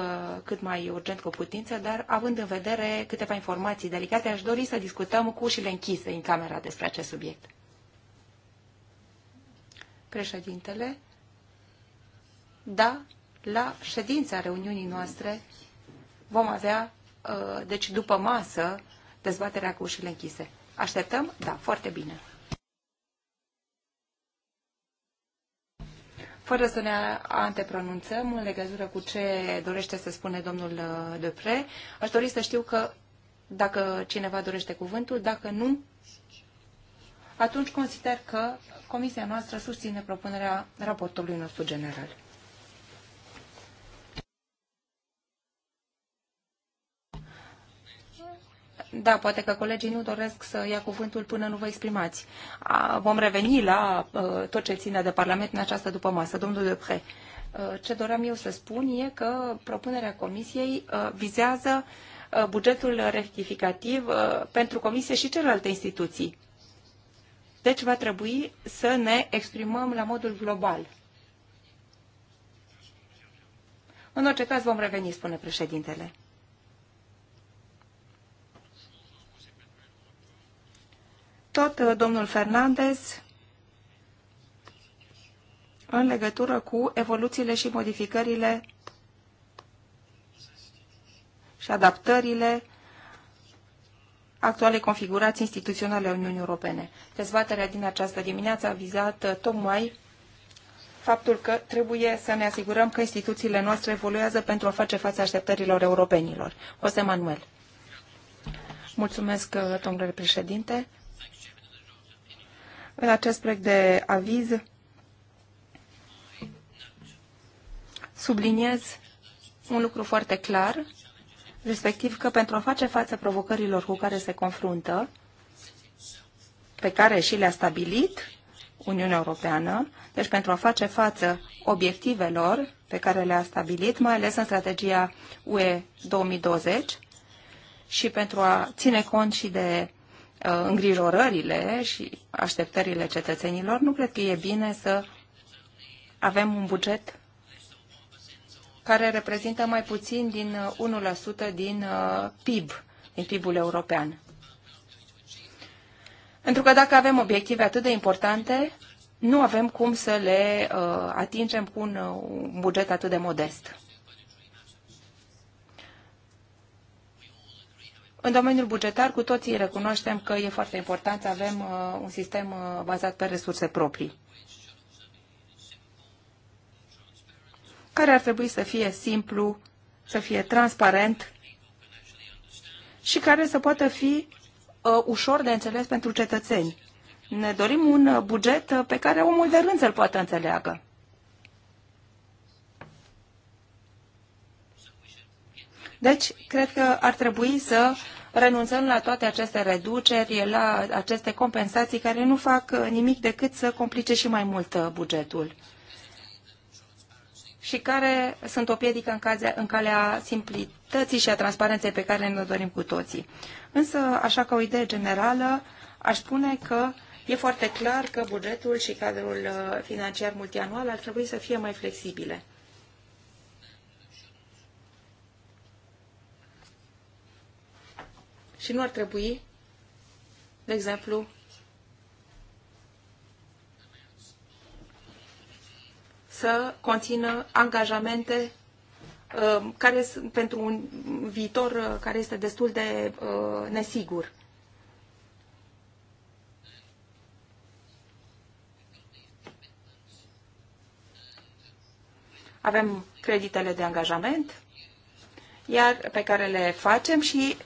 cât mai urgent cu putință, dar având în vedere câteva informații delicate, aș dori să discutăm cu ușile închise în camera despre acest subiect. Președintele, da, la ședința reuniunii noastre vom avea, uh, deci după masă, dezbaterea cu ușile închise. Așteptăm? Da, foarte bine. Fără să ne antepronunțăm în legătură cu ce dorește să spune domnul uh, Depre, aș dori să știu că dacă cineva dorește cuvântul, dacă nu, atunci consider că comisia noastră susține propunerea raportului nostru general. Da, poate că colegii nu doresc să ia cuvântul până nu vă exprimați. A, vom reveni la a, uh, tot ce ține de Parlament în această după masă. Domnul Depre, uh, ce doream eu să spun e că propunerea Comisiei a, uh, vizează a, bugetul rectificativ a, pentru Comisie și celelalte instituții. Deci va trebui să ne exprimăm la modul global. În orice caz vom reveni, spune președintele. tot uh, domnul Fernandez în legătură cu evoluțiile și modificările și adaptările actuale configurații instituționale a Uniunii Europene. Dezbaterea din această dimineață a vizat uh, tocmai faptul că trebuie să ne asigurăm că instituțiile noastre evoluează pentru a face față așteptărilor europenilor. José Manuel. Mulțumesc, uh, domnule președinte. În acest proiect de aviz subliniez un lucru foarte clar, respectiv că pentru a face față provocărilor cu care se confruntă, pe care și le-a stabilit Uniunea Europeană, deci pentru a face față obiectivelor pe care le-a stabilit, mai ales în strategia UE 2020 și pentru a ține cont și de Uh, îngrijorările și așteptările cetățenilor, nu cred că e bine să avem un buget care reprezintă mai puțin din 1% uh, din uh, PIB, din PIB-ul european. Pentru că dacă avem obiective atât de importante, nu avem cum să le atingem cu un buget atât de modest. În domeniul bugetar, cu toții recunoaștem că e foarte important să avem uh, un sistem uh, bazat pe resurse proprii. care ar trebui să fie simplu, să fie transparent și care să poată fi uh, ușor de înțeles pentru cetățeni. Ne dorim un uh, buget pe care omul de rând să-l poată înțeleagă. Deci, cred că ar trebui să renunțăm la toate aceste reduceri, la aceste compensații care nu fac uh, nimic decât să complice și mai mult uh, bugetul și care sunt o piedică în, în calea simplității și a transparenței pe care ne dorim cu toții. Însă, așa ca o idee generală, aș spune că e foarte clar că bugetul și cadrul uh, financiar multianual ar trebui să fie mai flexibile. și nu ar trebui, de exemplu, să conțină angajamente uh, care pentru un viitor uh, care este destul de uh, nesigur. Avem creditele de angajament, iar pe care le facem și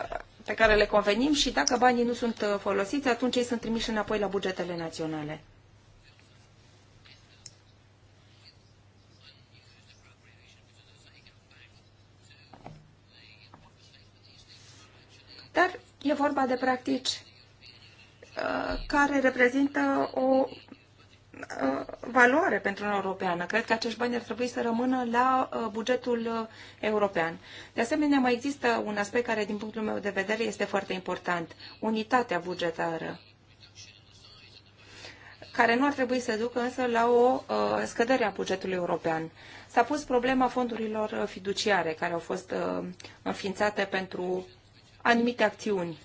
uh, pe care le convenim și dacă banii nu sunt uh, folosiți, atunci ei sunt trimiși înapoi la bugetele naționale. Dar e vorba de practici uh, care reprezintă o Uh, valoare pentru Uniunea Europeană. Cred că acești bani ar trebui să rămână la uh, bugetul uh, european. De asemenea, mai există un aspect care, din punctul meu de vedere, este foarte important. Unitatea bugetară care nu ar trebui să ducă însă la o scădere a bugetului european. S-a pus problema fondurilor fiduciare care au fost înființate pentru anumite acțiuni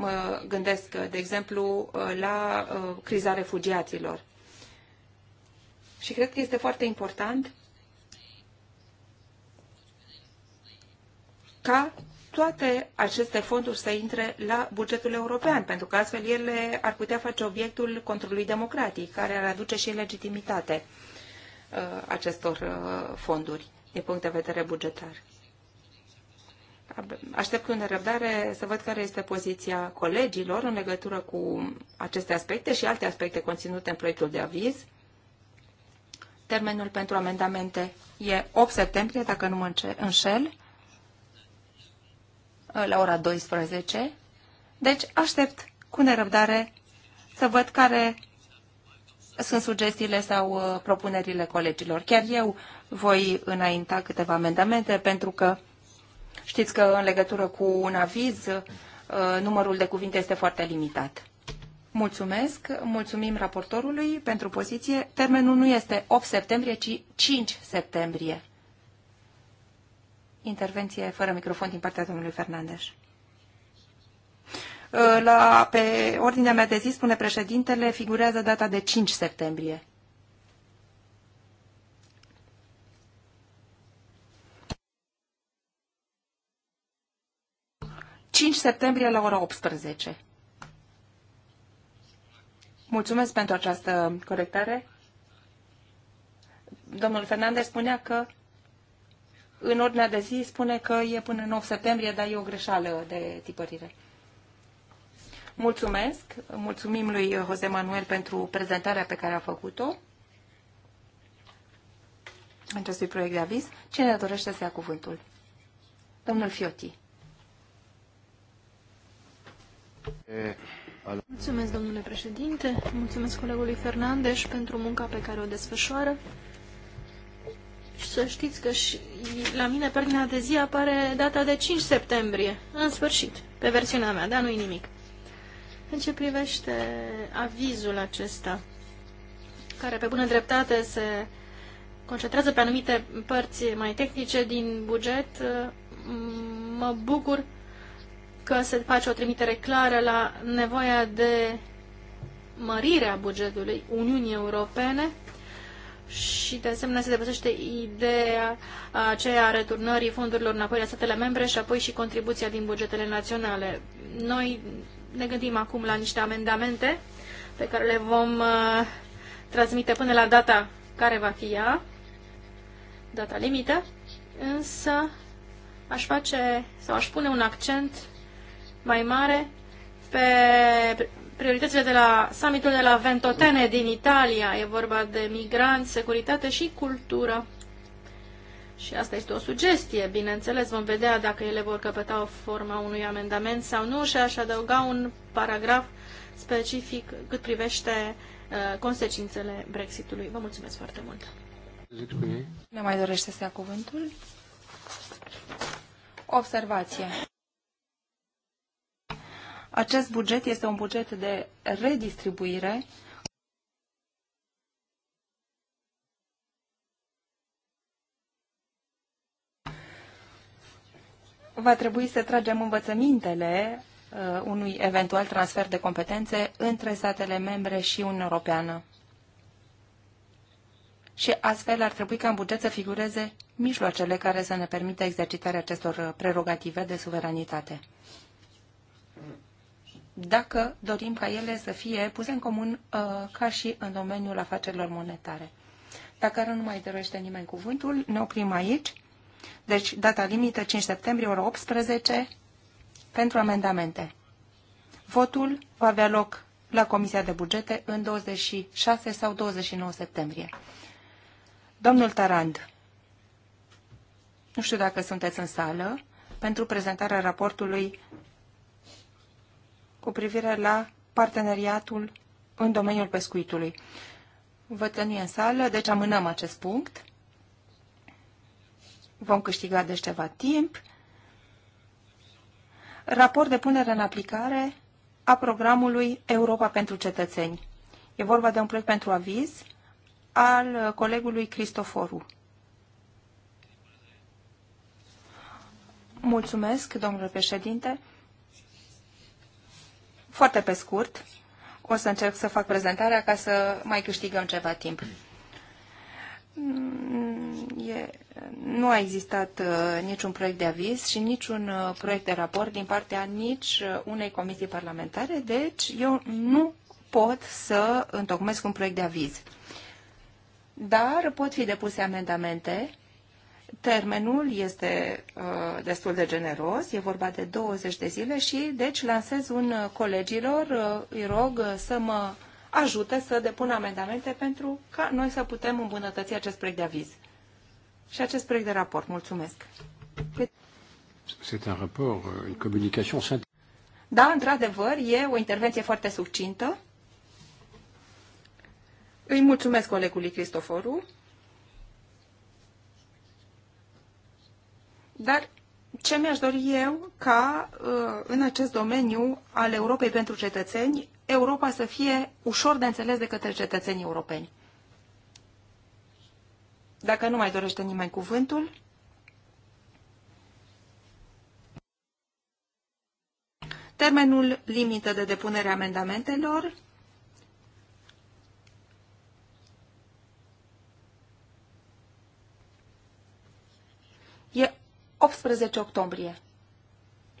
Mă gândesc, de exemplu, la uh, criza refugiaților. Și cred că este foarte important ca toate aceste fonduri să intre la bugetul european, pentru că astfel ele ar putea face obiectul controlului democratic, care ar aduce și legitimitate uh, acestor uh, fonduri din punct de vedere bugetar. Aștept cu nerăbdare să văd care este poziția colegilor în legătură cu aceste aspecte și alte aspecte conținute în proiectul de aviz. Termenul pentru amendamente e 8 septembrie, dacă nu mă înșel, la ora 12. Deci aștept cu nerăbdare să văd care sunt sugestiile sau uh, propunerile colegilor. Chiar eu voi înainta câteva amendamente pentru că Știți că în legătură cu un aviz, uh, numărul de cuvinte este foarte limitat. Mulțumesc, mulțumim raportorului pentru poziție. Termenul nu este 8 septembrie, ci 5 septembrie. Intervenție fără microfon din partea domnului Fernandez. Uh, la, pe ordinea mea de zi, spune președintele, figurează data de 5 septembrie. 5 septembrie la ora 18. Mulțumesc pentru această corectare. Domnul Fernandez spunea că în ordinea de zi spune că e până 9 septembrie, dar e o greșeală de tipărire. Mulțumesc, mulțumim lui Jose Manuel pentru prezentarea pe care a făcut-o acestui proiect de aviz. Cine dorește să ia cuvântul? Domnul Fioti. Mulțumesc, domnule președinte, mulțumesc colegului Fernandes pentru munca pe care o desfășoară. Și să știți că și la mine pe ordinea de zi apare data de 5 septembrie, în sfârșit, pe versiunea mea, dar nu-i nimic. În ce privește avizul acesta, care pe bună dreptate se concentrează pe anumite părți mai tehnice din buget, mă bucur că se face o trimitere clară la nevoia de mărire a bugetului Uniunii Europene și de asemenea se depășește ideea aceea a returnării fondurilor înapoi la statele membre și apoi și contribuția din bugetele naționale. Noi ne gândim acum la niște amendamente pe care le vom uh, transmite până la data care va fi ea, data limită, însă aș face sau aș pune un accent mai mare pe prioritățile de la summitul de la Ventotene din Italia. E vorba de migranți, securitate și cultură. Și asta este o sugestie, bineînțeles, vom vedea dacă ele vor căpăta o forma unui amendament sau nu și aș adăuga un paragraf specific cât privește uh, consecințele Brexitului. Vă mulțumesc foarte mult! Ne mai dorește să ia cuvântul? Observație. Acest buget este un buget de redistribuire va trebui să tragem învățămintele uh, unui eventual transfer de competențe între statele membre și Uniunea Europeană. Și astfel ar trebui ca în buget să figureze mijloacele care să ne permită exercitarea acestor uh, prerogative de suveranitate dacă dorim ca ele să fie puse în comun uh, ca și în domeniul afacerilor monetare. Dacă nu mai dorește nimeni cuvântul, ne oprim aici. Deci, data limită 5 septembrie, ora 18, pentru amendamente. Votul va avea loc la Comisia de Bugete în 26 sau 29 septembrie. Domnul Tarand, nu știu dacă sunteți în sală, pentru prezentarea raportului cu privire la parteneriatul în domeniul pescuitului. Văd că nu e în sală, deci amânăm acest punct. Vom câștiga de deci, ceva timp. Raport de punere în aplicare a programului Europa pentru cetățeni. E vorba de un proiect pentru aviz al colegului Cristoforu. Mulțumesc, domnule președinte. Foarte pe scurt, o să încerc să fac prezentarea ca să mai câștigăm ceva timp. Mm, e, nu a existat uh, niciun proiect de aviz și niciun uh, proiect de raport din partea nici uh, unei comisii parlamentare, deci eu nu pot să întocmesc un proiect de aviz. Dar pot fi depuse amendamente Termenul este uh, destul de generos, e vorba de 20 de zile și deci lansez un uh, colegilor, uh, îi rog uh, să mă ajute să depun amendamente pentru ca noi să putem îmbunătăți acest proiect de aviz și acest proiect de raport. Mulțumesc! un raport, euh, une Da, într-adevăr, e o intervenție foarte succintă. Îi mulțumesc colegului Cristoforu. Dar ce mi-aș dori eu ca uh, în acest domeniu al Europei pentru cetățeni, Europa să fie ușor de înțeles de către cetățenii europeni. Dacă nu mai dorește nimeni cuvântul, termenul limită de depunere a amendamentelor 18 octombrie.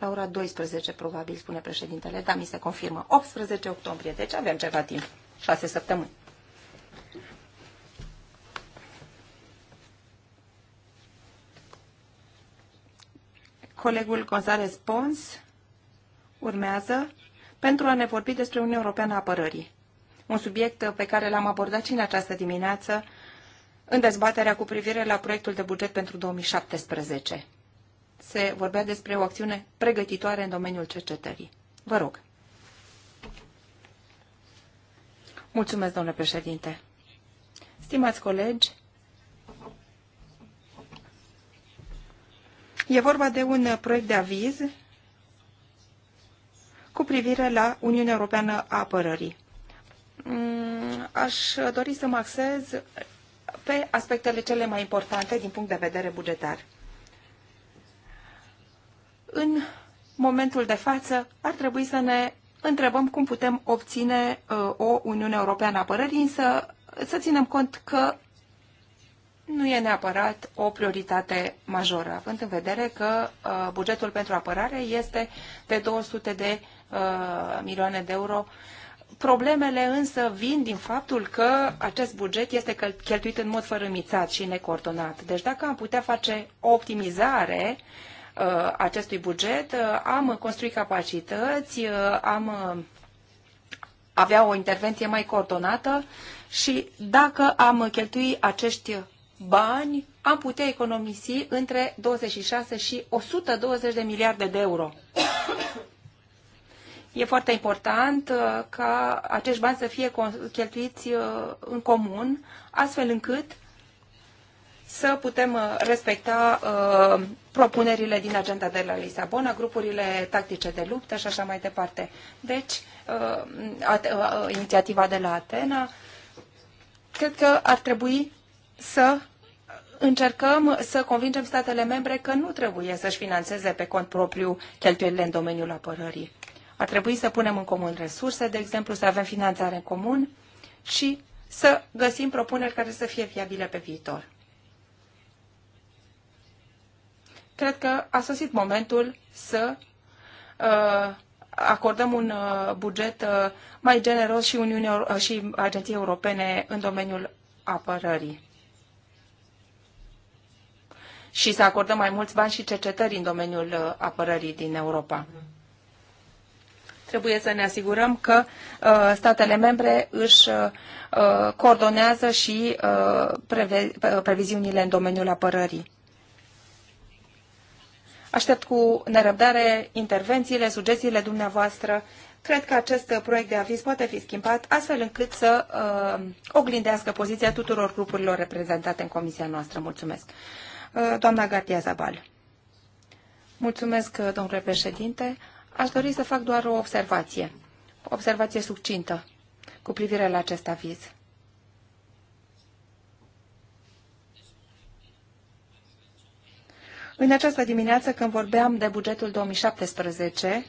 La ora 12, probabil, spune președintele. Da, mi se confirmă. 18 octombrie, deci avem ceva timp. 6 săptămâni. Colegul González Pons urmează pentru a ne vorbi despre Uniunea Europeană a Apărării, un subiect pe care l-am abordat și în această dimineață în dezbaterea cu privire la proiectul de buget pentru 2017 se vorbea despre o acțiune pregătitoare în domeniul cercetării. Vă rog. Mulțumesc, domnule președinte. Stimați colegi, e vorba de un proiect de aviz cu privire la Uniunea Europeană a Apărării. Mm, aș dori să mă axez pe aspectele cele mai importante din punct de vedere bugetar. În momentul de față ar trebui să ne întrebăm cum putem obține uh, o Uniune Europeană a părării, însă să ținem cont că nu e neapărat o prioritate majoră, având în vedere că uh, bugetul pentru apărare este de 200 de uh, milioane de euro. Problemele însă vin din faptul că acest buget este cheltuit în mod fărâmițat și necoordonat. Deci dacă am putea face o optimizare uh, Uh, acestui buget, uh, am construit capacități, uh, am avea o intervenție mai coordonată și dacă am cheltuit acești bani, am putea economisi între 26 și 120 de miliarde de euro. E foarte important ca acești bani să fie cheltuiți în comun, astfel încât să putem uh, respecta uh, propunerile din agenda de la Lisabona, grupurile tactice de luptă și așa mai departe. Deci, uh, uh, uh, inițiativa de la Atena, cred că ar trebui să încercăm să convingem statele membre că nu trebuie să-și financeze pe cont propriu cheltuielile în domeniul apărării. Ar trebui să punem în comun resurse, de exemplu, să avem finanțare în comun și să găsim propuneri care să fie viabile pe viitor. cred că a sosit momentul să uh, acordăm un uh, buget uh, mai generos și, Uniunii, uh, și agenției europene în domeniul apărării și să acordăm mai mulți bani și cercetări în domeniul uh, apărării din Europa. Trebuie să ne asigurăm că uh, statele membre își uh, coordonează și uh, uh previziunile în domeniul apărării. Aștept cu nerăbdare intervențiile, sugestiile dumneavoastră. Cred că acest proiect de aviz poate fi schimbat astfel încât să uh, oglindească poziția tuturor grupurilor reprezentate în comisia noastră. Mulțumesc. Uh, doamna Gartia Zabal. Mulțumesc, uh, domnule președinte. Aș dori să fac doar o observație. O observație succintă cu privire la acest aviz. În această dimineață, când vorbeam de bugetul 2017,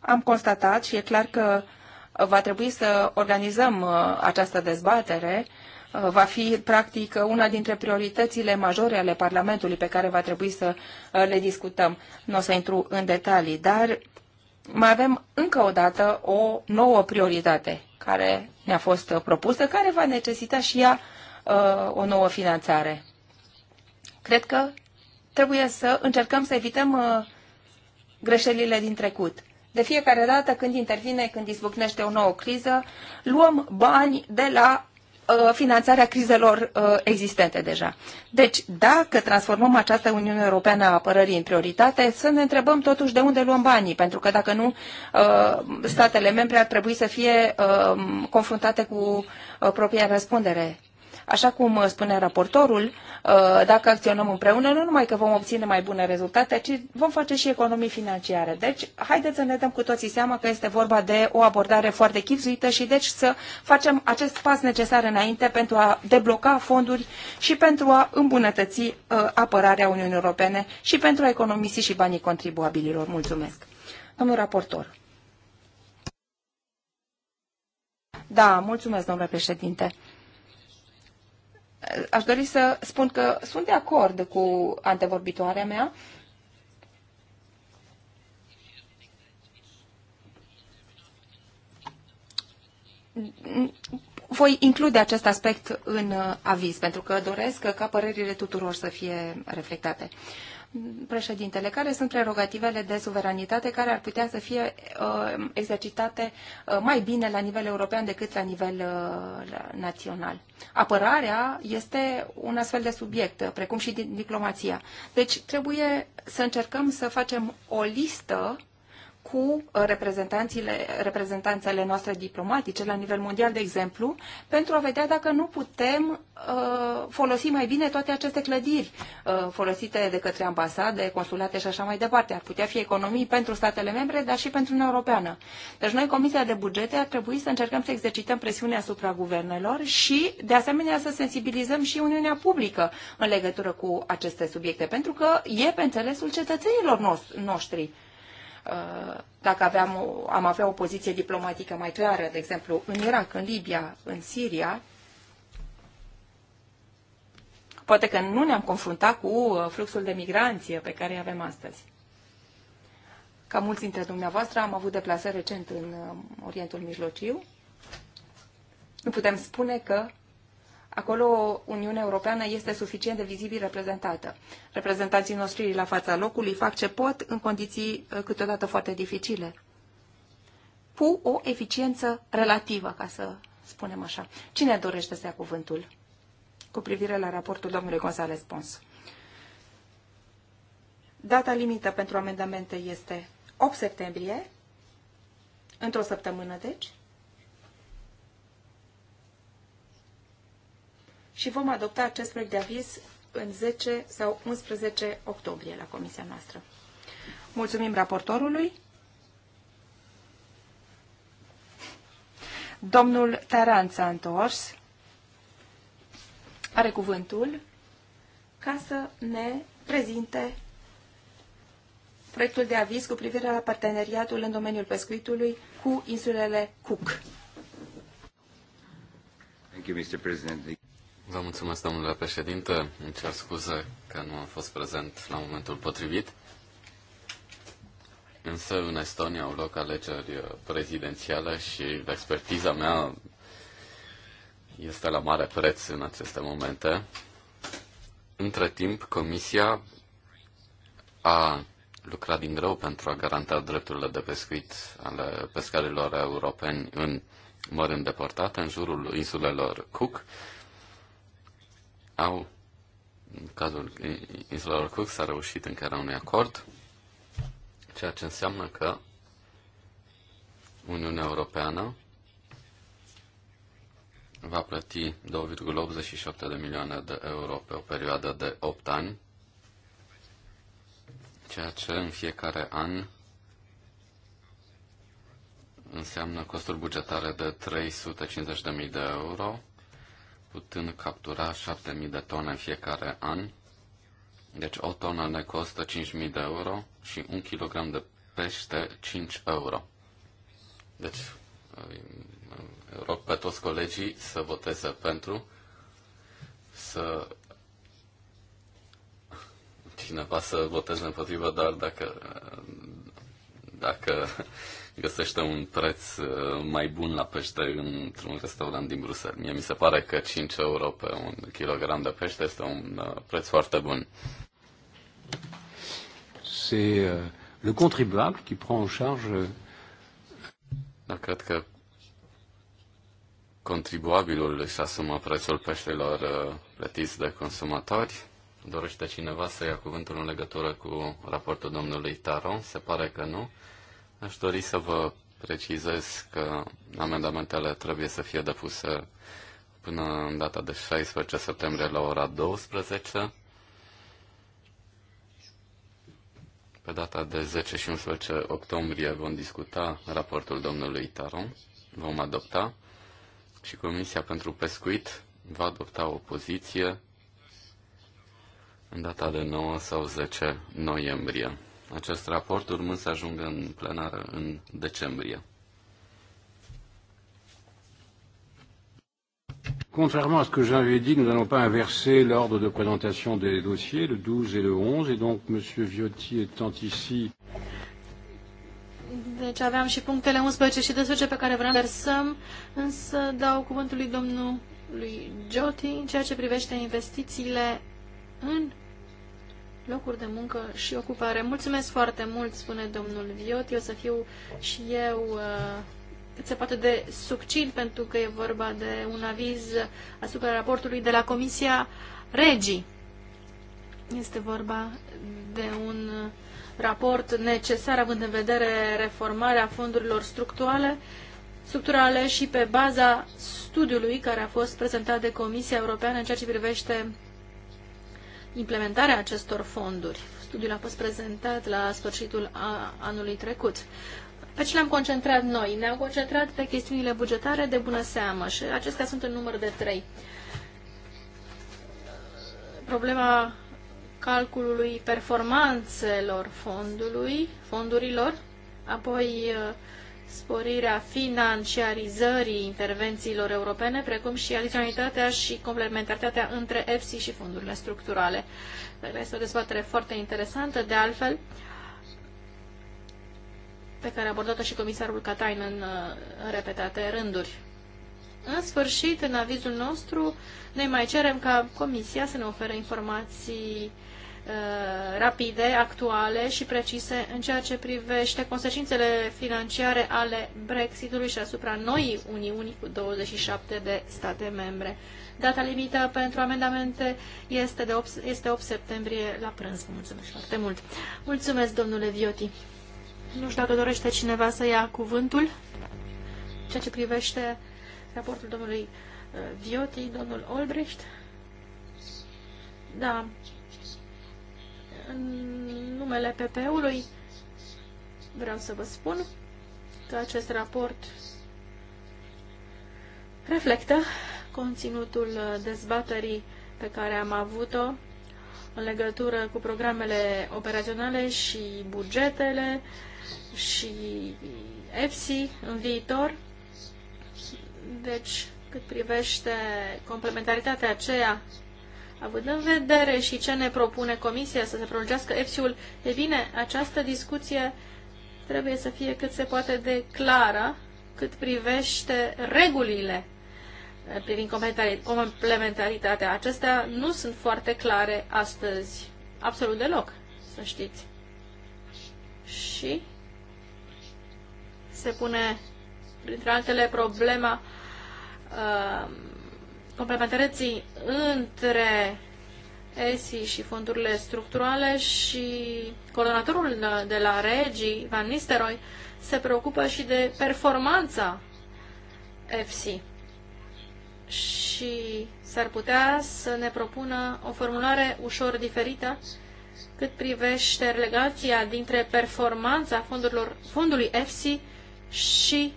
am constatat și e clar că va trebui să organizăm uh, această dezbatere. Uh, va fi, practic, una dintre prioritățile majore ale Parlamentului pe care va trebui să uh, le discutăm. Nu o să intru în detalii, dar mai avem încă o dată o nouă prioritate care ne-a fost propusă, care va necesita și ea Uh, o nouă finanțare. Cred că trebuie să încercăm să evităm uh, greșelile din trecut. De fiecare dată când intervine, când izbucnește o nouă criză, luăm bani de la uh, finanțarea crizelor existente deja. Deci, dacă transformăm această Uniune Europeană a apărării în prioritate, să ne întrebăm totuși de unde luăm banii, pentru că dacă nu, statele membre ar trebui să fie confruntate cu propria răspundere. Așa cum uh, spune raportorul, uh, dacă acționăm împreună, nu numai că vom obține mai bune rezultate, ci vom face și economii financiare. Deci, haideți să ne dăm cu toții seama că este vorba de o abordare foarte chipzuită și deci să facem acest pas necesar înainte pentru a debloca fonduri și pentru a îmbunătăți uh, apărarea Uniunii Europene și pentru a economisi și banii contribuabililor. Mulțumesc. Domnul raportor. Da, mulțumesc, domnule președinte aș dori să spun că sunt de acord cu antevorbitoarea mea. Voi include acest aspect în uh, aviz, pentru că doresc ca părerile tuturor să fie reflectate. Președintele, care sunt prerogativele de suveranitate care ar putea să fie uh, exercitate uh, mai bine la nivel european decât la nivel uh, național? Apărarea este un astfel de subiect, precum și diplomația. Deci trebuie să încercăm să facem o listă cu uh, reprezentanțele noastre diplomatice la nivel mondial, de exemplu, pentru a vedea dacă nu putem uh, folosi mai bine toate aceste clădiri uh, folosite de către ambasade, consulate și așa mai departe. Ar putea fi economii pentru statele membre, dar și pentru Uniunea Europeană. Deci noi, Comisia de Bugete, ar trebui să încercăm să exercităm presiunea asupra guvernelor și, de asemenea, să sensibilizăm și Uniunea Publică în legătură cu aceste subiecte, pentru că e pe înțelesul cetățenilor noștri Uh, dacă aveam, am avea o poziție diplomatică mai clară, de exemplu, în Irak, în Libia, în Siria, poate că nu ne-am confruntat cu uh, fluxul de migranție pe care îi avem astăzi. Ca mulți dintre dumneavoastră, am avut deplasări recent în uh, Orientul Mijlociu. Nu putem spune că acolo Uniunea Europeană este suficient de vizibil reprezentată. Reprezentanții noștri la fața locului fac ce pot în condiții uh, câteodată foarte dificile, cu o eficiență relativă, ca să spunem așa. Cine dorește să ia cuvântul cu privire la raportul domnului González Pons? Data limită pentru amendamente este 8 septembrie, într-o săptămână, deci, și vom adopta acest proiect de aviz în 10 sau 11 octombrie la comisia noastră. Mulțumim raportorului. Domnul Taran s-a întors. Are cuvântul ca să ne prezinte proiectul de aviz cu privire la parteneriatul în domeniul pescuitului cu insulele Cook. Thank you, Mr. President. Vă mulțumesc, domnule președinte. Îmi cer scuze că nu am fost prezent la momentul potrivit. Însă în Estonia au loc alegeri prezidențiale și expertiza mea este la mare preț în aceste momente. Între timp, Comisia a lucrat din greu pentru a garanta drepturile de pescuit ale pescarilor europeni în mări îndepărtate, în jurul insulelor Cook au, în cazul insulelor Cook s-a reușit încheierea unui acord, ceea ce înseamnă că Uniunea Europeană va plăti 2,87 de milioane de euro pe o perioadă de 8 ani, ceea ce în fiecare an înseamnă costuri bugetare de 350.000 de euro putând captura 7.000 de tone în fiecare an. Deci o tonă ne costă 5.000 de euro și un kilogram de pește 5 euro. Deci rog pe toți colegii să voteze pentru, să cineva să voteze împotrivă, dar dacă, dacă găsește un preț uh, mai bun la pește într-un restaurant din Bruxelles. Mie mi se pare că 5 euro pe un kilogram de pește este un uh, preț foarte bun. C'est uh, le contribuable qui prend en charge. Da, cred că contribuabilul își asumă prețul peștelor plătiți de consumatori. Dorește cineva să ia cuvântul în legătură cu raportul domnului Taron? Se pare că nu. Aș dori să vă precizez că amendamentele trebuie să fie depuse până în data de 16 septembrie la ora 12. Pe data de 10 și 11 octombrie vom discuta raportul domnului Taron, vom adopta și Comisia pentru Pescuit va adopta o poziție în data de 9 sau 10 noiembrie. Acest raport urmând să ajungă în plenară în decembrie. Contrairement à ce que j'avais dit, nous n'allons pas inverser l'ordre de présentation des dossiers, le 12 et le 11, et donc M. Viotti étant ici. Deci aveam și punctele 11 și 12 pe care vreau să versăm, însă dau cuvântul lui domnul lui în ceea ce privește investițiile în locuri de muncă și ocupare. Mulțumesc foarte mult, spune domnul Viot. Eu să fiu și eu uh, cât se poate de succint, pentru că e vorba de un aviz asupra raportului de la Comisia Regii. Este vorba de un raport necesar, având în vedere reformarea fondurilor structurale, structurale și pe baza studiului care a fost prezentat de Comisia Europeană în ceea ce privește implementarea acestor fonduri. Studiul a fost prezentat la sfârșitul anului trecut. Pe ce l-am concentrat noi? Ne-am concentrat pe chestiunile bugetare de bună seamă și acestea sunt în număr de trei. Problema calculului performanțelor fondului, fondurilor, apoi uh, sporirea financiarizării intervențiilor europene, precum și adiționalitatea și complementaritatea între EFSI și fondurile structurale. Este o dezbatere foarte interesantă, de altfel, pe care a abordat-o și comisarul Catain în, uh, în repetate rânduri. În sfârșit, în avizul nostru, noi mai cerem ca Comisia să ne ofere informații Uh, rapide, actuale și precise în ceea ce privește consecințele financiare ale Brexitului și asupra noii Uniuni cu 27 de state membre. Data limită pentru amendamente este, de 8, este 8 septembrie la prânz. Vă mulțumesc foarte mult. Mulțumesc, domnule Vioti. Nu știu dacă dorește cineva să ia cuvântul ceea ce privește raportul domnului uh, Vioti, domnul Olbrecht. Da, în numele PP-ului vreau să vă spun că acest raport reflectă conținutul dezbaterii pe care am avut-o în legătură cu programele operaționale și bugetele și EFSI în viitor. Deci, cât privește complementaritatea aceea Având în vedere și ce ne propune Comisia să se prolungească EPSI-ul, e bine, această discuție trebuie să fie cât se poate de clară cât privește regulile privind complementaritatea. Acestea nu sunt foarte clare astăzi, absolut deloc, să știți. Și se pune, printre altele, problema uh, complementarității între ESI și fondurile structurale și coordonatorul de la Regi, Van Nisteroy se preocupă și de performanța EFSI și s-ar putea să ne propună o formulare ușor diferită cât privește relația dintre performanța fondurilor, fondului EFSI și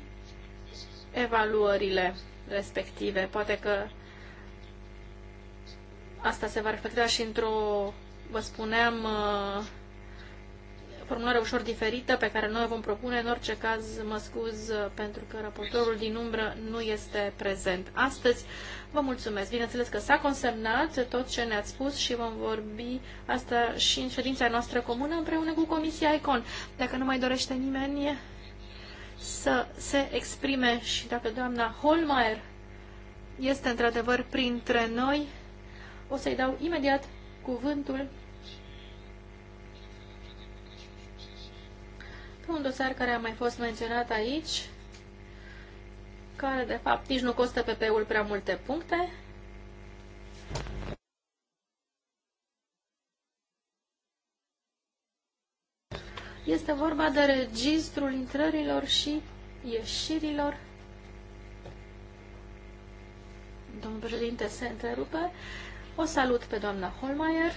evaluările respective. Poate că Asta se va reflecta și într-o, vă spuneam, uh, formulare ușor diferită pe care noi o vom propune. În orice caz, mă scuz uh, pentru că raportorul din umbră nu este prezent astăzi. Vă mulțumesc. Bineînțeles că s-a consemnat tot ce ne-ați spus și vom vorbi asta și în ședința noastră comună împreună cu Comisia ICON. Dacă nu mai dorește nimeni să se exprime și dacă doamna Holmeier este într-adevăr printre noi, o să-i dau imediat cuvântul pe un dosar care a mai fost menționat aici, care de fapt nici nu costă pe ul prea multe puncte. Este vorba de registrul intrărilor și ieșirilor. Domnul președinte se întrerupe. O salut pe doamna Holmeier.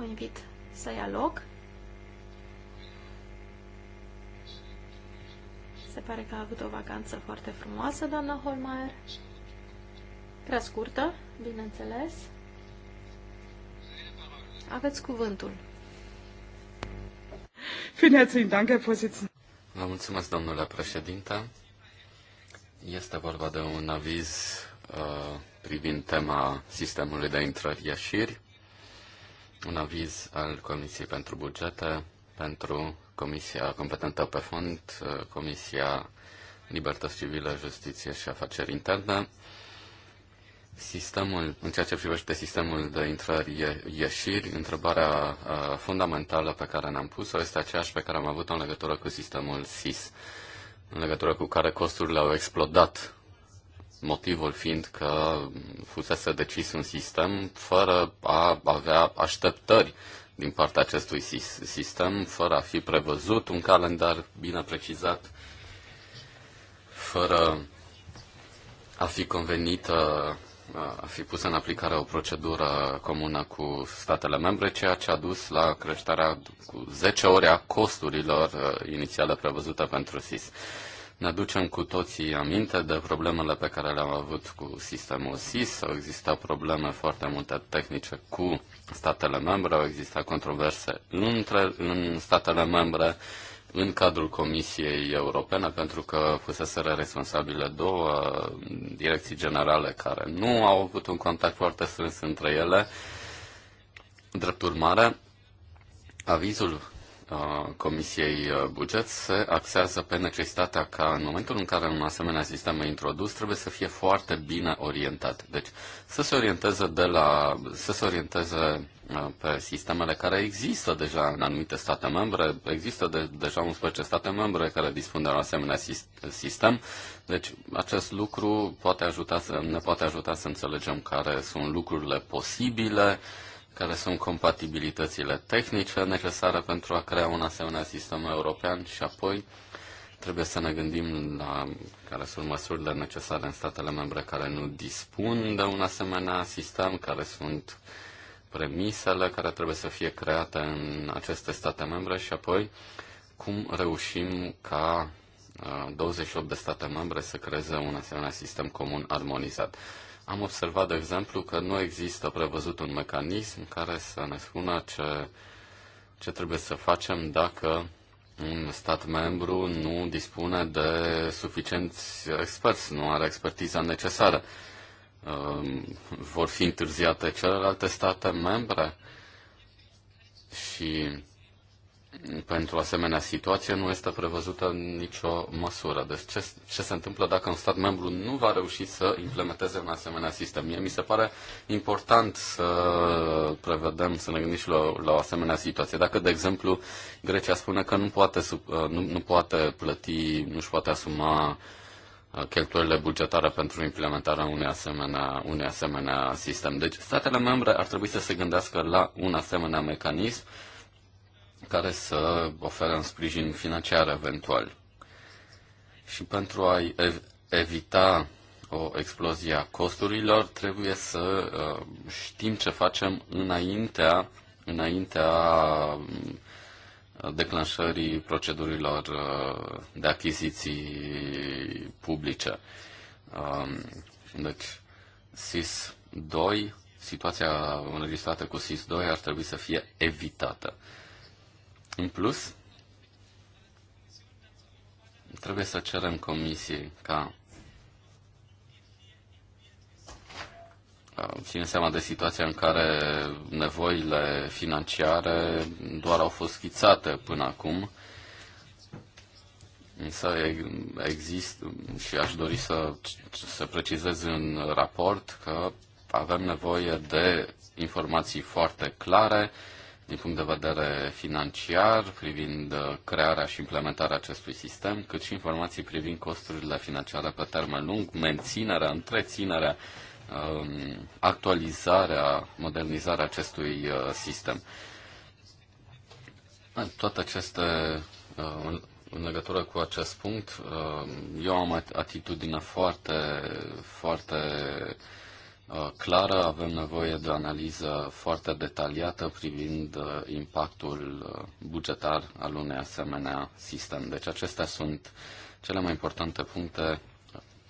O invit să ia loc. Se pare că a avut o vacanță foarte frumoasă, doamna Holmeier. Prea scurtă, bineînțeles. Aveți cuvântul. Vă mulțumesc, domnule președinte. Este vorba de un aviz Uh, privind tema sistemului de intrări-ieșiri, un aviz al Comisiei pentru Bugete, pentru Comisia competentă pe fond, uh, Comisia Libertăți Civile, Justiție și Afaceri Interne, Sistemul, în ceea ce privește sistemul de intrări-ieșiri, întrebarea uh, fundamentală pe care ne-am pus-o este aceeași pe care am avut-o în legătură cu sistemul SIS, în legătură cu care costurile au explodat motivul fiind că fusese decis un sistem fără a avea așteptări din partea acestui sistem, fără a fi prevăzut un calendar bine precizat, fără a fi convenită, uh, a fi pusă în aplicare o procedură comună cu statele membre, ceea ce a dus la creșterea cu 10 ore a costurilor uh, inițiale prevăzute pentru SIS. Ne aducem cu toții aminte de problemele pe care le-am avut cu sistemul SIS, au existat probleme foarte multe tehnice cu statele membre, au existat controverse între, în statele membre, în cadrul Comisiei Europene, pentru că fuseseră responsabile două direcții generale care nu au avut un contact foarte strâns între ele. Drept urmare, avizul Comisiei uh, Buget se axează pe necesitatea ca în momentul în care un asemenea sistem e introdus, trebuie să fie foarte bine orientat. Deci să se orienteze, de la, să se orienteze uh, pe sistemele care există deja în anumite state membre. Există de, deja 11 state membre care dispun de un asemenea sistem. Deci acest lucru poate ajuta să, ne poate ajuta să înțelegem care sunt lucrurile posibile, care sunt compatibilitățile tehnice necesare pentru a crea un asemenea sistem european și apoi trebuie să ne gândim la care sunt măsurile necesare în statele membre care nu dispun de un asemenea sistem, care sunt premisele care trebuie să fie create în aceste state membre și apoi cum reușim ca 28 uh, de state membre să creeze un asemenea sistem comun armonizat. Am observat, de exemplu, că nu există prevăzut un mecanism care să ne spună ce, ce trebuie să facem dacă un stat membru nu dispune de suficienți experți, nu are expertiza necesară. Ehm, vor fi întârziate celelalte state membre? Și pentru asemenea situație nu este prevăzută nicio măsură. Deci ce, ce se întâmplă dacă un stat membru nu va reuși să implementeze un asemenea sistem? Mie mi se pare important să prevedem, să ne gândim și la, la o asemenea situație. Dacă, de exemplu, Grecia spune că nu poate, uh, nu, nu poate plăti, nu își poate asuma uh, cheltuielile bugetare pentru implementarea unui asemenea, unui asemenea sistem. Deci statele membre ar trebui să se gândească la un asemenea mecanism care să ofere un sprijin financiar eventual. Și pentru a ev- evita o explozie a costurilor, trebuie să uh, știm ce facem înaintea, înaintea uh, declanșării procedurilor uh, de achiziții publice. Um, deci, SIS 2, situația înregistrată cu SIS 2 ar trebui să fie evitată. În plus, trebuie să cerem comisie ca uh, ține seama de situația în care nevoile financiare doar au fost schițate până acum. Însă există și aș dori să, să precizez în raport că avem nevoie de informații foarte clare, din punct de vedere financiar, privind uh, crearea și implementarea acestui sistem, cât și informații privind costurile financiare pe termen lung, menținerea, întreținerea, um, actualizarea, modernizarea acestui uh, sistem. Toate aceste, uh, în legătură cu acest punct, eu am atitudine foarte, foarte Uh, clară, avem nevoie de o analiză foarte detaliată privind uh, impactul uh, bugetar al unei asemenea sistem. Deci acestea sunt cele mai importante puncte,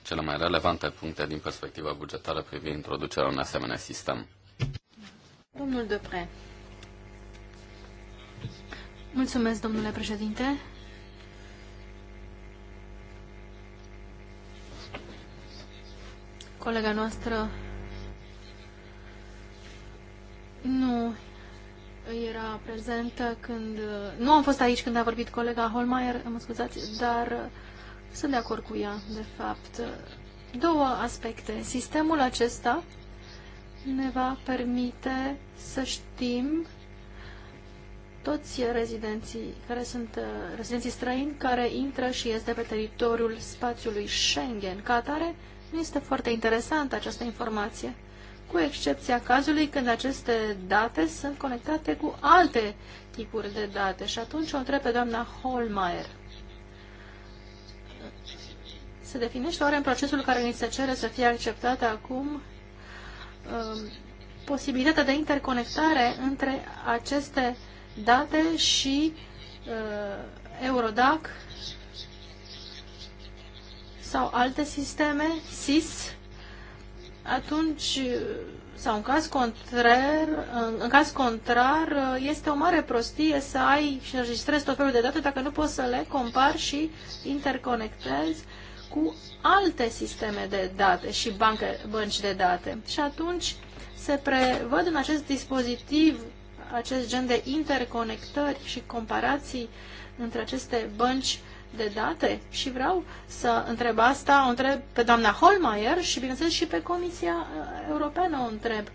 cele mai relevante puncte din perspectiva bugetară privind introducerea unui asemenea sistem. Domnul Depre. Mulțumesc, domnule președinte. Colega noastră nu era prezentă când... Nu am fost aici când a vorbit colega Holmeier, mă scuzați, dar uh, sunt de acord cu ea, de fapt. Două aspecte. Sistemul acesta ne va permite să știm toți rezidenții care sunt uh, rezidenții străini care intră și ies de pe teritoriul spațiului Schengen. Ca atare, nu este foarte interesantă această informație cu excepția cazului când aceste date sunt conectate cu alte tipuri de date. Și atunci o întreb pe doamna Holmeier. Se definește oare în procesul care ni se cere să fie acceptată acum um, posibilitatea de interconectare între aceste date și uh, Eurodac sau alte sisteme, SIS, atunci, sau în caz contrar, în caz contrar, este o mare prostie să ai și înregistrezi tot felul de date dacă nu poți să le compari și interconectezi cu alte sisteme de date și bancă, bănci de date. Și atunci se prevăd în acest dispozitiv acest gen de interconectări și comparații între aceste bănci de date și vreau să întreb asta, o întreb pe doamna Holmeier și, bineînțeles, și pe Comisia uh, Europeană o întreb.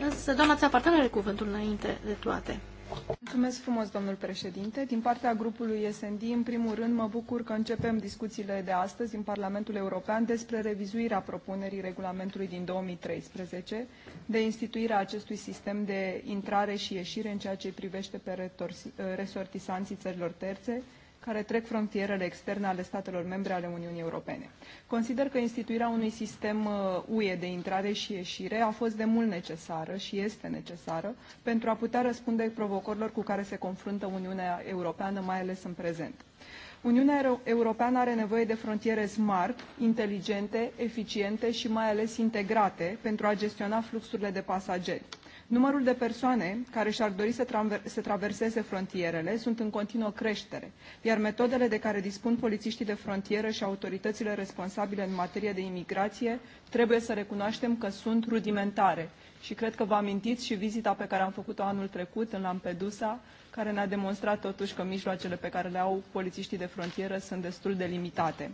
Însă, doamna Țapartan are cuvântul înainte de toate. Mulțumesc frumos, domnul președinte. Din partea grupului SND, în primul rând, mă bucur că începem discuțiile de astăzi în Parlamentul European despre revizuirea propunerii regulamentului din 2013 de instituirea acestui sistem de intrare și ieșire în ceea ce privește pe resortisanții țărilor terțe, care trec frontierele externe ale statelor membre ale Uniunii Europene. Consider că instituirea unui sistem UE uh, de intrare și ieșire a fost de mult necesară și este necesară pentru a putea răspunde provocărilor cu care se confruntă Uniunea Europeană, mai ales în prezent. Uniunea Europeană are nevoie de frontiere smart, inteligente, eficiente și mai ales integrate pentru a gestiona fluxurile de pasageri. Numărul de persoane care și-ar dori să, traver să traverseze frontierele sunt în continuă creștere, iar metodele de care dispun polițiștii de frontieră și autoritățile responsabile în materie de imigrație trebuie să recunoaștem că sunt rudimentare. Și cred că vă amintiți și vizita pe care am făcut-o anul trecut în Lampedusa, care ne-a demonstrat totuși că mijloacele pe care le au polițiștii de frontieră sunt destul de limitate.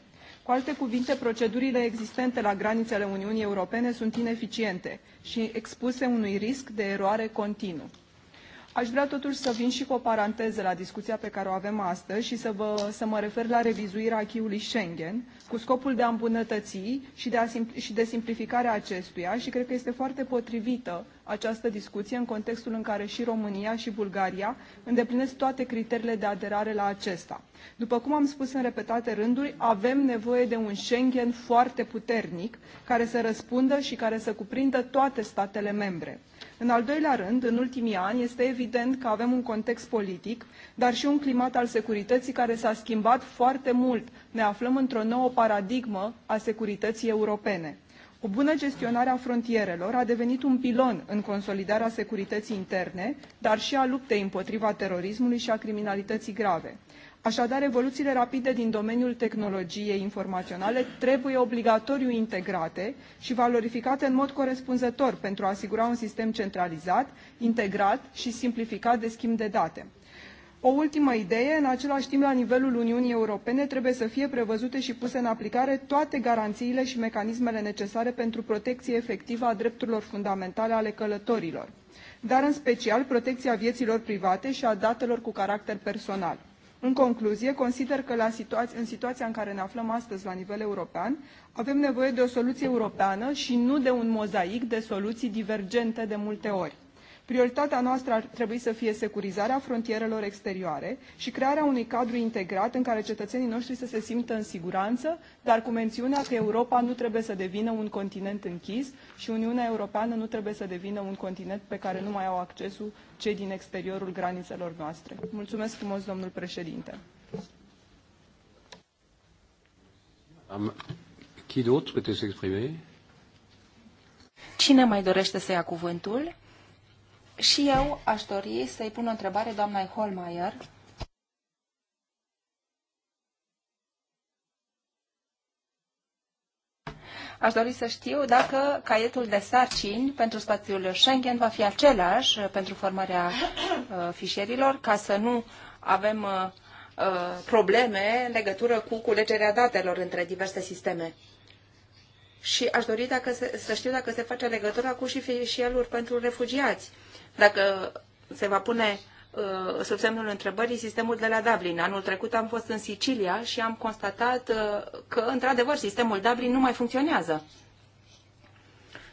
Cu alte cuvinte, procedurile existente la granițele Uniunii Europene sunt ineficiente și expuse unui risc de eroare continuu. Aș vrea totuși să vin și cu o paranteză la discuția pe care o avem astăzi și să, vă, să mă refer la revizuirea acquis Schengen cu scopul de a îmbunătăți și de, a simpl- și de simplificarea acestuia și cred că este foarte potrivită această discuție în contextul în care și România și Bulgaria îndeplinesc toate criteriile de aderare la acesta. După cum am spus în repetate rânduri, avem nevoie de un Schengen foarte puternic care să răspundă și care să cuprindă toate statele membre. În al doilea rând, în ultimii ani, este evident că avem un context politic, dar și un climat al securității care s-a schimbat foarte mult. Ne aflăm într-o nouă paradigmă a securității europene. O bună gestionare a frontierelor a devenit un pilon în consolidarea securității interne, dar și a luptei împotriva terorismului și a criminalității grave. Așadar, evoluțiile rapide din domeniul tehnologiei informaționale trebuie obligatoriu integrate și valorificate în mod corespunzător pentru a asigura un sistem centralizat, integrat și simplificat de schimb de date. O ultimă idee, în același timp, la nivelul Uniunii Europene trebuie să fie prevăzute și puse în aplicare toate garanțiile și mecanismele necesare pentru protecție efectivă a drepturilor fundamentale ale călătorilor, dar în special protecția vieților private și a datelor cu caracter personal. În concluzie, consider că la situația, în situația în care ne aflăm astăzi la nivel european, avem nevoie de o soluție europeană și nu de un mozaic de soluții divergente de multe ori Prioritatea noastră ar trebui să fie securizarea frontierelor exterioare și crearea unui cadru integrat în care cetățenii noștri să se simtă în siguranță, dar cu mențiunea că Europa nu trebuie să devină un continent închis și Uniunea Europeană nu trebuie să devină un continent pe care nu mai au accesul cei din exteriorul granițelor noastre. Mulțumesc frumos, domnul președinte. Am... Cine mai dorește să ia cuvântul? Și eu aș dori să-i pun o întrebare doamnei Holmeier. Aș dori să știu dacă caietul de sarcini pentru spațiul Schengen va fi același pentru formarea uh, fișierilor, ca să nu avem uh, uh probleme în legătură cu culegerea datelor între diverse sisteme și aș dori dacă se, să știu dacă se face legătura cu și fișierul pentru refugiați, dacă se va pune uh, sub semnul întrebării sistemul de la Dublin. Anul trecut am fost în Sicilia și am constatat uh, că, într-adevăr, sistemul Dublin nu mai funcționează.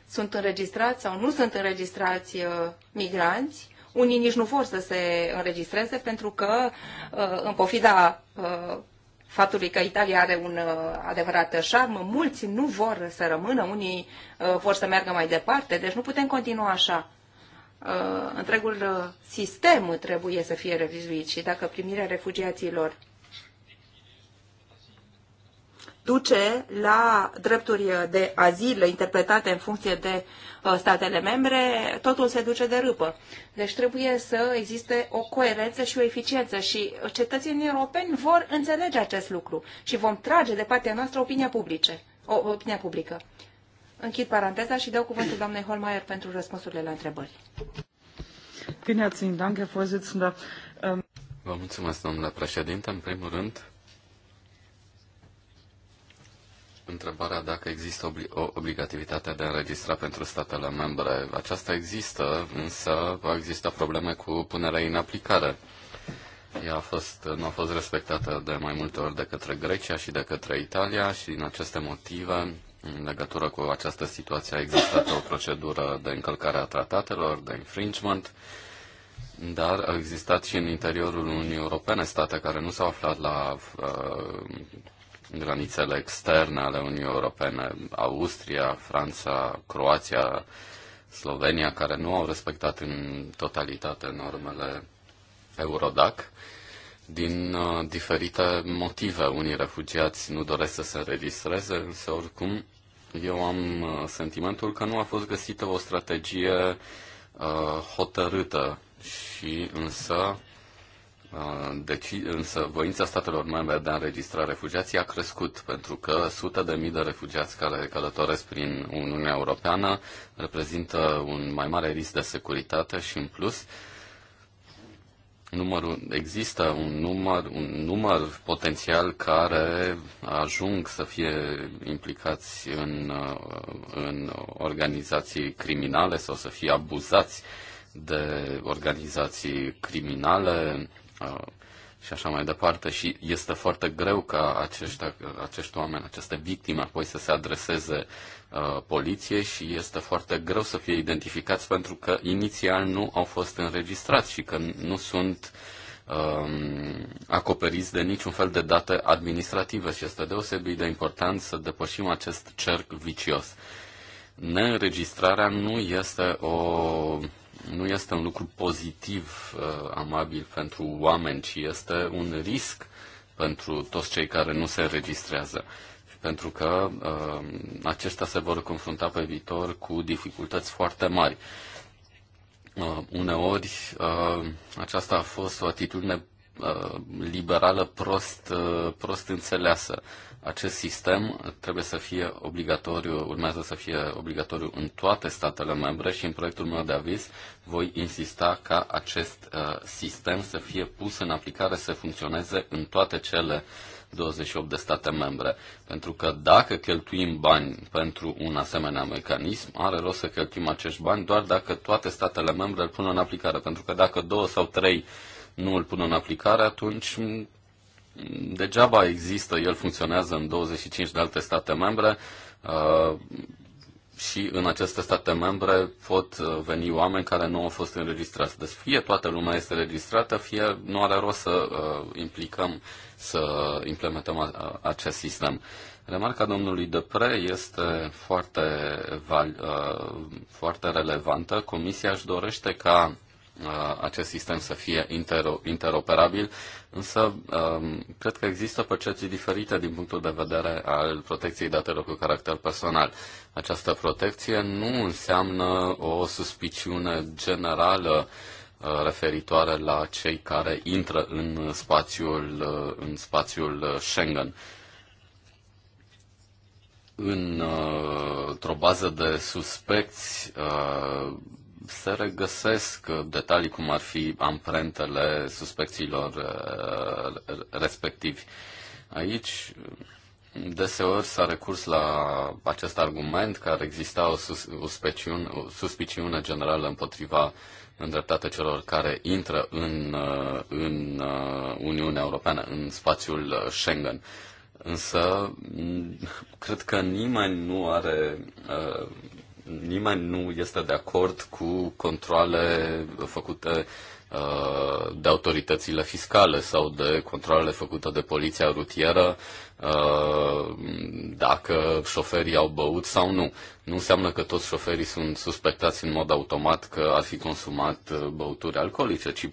Sunt înregistrați sau nu sunt înregistrați uh, migranți, unii nici nu vor să se înregistreze pentru că, uh, în pofida uh, faptului că Italia are un uh, adevărat șarm. Mulți nu vor să rămână, unii uh, vor să meargă mai departe, deci nu putem continua așa. Uh, întregul sistem trebuie să fie revizuit și dacă primirea refugiaților duce la drepturi de azil interpretate în funcție de uh, statele membre, totul se duce de râpă. Deci trebuie să existe o coerență și o eficiență și cetățenii europeni vor înțelege acest lucru și vom trage de partea noastră opinia, publice, o, opinia publică. Închid paranteza și dau cuvântul doamnei Holmeier pentru răspunsurile la întrebări. Bine ați Vă mulțumesc, domnule președinte. În primul rând, întrebarea dacă există obli- o obligativitate de a înregistra pentru statele membre. Aceasta există, însă au existat probleme cu punerea în aplicare. Ea a fost, nu a fost respectată de mai multe ori de către Grecia și de către Italia și din aceste motive, în legătură cu această situație, a existat o procedură de încălcare a tratatelor, de infringement, dar au existat și în interiorul Uniunii Europene state care nu s-au aflat la uh, granițele externe ale Uniunii Europene, Austria, Franța, Croația, Slovenia, care nu au respectat în totalitate normele Eurodac, din uh, diferite motive. Unii refugiați nu doresc să se înregistreze, însă oricum eu am uh, sentimentul că nu a fost găsită o strategie uh, hotărâtă și însă Uh, deci, însă, voința statelor membre de a înregistra refugiații a crescut, pentru că sute de mii de refugiați care călătoresc prin Uniunea Europeană reprezintă un mai mare risc de securitate și, în plus, numărul, există un număr, un număr potențial care ajung să fie implicați în, uh, în organizații criminale sau să fie abuzați de organizații criminale, și așa mai departe și este foarte greu ca acești, acești oameni, aceste victime apoi să se adreseze uh, poliției și este foarte greu să fie identificați pentru că inițial nu au fost înregistrați și că nu sunt acoperiți de niciun fel de date administrative și este deosebit de important să depășim acest cerc vicios neînregistrarea nu este o nu este un lucru pozitiv, uh, amabil pentru oameni, ci este un risc pentru toți cei care nu se registrează, Pentru că uh, aceștia se vor confrunta pe viitor cu dificultăți foarte mari. Uh, uneori, uh, aceasta a fost o atitudine uh, liberală prost, uh, prost înțeleasă acest sistem trebuie să fie obligatoriu, urmează să fie obligatoriu în toate statele membre și în proiectul meu de aviz voi insista ca acest uh, sistem să fie pus în aplicare, să funcționeze în toate cele 28 de state membre. Pentru că dacă cheltuim bani pentru un asemenea mecanism, are rost să cheltuim acești bani doar dacă toate statele membre îl pun în aplicare. Pentru că dacă două sau trei nu îl pun în aplicare, atunci degeaba există, el funcționează în 25 de alte state membre uh, și în aceste state membre pot uh, veni oameni care nu au fost înregistrați. Deci fie toată lumea este registrată, fie nu are rost să uh, implicăm, să implementăm acest sistem. Remarca domnului Depre este foarte, val, foarte relevantă. Comisia își dorește ca Uh, acest sistem să fie intero- interoperabil, însă um, cred că există percepții diferite din punctul de vedere al protecției datelor cu caracter personal. Această protecție nu înseamnă o suspiciune generală uh, referitoare la cei care intră în spațiul, uh, în spațiul Schengen într-o bază de suspecți se regăsesc detalii cum ar fi amprentele suspecțiilor uh, respectivi. Aici deseori s-a recurs la acest argument că ar exista o, sus, o, o suspiciune generală împotriva îndreptate celor care intră în, uh, în uh, Uniunea Europeană, în spațiul Schengen. Însă, cred că nimeni nu are nimeni nu este de acord cu controle făcute uh, de autoritățile fiscale sau de controlele făcute de poliția rutieră uh, dacă șoferii au băut sau nu. Nu înseamnă că toți șoferii sunt suspectați în mod automat că ar fi consumat uh, băuturi alcoolice, ci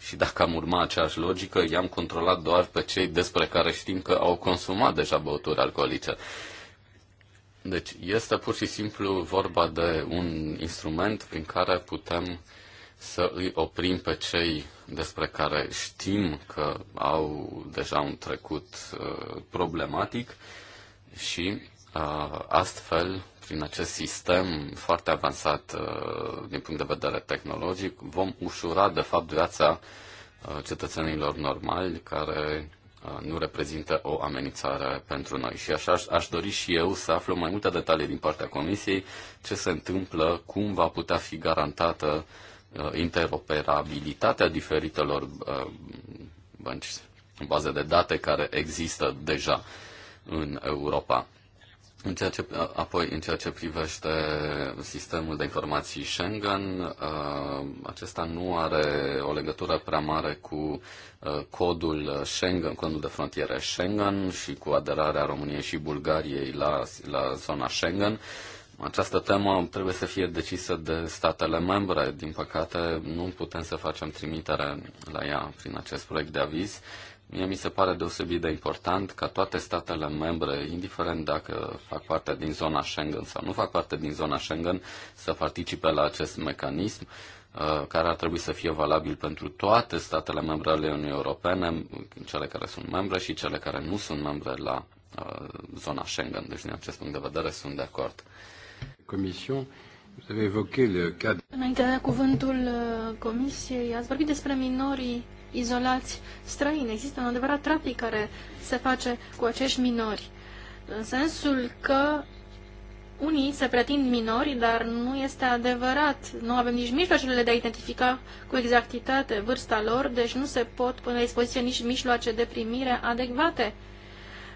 și dacă am urma aceeași logică, i-am controlat doar pe cei despre care știm că au consumat deja băuturi alcoolice. Deci este pur și simplu vorba de un instrument prin care putem să îi oprim pe cei despre care știm că au deja un trecut uh, problematic și uh, astfel, prin acest sistem foarte avansat uh, din punct de vedere tehnologic, vom ușura, de fapt, viața uh, cetățenilor normali care Uh, nu reprezintă o amenințare pentru noi. Și așa aș, aș dori și eu să aflu mai multe detalii din partea Comisiei, ce se întâmplă, cum va putea fi garantată uh, interoperabilitatea diferitelor uh, bănci, baze de date care există deja în Europa. În ceea ce, apoi, în ceea ce privește sistemul de informații Schengen, uh, acesta nu are o legătură prea mare cu uh, codul Schengen, codul de frontiere Schengen și cu aderarea României și Bulgariei la, la zona Schengen. Această temă trebuie să fie decisă de statele membre. Din păcate, nu putem să facem trimitere la ea prin acest proiect de aviz. Mie mi se pare deosebit de important ca toate statele membre, indiferent dacă fac parte din zona Schengen sau nu fac parte din zona Schengen, să participe la acest mecanism uh, care ar trebui să fie valabil pentru toate statele membre ale Uniunii Europene, cele care sunt membre și cele care nu sunt membre la uh, zona Schengen. Deci, din acest punct de vedere, sunt de acord. Comision, vous le cadre... Înainte de da cuvântul uh, Comisiei, ați vorbit despre minorii izolați străini. Există un adevărat trafic care se face cu acești minori, în sensul că unii se pretind minori, dar nu este adevărat. Nu avem nici mijloacele de a identifica cu exactitate vârsta lor, deci nu se pot pune la dispoziție nici mijloace de primire adecvate.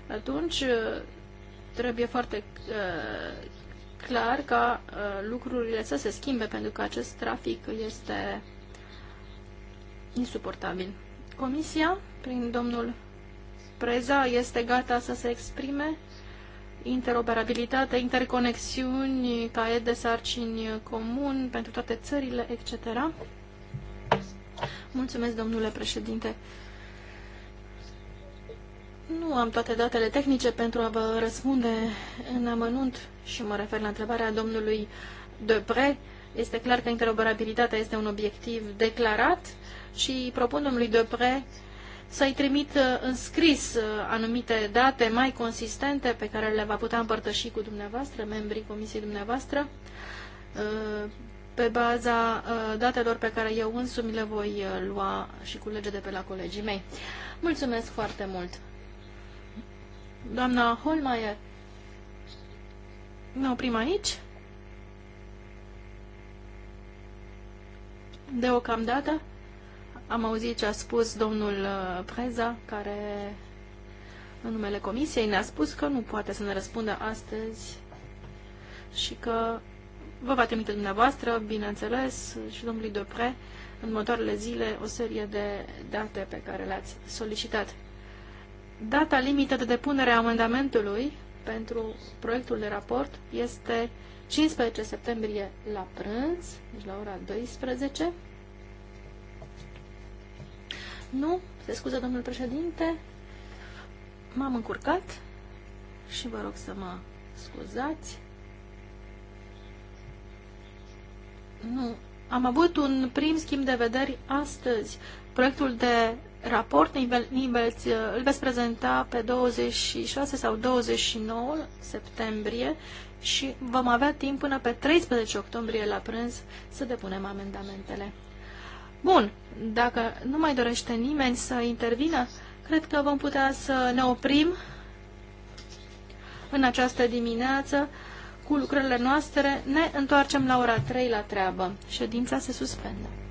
Atunci uh, trebuie foarte uh, clar ca uh, lucrurile să se schimbe, pentru că acest trafic este insuportabil. Comisia, prin domnul Preza, este gata să se exprime interoperabilitate, interconexiuni, caiet de sarcini comun pentru toate țările, etc. Mulțumesc, domnule președinte. Nu am toate datele tehnice pentru a vă răspunde în amănunt și mă refer la întrebarea domnului Depre. Este clar că interoperabilitatea este un obiectiv declarat și propunem lui Depre să-i trimit uh, în scris uh, anumite date mai consistente pe care le va putea împărtăși cu dumneavoastră, membrii comisiei dumneavoastră, uh, pe baza datelor pe care eu însumi le voi lua și culege de pe la colegii mei. Mulțumesc foarte mult! Doamna Holmeier, ne oprim aici? Deocamdată? Am auzit ce a spus domnul uh, Preza, care în numele comisiei ne-a spus că nu poate să ne răspundă astăzi și că vă va trimite dumneavoastră, bineînțeles, și domnului Dupre, în următoarele zile o serie de date pe care le-ați solicitat. Data limită de depunere a amendamentului pentru proiectul de raport este 15 septembrie la prânz, deci la ora 12. Nu? Se scuză, domnul președinte. M-am încurcat și vă rog să mă scuzați. Nu. Am avut un prim schimb de vederi astăzi. Proiectul de raport Nibelți îl veți prezenta pe 26 sau 29 septembrie și vom avea timp până pe 13 octombrie la prânz să depunem amendamentele. Bun, dacă nu mai dorește nimeni să intervină, cred că vom putea să ne oprim în această dimineață cu lucrările noastre. Ne întoarcem la ora 3 la treabă. Ședința se suspendă.